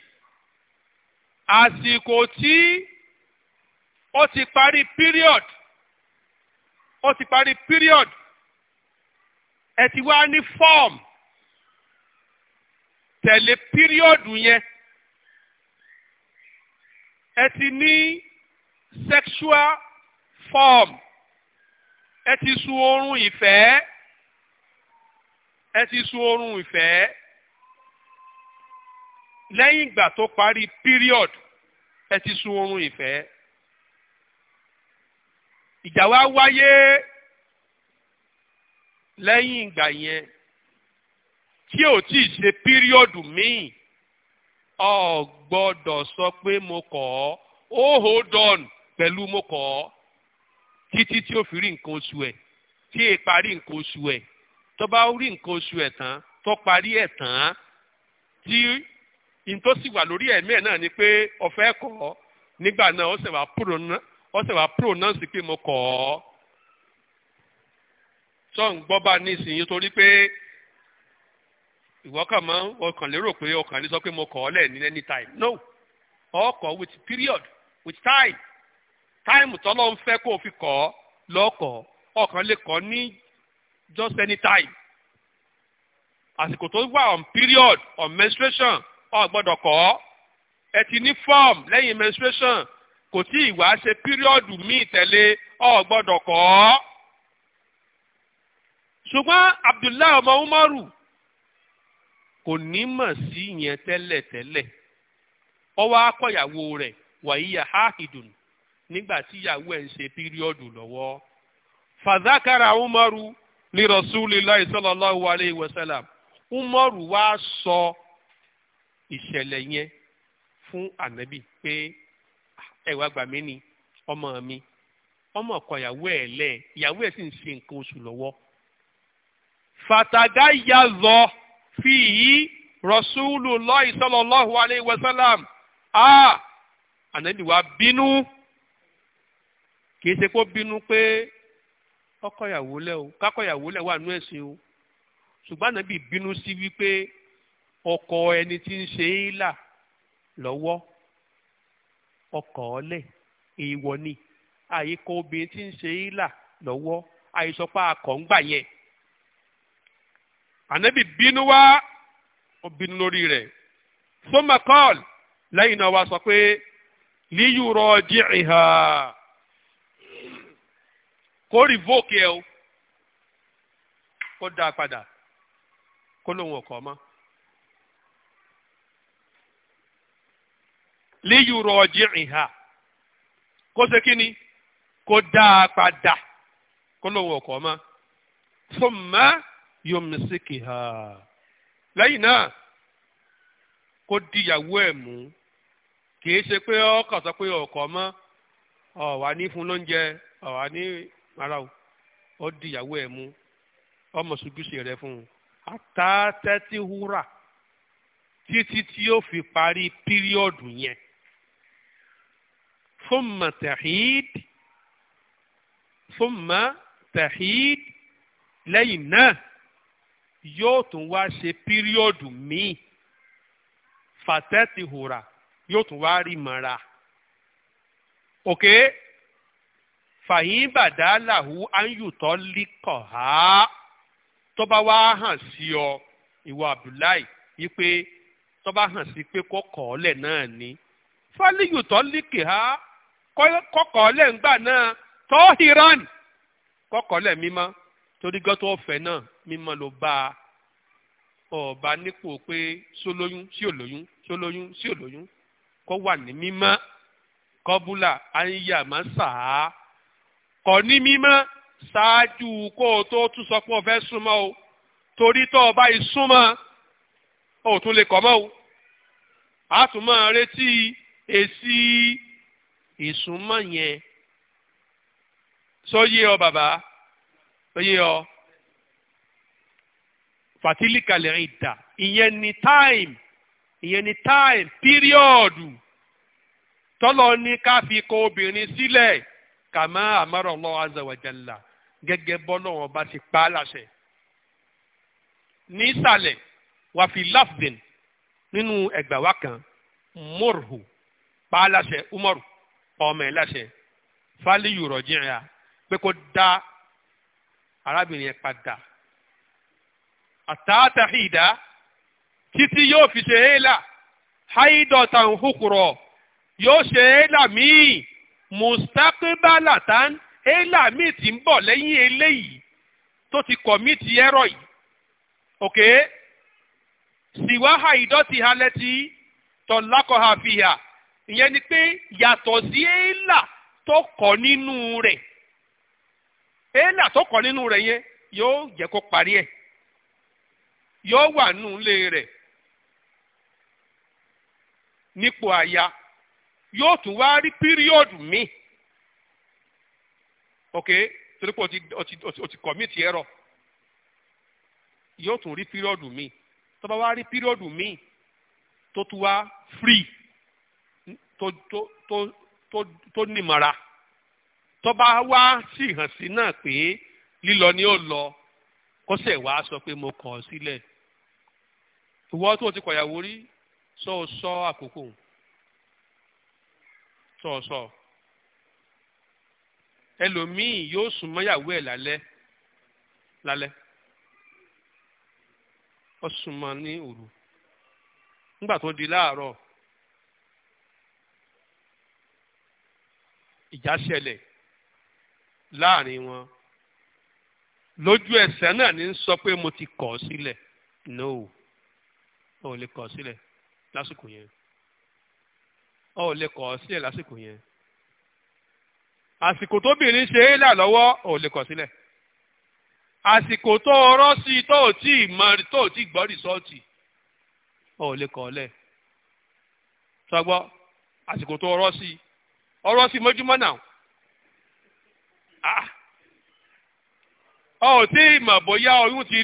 àsìkò tí ó ti parí period ó ti parí period ẹ ti wá ní form tẹ̀lé píríọ̀dù yẹn ẹ ti ní sexual form ẹ ti sun oorun ìfẹ́ ẹ ti sun oorun ìfẹ́ lẹ́yìn ìgbà tó parí period ẹ ti sun oorun ìfẹ́ ìjà wa wáyé lẹ́yìn ìgbà yẹn tí ò tí ì ṣe píríọ̀dù míì o gbọ́dọ̀ sọ pé mo kọ̀ ọ́ ó oh, hold on pẹ̀lú mo kọ̀ ọ́ títí tí ó fi rí nǹkan oṣù ẹ̀ tí è parí nǹkan oṣù ẹ̀ tó bá rí nǹkan oṣù ẹ̀ tán tó parí ẹ̀ tán tí ìtò sì wà lórí ẹ̀mí ẹ̀ náà ni pé ọ̀fẹ́ kọ̀ ọ́ nígbà náà ó sì wá pronounce pé mo kọ̀ ọ́ sọ̀ ń gbọ́ bá nísìnyí torí pé ìwọ kàn mọ́ ọkàn lérò pé ọkàn ní sọ pé mo kọ̀ ọ́ lẹ̀ ní any time no ọkọ̀ with period with time time tọ́lọ́ ń fẹ́ kó o fi kọ̀ ọ́ lọ́kọ̀ ọkàn lè kọ̀ ní just any time àsìkò tó wà on period on menstruation o gbọ́dọ̀ kọ̀ ọ́ ẹ ti ní form lẹ́yìn menstruation kò tí ì wá ṣe píríọ̀dù míì tẹ̀lé o gbọ́dọ̀ kọ̀ ọ́ ṣùgbọ́n Abdullahi ọmọ Umaru kò ní mọ̀ sí yẹn tẹ́lẹ̀tẹ́lẹ̀ ó wá kọ̀yàwó rẹ̀ wàyíyà áhìdùn nígbà tí ìyàwó ẹ̀ ń ṣe píríọ̀dù lọ́wọ́. fàdákàrà umaru li rasulillahi sallallahu alayhi wa sallam umaru wá sọ ìṣẹ̀lẹ̀ yẹn fún ànábì pé ẹ̀wà gbà mí ni ọmọ mi ọmọ ọkọ ìyàwó ẹ̀ lẹ̀ ìyàwó ẹ̀ sì ń ṣe nǹkan oṣù lọ́wọ́. fàtàgà yà zọ. fìyí Rasulullahi sallallahu isọlọ wa a ànábì bínú kì í ṣe kó bínú pé ọkọyàwó lẹ o kákọyàwó wà nú ẹ̀sìn o ṣùgbọ́n ànábì bínú sí wípé ọkọ ẹni tí ń ṣe é là lọ́wọ́ ọlẹ̀ èèwọ̀ ni àyíkọ́ obìnrin tí ń ṣe é là lọ́wọ́ akọ̀ ànábì bínú wá ó lórí rẹ̀ sọmọ kọ́ọ̀lù lẹ́yìn náà wá sọ pé líyùrọ̀ jìhìhà kó rìvókì ẹ o kó dá a padà kó lóun ọ̀kọ́ mọ́. líyùrọ̀ jìhìhà kó ṣe kí ni kó dá padà kó lóun sọmọ. yomisikiha lẹ́yìn náà kó dìyàwó ẹ̀ mú kìí ṣe pé ọkọ sọ pé ọkọ mọ ọwà ní fún lóúnjẹ ọwà ní ara ó dìyàwó ẹ̀ mú ọmọ ṣùgbùṣe rẹ fún un àtàtẹ́tí wúrà títí tí ó fi parí píríọ̀dù yẹn fún mọ̀tẹ̀hìd fún mọ̀tẹ̀hìd lẹ́yìn náà. yóò tún wá ṣe píríọ̀dù míì fàtẹ́tì hùrà yóò tún wá rí mọ́ra òkè fàyín bàdálàhù áńyùtọ́ líkọ̀ á tó bá wá hàn sí ọ ìwọ Abdullahi wípé tó bá hàn sí pé ni fálíyùtọ́ líkì á kọ́kọ́ ọ̀lẹ̀ ńgbà náà tọ́ hiran kọ́kọ́ ọ̀lẹ̀ mímọ́ torí mímọ́ ló bá a ọba nípò pé sólóyún sí òlóyún sólóyún sí òlóyún kó wà ní mímọ́ kọ́búlà ayíyá máa ń sà á kọ́ ní mímọ́ ṣáájú kó o tó tún sọ pé o fẹ́ súnmọ́ o torí tó o bá yìí súnmọ́ o tún lè kọ́ mọ́ o a tún máa retí èsì ìsúnmọ́ yẹn sọ yé ọ bàbá sọ yé ọ fàtílíkàlẹ̀ ìdà ìyẹn ni time ìyẹn ni time period tọ́lọ ní ká fi kọ obìnrin sílẹ̀ kàmá àmọ́rọ̀ Allah azza wa jalla gẹ́gẹ́ bọ́lọ̀ wọn bá ti pa á láṣẹ. nísàlẹ̀ wàfi lafdin nínú ẹgbàá kan murhu pa á láṣẹ umaru ọmọ ẹ̀ láṣẹ fáliyù rọ̀jìnrìn pé kó dá arábìnrin yẹn padà àtàtà ìdá titi yóò fi ṣe hélà haidọ̀tàn hukurọ̀ yóò ṣe hélà míì mustaqbalatan hélà míì ti ń bọ̀ lẹ́yìn eléyìí tó ti kọ̀mítì ẹ̀rọ yìí òkè síwá haidọ̀tì halẹ́tì haleti fìhà ìyẹn ni pé yàtọ̀ sí hélà tó kọ̀ nínú rẹ̀ hélà tó kọ̀ nínú rẹ̀ yẹn yóò jẹ́ kó parí ẹ̀. yóò wà nù ilé rẹ̀ nípò àyà yóò tún wá rí píríọ̀dù míì ok torí pé o ti commit error yóò tún rí píríọ̀dù míì tó bá wá rí píríọ̀dù míì tó tún wá free tó tó tó tó tó nímọ̀ra tó bá wá sí ìhànsí náà pé lílọ ni ó lọ kó sì wá sọ pé mo kọ̀ ọ́ sílẹ̀ ìwọ tó ti kọ̀yàwó rí sọ ọ sọ àkókò sọ ọ sọ ẹlòmíì yóò sùn mọ́yàwó ẹ̀ lálẹ́ lálẹ́ ó sùn mọ́ ní òru nígbà tó di láàárọ̀ ìjà ṣẹlẹ̀ láàrin wọn lójú ẹsẹ̀ náà ní sọ pé mo ti kọ̀ ọ́ sílẹ̀ no. ò lè kọ̀ sílẹ̀ lásìkò yẹn ò lè kọ̀ sílẹ̀ lásìkò yẹn àsìkò tóbìnrin ṣe é là lọ́wọ́ ò lè kọ̀ sílẹ̀ àsìkò tó rọ́ sí i tó ò tí ì mọ tó ò tí ì gbọ́ rìsọ́ọ̀tì ò lè kọ̀ lẹ̀ sọgbọ́ àsìkò tó rọ́ sí i sí mọ́júmọ́ náà ọ̀ ah! tí ì bóyá oyún ti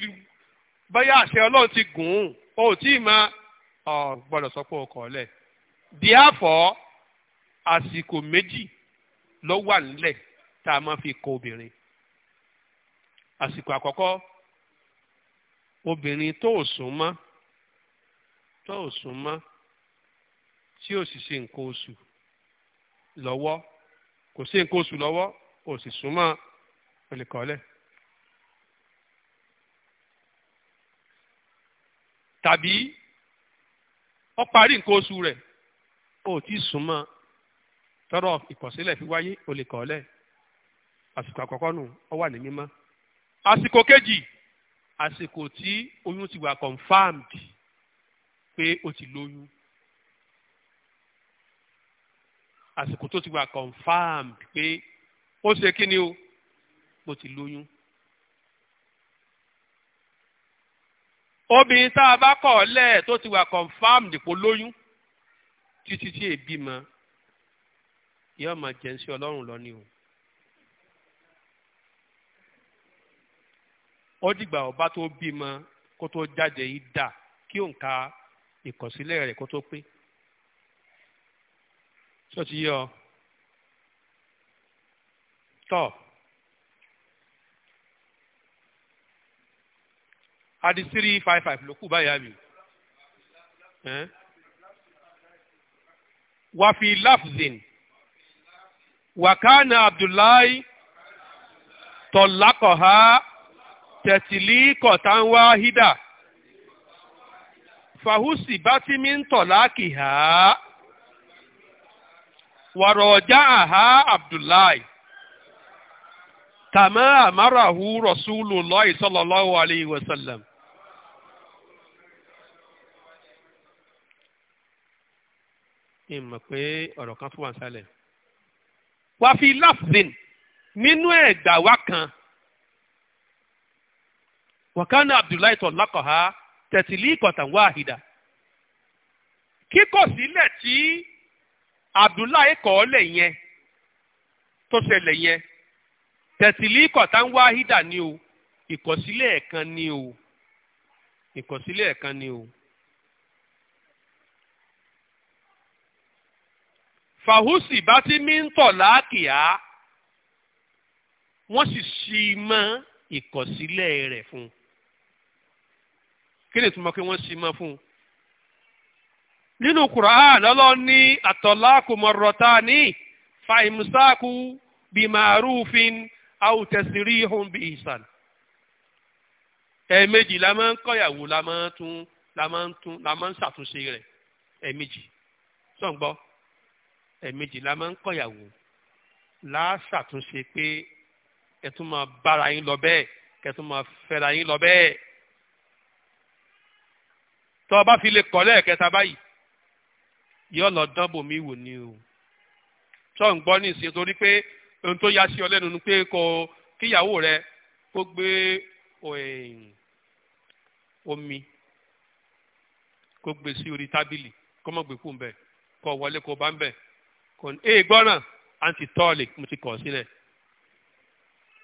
bóyá àṣẹ ọlọ́run ti gùn ún o tí ì máa ọ gbọ́dọ̀ sọ pé o kọ̀ ọ́lẹ̀ díàfọ́ àsìkò méjì ló wà nílẹ̀ tá a máa fi kọ obìnrin àsìkò àkọ́kọ́ obìnrin tó ò sún mọ́ tó ò sún mọ́ tí ò sì ṣe nǹkan oṣù lọ́wọ́ kò ṣe nǹkan oṣù lọ́wọ́ ò sì sún mọ́ ò lè kọ̀ ọ́lẹ̀. tàbí ó parí nǹkan oṣù rẹ̀ ó ti súnmọ́ tọrọ ìkọ̀sílẹ̀ fi wáyé ó lè kọ̀ọ́lẹ̀ àsìkò àkọ́kọ́ nù ó wà ní mímọ́ àsìkò kejì àsìkò tí oyún ti wà confirmed pé ó ti lóyún àsìkò tó ti wà confirmed pé ó ṣe kí o mo ti lóyún obìnrin tá a bá kọ̀ lẹ̀ tó ti wà confam dìpò lóyún títí tí èbí mọ yóò máa jẹ́ sí ọlọ́run lọ ni o. ó dìgbà ọba tó bímọ kó tó jáde yìí dà kí òǹkà ìkọ̀sílẹ̀ rẹ̀ kó tó pé. sọ ti yé So, adi three five five ló kù báyà mi. wàfi lafzin wakana abdullahi tọ̀lákọ̀há tẹ̀tìlíkọ̀tánwáhídà fàhùsì bátìmí ń tọ̀lákìhá wàrọ̀já àhá abdullahi kàmá àmáràhù rasulullahi sallallahu alayhi wa sallam. mọ̀ pé ọ̀rọ̀ kan fún wa wà nísàlẹ̀. fi lafzin nínú ẹ̀gbà wa kan wọ̀kánà abdullahi tọ̀lákọ̀ha tẹ̀sílì ìkọ̀tàn wáhìdà kíkọ̀ sílẹ̀ tí abdullahi kọ̀ lẹ̀ yẹn tó ṣẹlẹ̀ yẹn tẹ̀sílì ìkọ̀tàn wáhìdà ni o ìkọ̀sílẹ̀ ẹ̀kan ni o ìkọ̀sílẹ̀ ẹ̀kan ni o. fàhùsì bá ti mí ń tọ̀ láàkìá wọ́n sì ṣí i mọ́ ìkọ̀sílẹ̀ rẹ̀ fún un kí ni ìtumọ̀ pé wọ́n ṣí i mọ́ fún un. nínú kùràá lọ́lọ́ ní àtọ̀láàkù mọ̀rọ̀ta ní fàìmùsáàkù bíi màrúfin àwùtẹ̀sírí ihun bíi ìsàn. ẹ̀ẹ̀mejì la máa ń kọ́yàwó la máa ń tún la máa ń tún la máa ń ṣàtúnṣe rẹ̀ ẹ̀ẹ̀mejì sọ̀ǹgbọ́n ẹ̀ẹ̀mejì la máa ń kọ̀yàwó láṣàtúnṣe pé ẹ tún máa bára yín lọ bẹ́ẹ̀ kẹ tún máa fẹ́ra yín lọ bẹ́ẹ̀. tọ́ ọ bá fi lè kọ́ lẹ́ẹ̀kẹta báyìí yóò lọ dánbò mí wò ni o. tọ́ ń gbọ́ ní torí pé ohun tó yá sí ọ lẹ́nu ni pé kò kíyàwó rẹ kó gbé omi kó gbé sí orí tábìlì kó má gbé kú ń bẹ̀ kó wọlé kó bá ń bẹ̀ kò ní ee gbọ́ràn antitolic mo ti kọ̀ sílẹ̀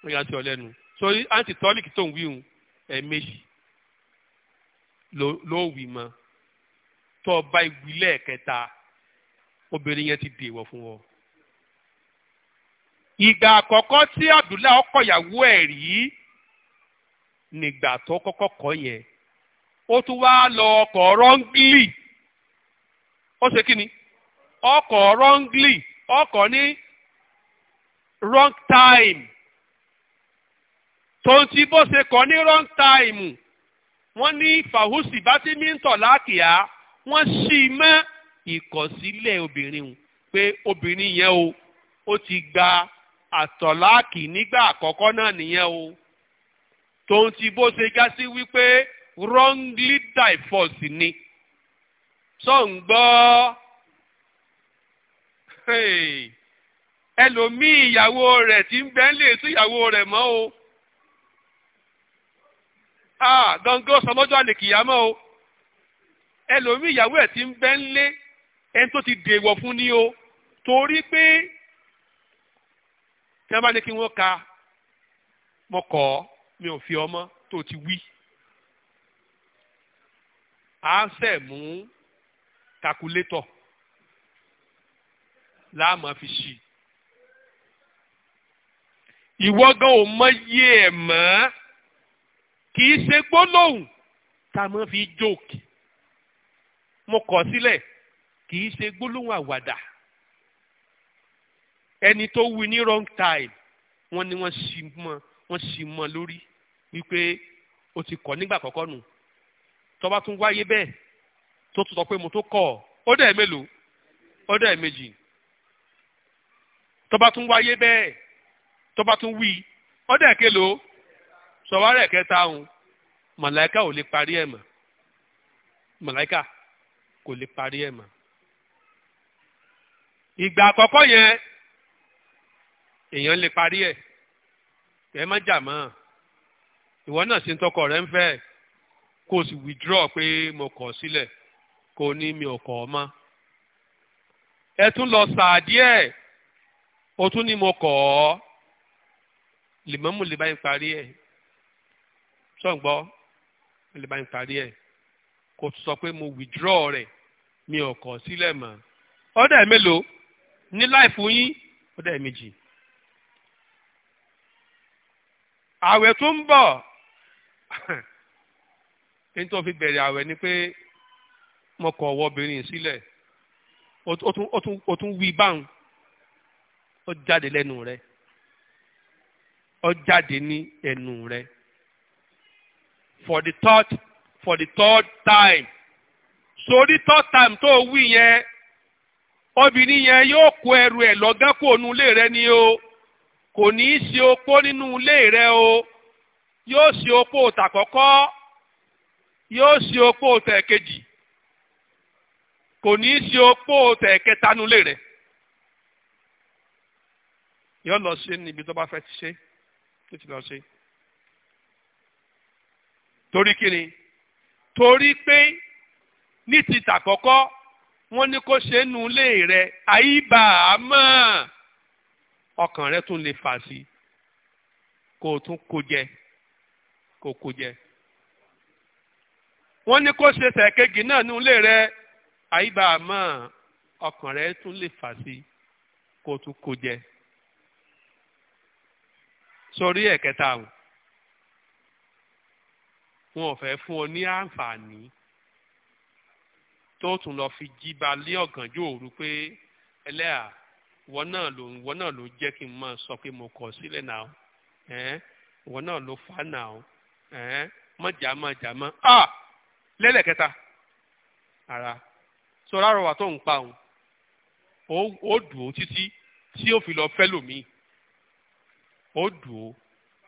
ó yà sí ọ lẹ́nu sórí antitolic tó ń wí hun ẹ̀ẹ̀mejì ló wì mọ́ tó o bá wí lẹ́ẹ̀kẹta obìnrin yẹn ti dèwọ̀ fún ọ. ìgbà àkọ́kọ́ tí Abdullahi ọkọ ẹ̀ rí nígbà tó kọ́kọ́ kọ́ yẹn ó tún wá lọ ọkọ̀ rọ́ngílì ó ṣe kí ni ọkọ̀ wrongly ọkọ̀ ní wrong time tòun ti bó ṣe kọ́ ní wrong time wọ́n ní fàhùsì bá ti mí ń tọ̀ lákìá wọ́n ṣì mọ́ ìkọ̀sílẹ̀ obìnrin o pé obìnrin yẹn o ó ti gba àtọ̀láàkì nígbà àkọ́kọ́ náà nìyẹn o tòun ti bó ṣe já sí wípé wrongly divorce ni sọ ń ẹlòmíì ìyàwó rẹ̀ tí ń bẹ́ lè sí ìyàwó rẹ̀ mọ́ o gangan ah, sọ àlèkìyà mọ́ o ẹlòmíì ìyàwó ẹ̀ tí ń bẹ́ lé ẹni tó ti dèwọ̀ fún ni o torí pé tí wọ́n bá ní kí wọ́n ka mọ́kọ́ mi ò fi ọmọ tó ti wí à ń sẹ̀ mú kakulétọ̀ láàmú fi ṣì ìwọ gan ò mọyì ẹ mọ kì í ṣe gbólóhùn tá a máa fi jókè mo kọ sílẹ̀ kì í ṣe gbólóhùn àwàdà ẹni tó wí ní wrong time wọ́n ní wọ́n sì mọ wọ́n sì mọ lórí wípé o ti kọ̀ nígbà kọ́kọ́ nù tọ́ba tún wáyé bẹ́ẹ̀ tó tún sọ pé mo tó kọ̀ ọ́ ó mélòó ó méjì tó bá tún wáyé bẹ́ẹ̀ tó bá tún wí ọdẹ kelo sọwárẹ kẹta ọhún màláìka ò lè parí ẹ̀ mọ́ màláìka kò lè parí ẹ̀ mọ́ ìgbà àkọ́kọ́ yẹn èèyàn lè parí ẹ̀ ẹ má jà mọ́ ìwọ náà sì ń tọkọ rẹ ń fẹ́ kó o sì withdraw pé mo kọ̀ sílẹ̀ kó o ní mi ò kọ̀ ọ́ mọ́ ẹ tún lọ sàdíẹ̀ o tún ní mo kọ̀ ọ́ lèmọ́mù lè bá yín parí ẹ̀ sọ̀gbọ́ lè bá yín parí ẹ̀ kò sọ pé mo withdraw rẹ̀ mi ò kọ̀ sílẹ̀ mọ́ ọ̀dà mélòó ní láìfù yín ọ̀dà méjì. àwẹ̀ tó ń bọ̀ ní tó fi bẹ̀rẹ̀ àwẹ̀ ni pé mo kọ̀ ọ̀wọ́ obìnrin sílẹ̀ ó tún wí báwọn. ó jáde lẹ́nu rẹ ó jáde ní ẹnu rẹ for the third for the third time so so third time tó wí yẹn obìnrin yẹn yóò kó ẹrù lọ́gán kó nu ni o kò ní í ṣe opó nínú ilé rẹ o yóò ṣe opó tàkọ́kọ́ yóò ṣe opó tẹ̀kejì kò ní í ṣe opó tẹ̀kẹta yọ lọ ṣe níbi tó bá fẹ́ ti ṣe tó ti lọ ṣe. torí kí ni torí pé ní ti tàkọ́kọ́ wọ́n ní kó ṣe nù lé rẹ̀ àyíbá àmọ́ ọkàn rẹ̀ tún lè fà sí kó o tún kó jẹ kó o kó jẹ. wọ́n ní kó ṣe sẹ̀kejì náà nù lé rẹ̀ àyíbá àmọ́ ọkàn rẹ̀ tún lè fà sí kó o tún kó jẹ sọrí ẹ̀kẹta e o wọn ò fẹ́ fún ọ ní àǹfààní tó tún lọ fi jí balẹ̀ ọ̀gànjọ́ òru pé ẹlẹ́à wọn náà ló wọn náà ló jẹ́ kí n máa sọ pé mo kọ̀ sílẹ̀ náà ẹ̀ẹ́n wọn náà ló fà náà ẹ̀ẹ́n mọ̀jà à lẹ́lẹ̀kẹta ara sọ̀rọ̀ àrọ̀wà tó ń pa òun ó dùn ó títí tí ó fi lọ fẹ́ lòmíì ó dùn ó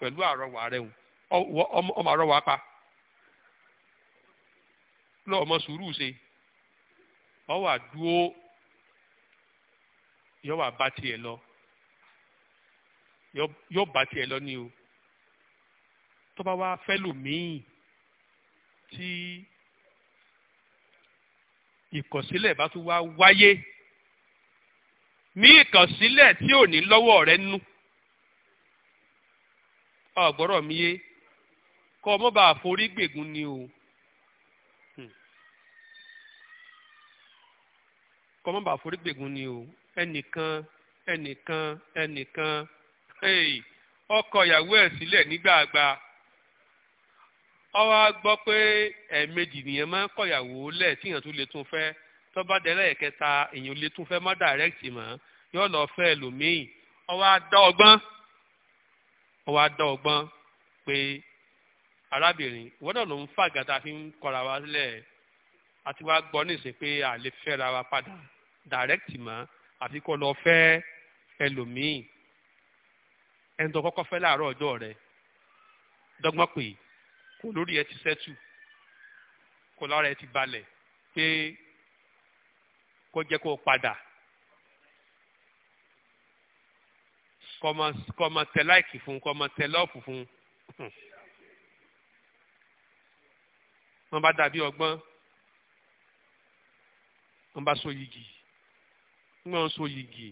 pẹ̀lú àrọwà rẹ̀ ọmọ àrọwà pa lọ́wọ́ ọmọ sùúrù ṣe ọwọ́ àdúró yóò wà bá tiẹ̀ lọ yóò bá tiẹ̀ lọ ní o tó bá wá fẹ́lòmíì tí ìkọ̀sílẹ̀ bá tún wá wáyé ní ìkọ̀sílẹ̀ tí ò ní lọ́wọ́ rẹ nú ọ̀gbọ́rọ̀ mi yé kọ́ ọmọ bá forí gbègún ni o kọ́ ọmọ bá forí gbègún ni o ẹnìkan ẹnìkan ẹnìkan ọkọ ìyàwó ẹ̀ sílẹ̀ nígbàgbà ọwọ́ gbọ́ pé ẹ̀ẹ̀mejì nìyẹn máa ń kọ̀yàwó lẹ̀ tí èèyàn tún lè tún fẹ́ tó bá délẹ̀ ẹ̀kẹta èèyàn lè tún fẹ́ má dàrẹ́kìtì mọ́ yóò lọ fẹ́ ẹlòmíì ọwọ́ adá ọgbọ́n ó wá dá ọgbọ́n pé arábìnrin ìwọ́dọ̀ ló ń fàgà tá a fi ń kọ́ra wa sílẹ̀ àti wá gbọ́ nísìnyí pé a lè fẹ́ra wa padà dàrẹ́kìtì mọ́ àfi kó lọ fẹ́ ẹlòmíì ẹni kọ́kọ́ fẹ́ láàárọ̀ ọjọ́ rẹ̀ dọ́gbọ́n pé kò lórí ẹ ti sẹ́tù kò lára ẹ ti balẹ̀ pé kó jẹ́ kó padà kọ́mọ tẹ láìkì fún kọ́mọ tẹ lọ́ọ̀pù fún wọ́n bá dàbí ọgbọ́n wọ́n bá so yìgì nígbà wọ́n so yìgì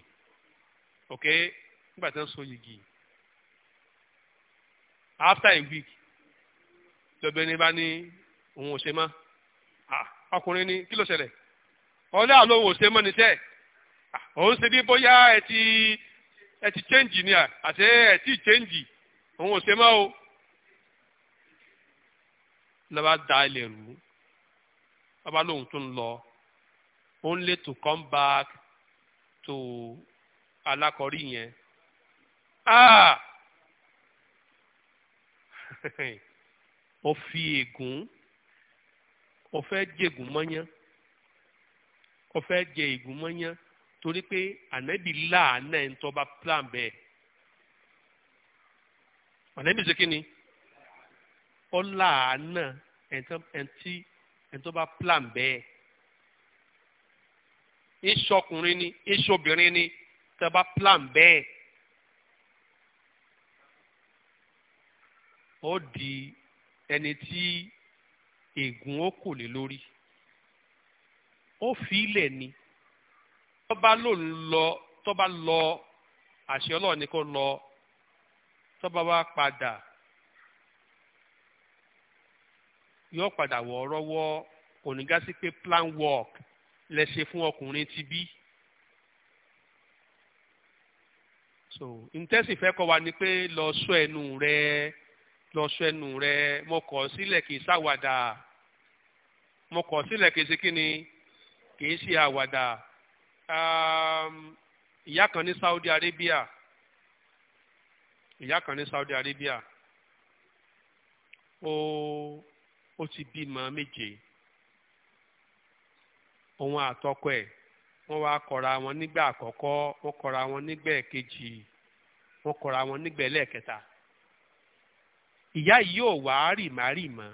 ok nígbà tí wọ́n so yìgì after a week lọ́bẹ̀rin bá ní òun ò ṣe mọ́ ọkùnrin ni kí ló ṣẹlẹ̀ ọlẹ́ àlọ́ òun ò ṣe mọ́ níṣẹ́ òun ṣe bí bóyá ẹ ti ẹ ti chẹ́ǹjì ni à àti ẹ ti chẹ́ǹjì òun ò ṣe mọ́ o lọ́ba da ilẹ̀ rú ọba lóun tún lọ only to come back to alákọ̀rí yẹn ah ó fi ègún ó fẹ́ jẹ ègún mọ́yán ó fẹ́ jẹ ègún mọ́yán torí pé ànábì láàánà ń tọ́ba plan bẹ́ẹ̀ ànábì ṣe kí ni ọ láàánà ẹ̀ntí ẹ̀ntọ́ba plan bẹ́ẹ̀ ìṣọkùnrin ni ìṣobìnrin ni tọ́ba plan bẹ́ẹ̀ ó di ẹni tí ègún ó kò lè lórí ó fi ilẹ̀ ni tọ́ba ló ń lọ tọ́ba lọ àṣẹ ọlọ́run ni kò lọ tọ́ba wá padà yóò padà wọ̀ rọ́wọ́ kò ní gásí pé plan work lẹ ṣe fún ọkùnrin ti bí. so intẹ́sì fẹ́ kọ́ wa ni pé lọ sọ ẹnu rẹ lọ sọ ẹnu rẹ mo kọ̀ sílẹ̀ kì í ṣàwàdà mo kọ̀ sílẹ̀ kì í ṣe kí ni kì í ṣe àwàdà. Um, ìyá kan ní Saudi Arabia ìyá kan ní Saudi Arabia ó ó ti bímọ méje òun àtọkọ ẹ, wọn wá kọra wọn nígbà àkọ́kọ́ wọn kọra wọn nígbà kejì wọn kọra wọn nígbà ẹlẹ́ẹ̀kẹta ìyá yìí yóò wá rìmárìmọ́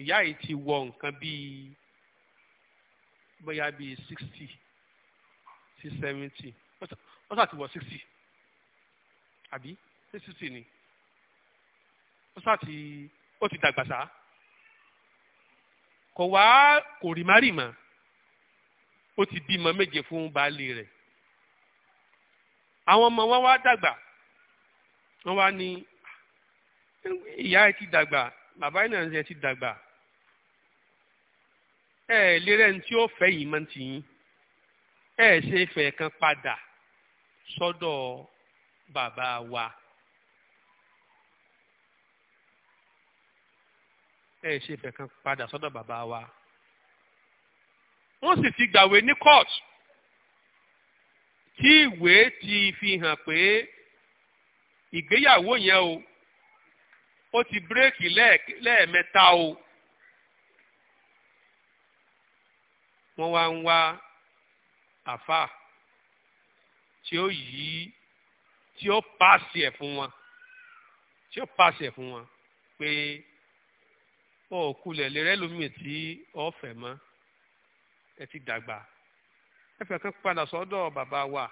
ìyá yìí ti wọ nǹkan bíi bóyá bíi sixty sí seventy wọ́n sà ti wọ̀ sixty àbí sí sixty ni wọ́n sà ti ó ti dàgbà sá kò wá kò rí má rí mọ́ ó ti bímọ méje fún baálé rẹ̀ àwọn ọmọ wọn wá dàgbà wọn wá ní ìyá ẹ ti dàgbà bàbá ẹ náà ẹ ti dàgbà ẹ ẹ lérẹ ní tí ó fẹ́ yìí máa ń tì yín ẹ ẹ ṣe fẹ́ kan padà sọ́dọ̀ bàbá wa ẹ ṣe fẹ́ kan padà sọ́dọ̀ bàbá wa wọ́n sì ti gbàwé ní court tí ìwé ti fi hàn pé ìgbéyàwó yẹn o ó ti bírèkì lẹ́ẹ̀mẹ́ta o. wọ́n wá ń wá àfà tí ó yí tí ó paasi ẹ̀ fún wọn tí ó paasi ẹ̀ fún wọn pé ó kulẹ̀ lérẹ́ lómi tí ó fẹ́ mọ́ ẹ ti dàgbà ẹ fẹ́ kàn padà sọ́dọ̀ bàbá wa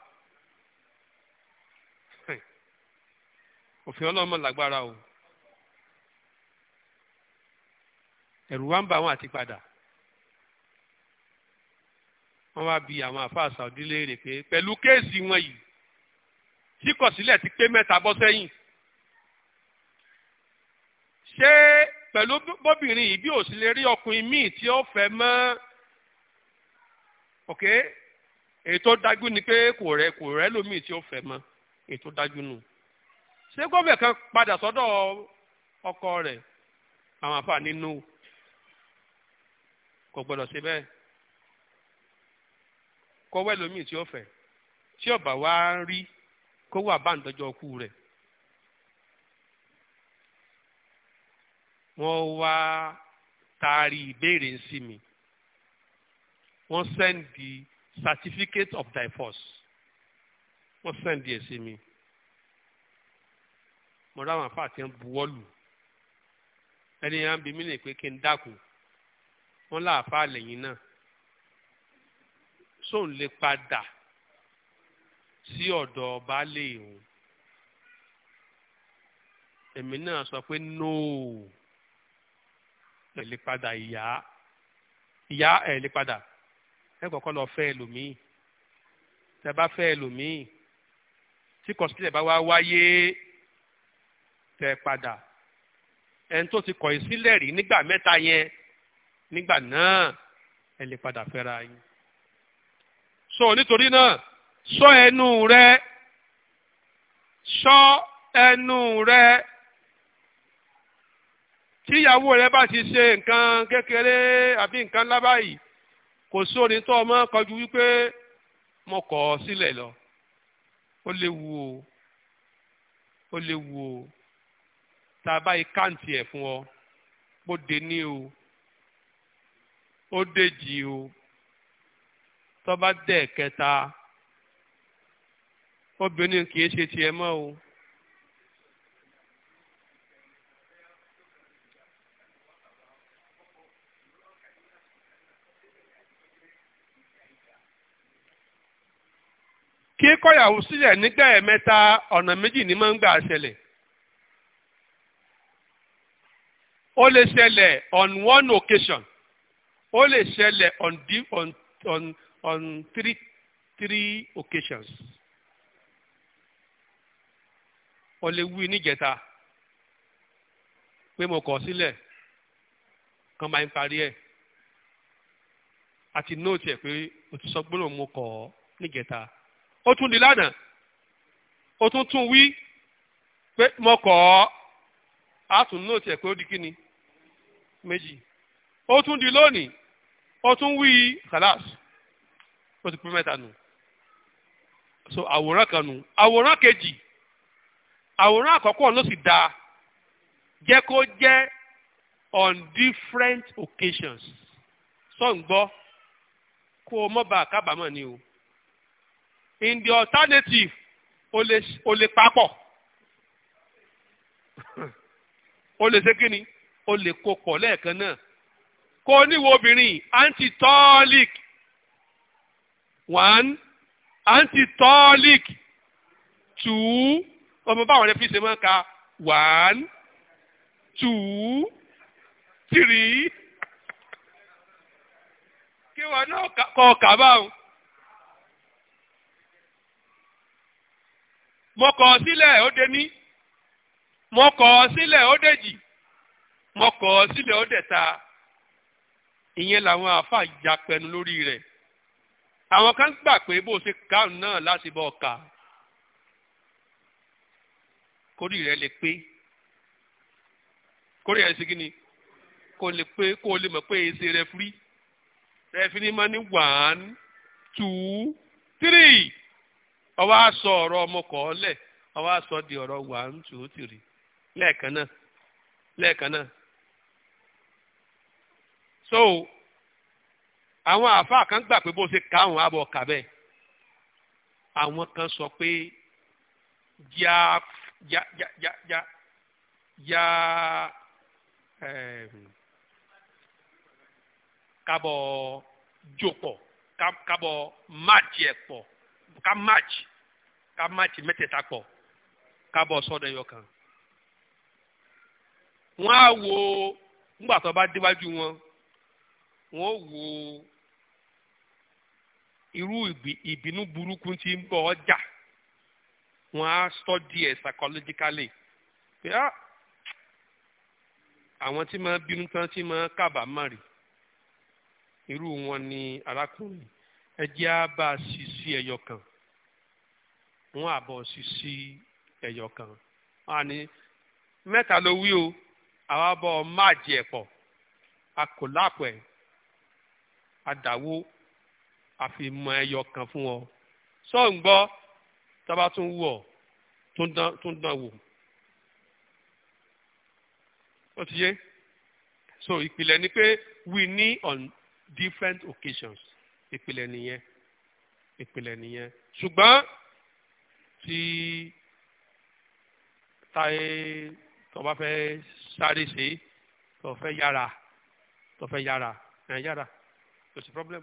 òfin ọlọ́mọ lágbára o ẹ̀rù wa ń bà wọn àti padà wọ́n wá bi àwọn àfa Saudi léèrè pé pẹ̀lú kéèsì wọn yìí tí kọ̀sílẹ̀ ti pé mẹ́ta bọ́ sẹ́yìn ṣé pẹ̀lú bóbìnrin yìí bí ò sì lè rí ọkùnrin míì tí ó fẹ́ mọ́ ok èyí tó dájú ni pé kò rẹ kò rẹ lómìí tí ó fẹ́ mọ́ èyí tó dájú nù ṣé gómìnà kan padà sọ́dọ̀ ọkọ rẹ̀ àwọn àfa nínú kò gbọ́dọ̀ ṣe bẹ́ẹ̀ kó wẹ́ lómi tí ó fẹ́ tí ọba wa rí kó wà bá ń dọjọ́ rẹ̀. wọ́n wá taari ìbéèrè sí mi wọ́n sẹ́ndì certificate of divorce wọ́n sẹ́ndì ẹ̀ sí mi mo ráwọn àfa àti ẹ̀ buwọ́ lù ẹni yẹn á bi mí lè pé kí n dákun wọ́n láàfáà lẹ́yìn náà sóun lè padà sí ọ̀dọ̀ baálé òun èmi náà sọ pé nóò ẹ lè padà ìyá ìyá ẹ lè padà ẹ kọ́kọ́ lọ fẹ́ ẹlòmíì tẹ bá fẹ́ ẹlòmíì tí kọ̀sílẹ̀ bá wá wáyé tẹ padà ẹni tó ti kọ̀ ìsílẹ̀ rí nígbà mẹ́ta yẹn nígbà náà ẹ fẹ́ra yín so nítorí náà sọ ẹnu rẹ sọ ẹnu rẹ tíyàwó rẹ bá ti ṣe nǹkan kékeré àbí nǹkan ńlá báyìí kò sóni tó ọmọ kọjú wípé mo kọ̀ ọ́ sílẹ̀ lọ ó léwu o ó léwu o tá a bá yí káǹtì ẹ̀ fún ọ bó de ní o ó dèjì o tó bá kẹta obìnrin kì í ṣe tiẹ̀ mọ́ o. kí kọ̀yàwó sílẹ̀ nígbà ẹ̀mẹ́ta ọ̀nà méjì ni máa ń gbà ṣẹlẹ̀. ó lè ṣẹlẹ̀ on one occasion ó lè ṣẹlẹ̀ on, on, on on three three occasions ó lè wí níjẹta pé mo kọ̀ sílẹ̀ kan máa ń parí ẹ̀ àti nóòtì ẹ̀ pé o ti sọ gbọ́dọ̀ mo kọ̀ ọ́ níjẹta ó tún di lánàá ó tún tún wí pé mo kọ̀ ọ́ á tún nóòtì ẹ̀ pé ó di kí ni méjì ó tún di lónìí ó tún wí kàláàsì ó ti pín mẹ́ta nù so àwòrán kan nù àwòrán kejì àwòrán àkọ́kọ́ ló sì dáa jẹ́ kó jẹ́ on different occasions sọ ń gbọ́ kó o mọ́ bá a kábàámọ̀ ni o in the alternative o lè o lè papọ̀ o lè ṣe kíni o lè kó pọ̀ lẹ́ẹ̀kan náà kó o níwò obìnrin anti-tolic one antitolic two ọmọ báwọn rẹ fi ṣe máa ń one two three kí wọn náà kọ ọkà báwọn. mo kọ ọ sílẹ̀ ó dé ní mo kọ ọ sílẹ̀ ó dé jì mo kọ ọ sílẹ̀ ó dé ta ìyẹn làwọn àáfàá ya pẹnu lórí rẹ̀. àwọn kan gbà pé bó ṣe náà láti bọ ọ̀ka kórì rẹ lè pé kórì rẹ sí kí ni lè pé kó lè mọ̀ pé èsì rẹ firi rẹ ní one two three ọwọ́ á sọ ọ̀rọ̀ ọmọkọ̀ lẹ̀ ọwọ́ sọ di ọ̀rọ̀ one two three lẹ́ẹ̀kan náà lẹ́ẹ̀kan náà so. àwọn àáfàá kan gbà pé bó ṣe ka àwọn àbọ̀ bẹ́ẹ̀ àwọn kan sọ pé ya ya ya ya ya ya ehm, kábọ̀ jòpọ̀ kábọ̀ máàjì ẹ̀ pọ̀ ká máàjì ká máàjì mẹ́tẹ̀ẹ̀ta pọ̀ kábọ̀ sọ́dọ̀ ẹ̀yọ kan wọ́n á wo nígbà tó wọn wọ́n wo irú ìbínú burúkú tí ń bọ̀ ọjà wọn á study ẹ̀ psychologically pé á ah, àwọn tí máa bínú tán tí máa kábàámọ̀ rè irú wọn ni arákùnrin ẹ jẹ́ á bá a sì sí ẹyọ kan wọn àbọ̀ sì sí ẹyọ kan wọn á ní mẹ́ta ló wí o àwa bọ̀ máàjì ẹ̀ pọ̀ a kò láàpọ̀ ẹ̀ a dàwó àfi mọ ẹyọ kan fún ọ sọ ń gbọ́ tábà tún wù ọ tún dán wò ó ti yé so ìpìlẹ̀ ni pé we need on different occasions ìpìlẹ̀ nìyẹn ìpìlẹ̀ nìyẹn ṣùgbọ́n tí táyé tó bá fẹ́ sáré sí tó fẹ́ yára tó fẹ́ yára ẹ̀ yára There's a problem.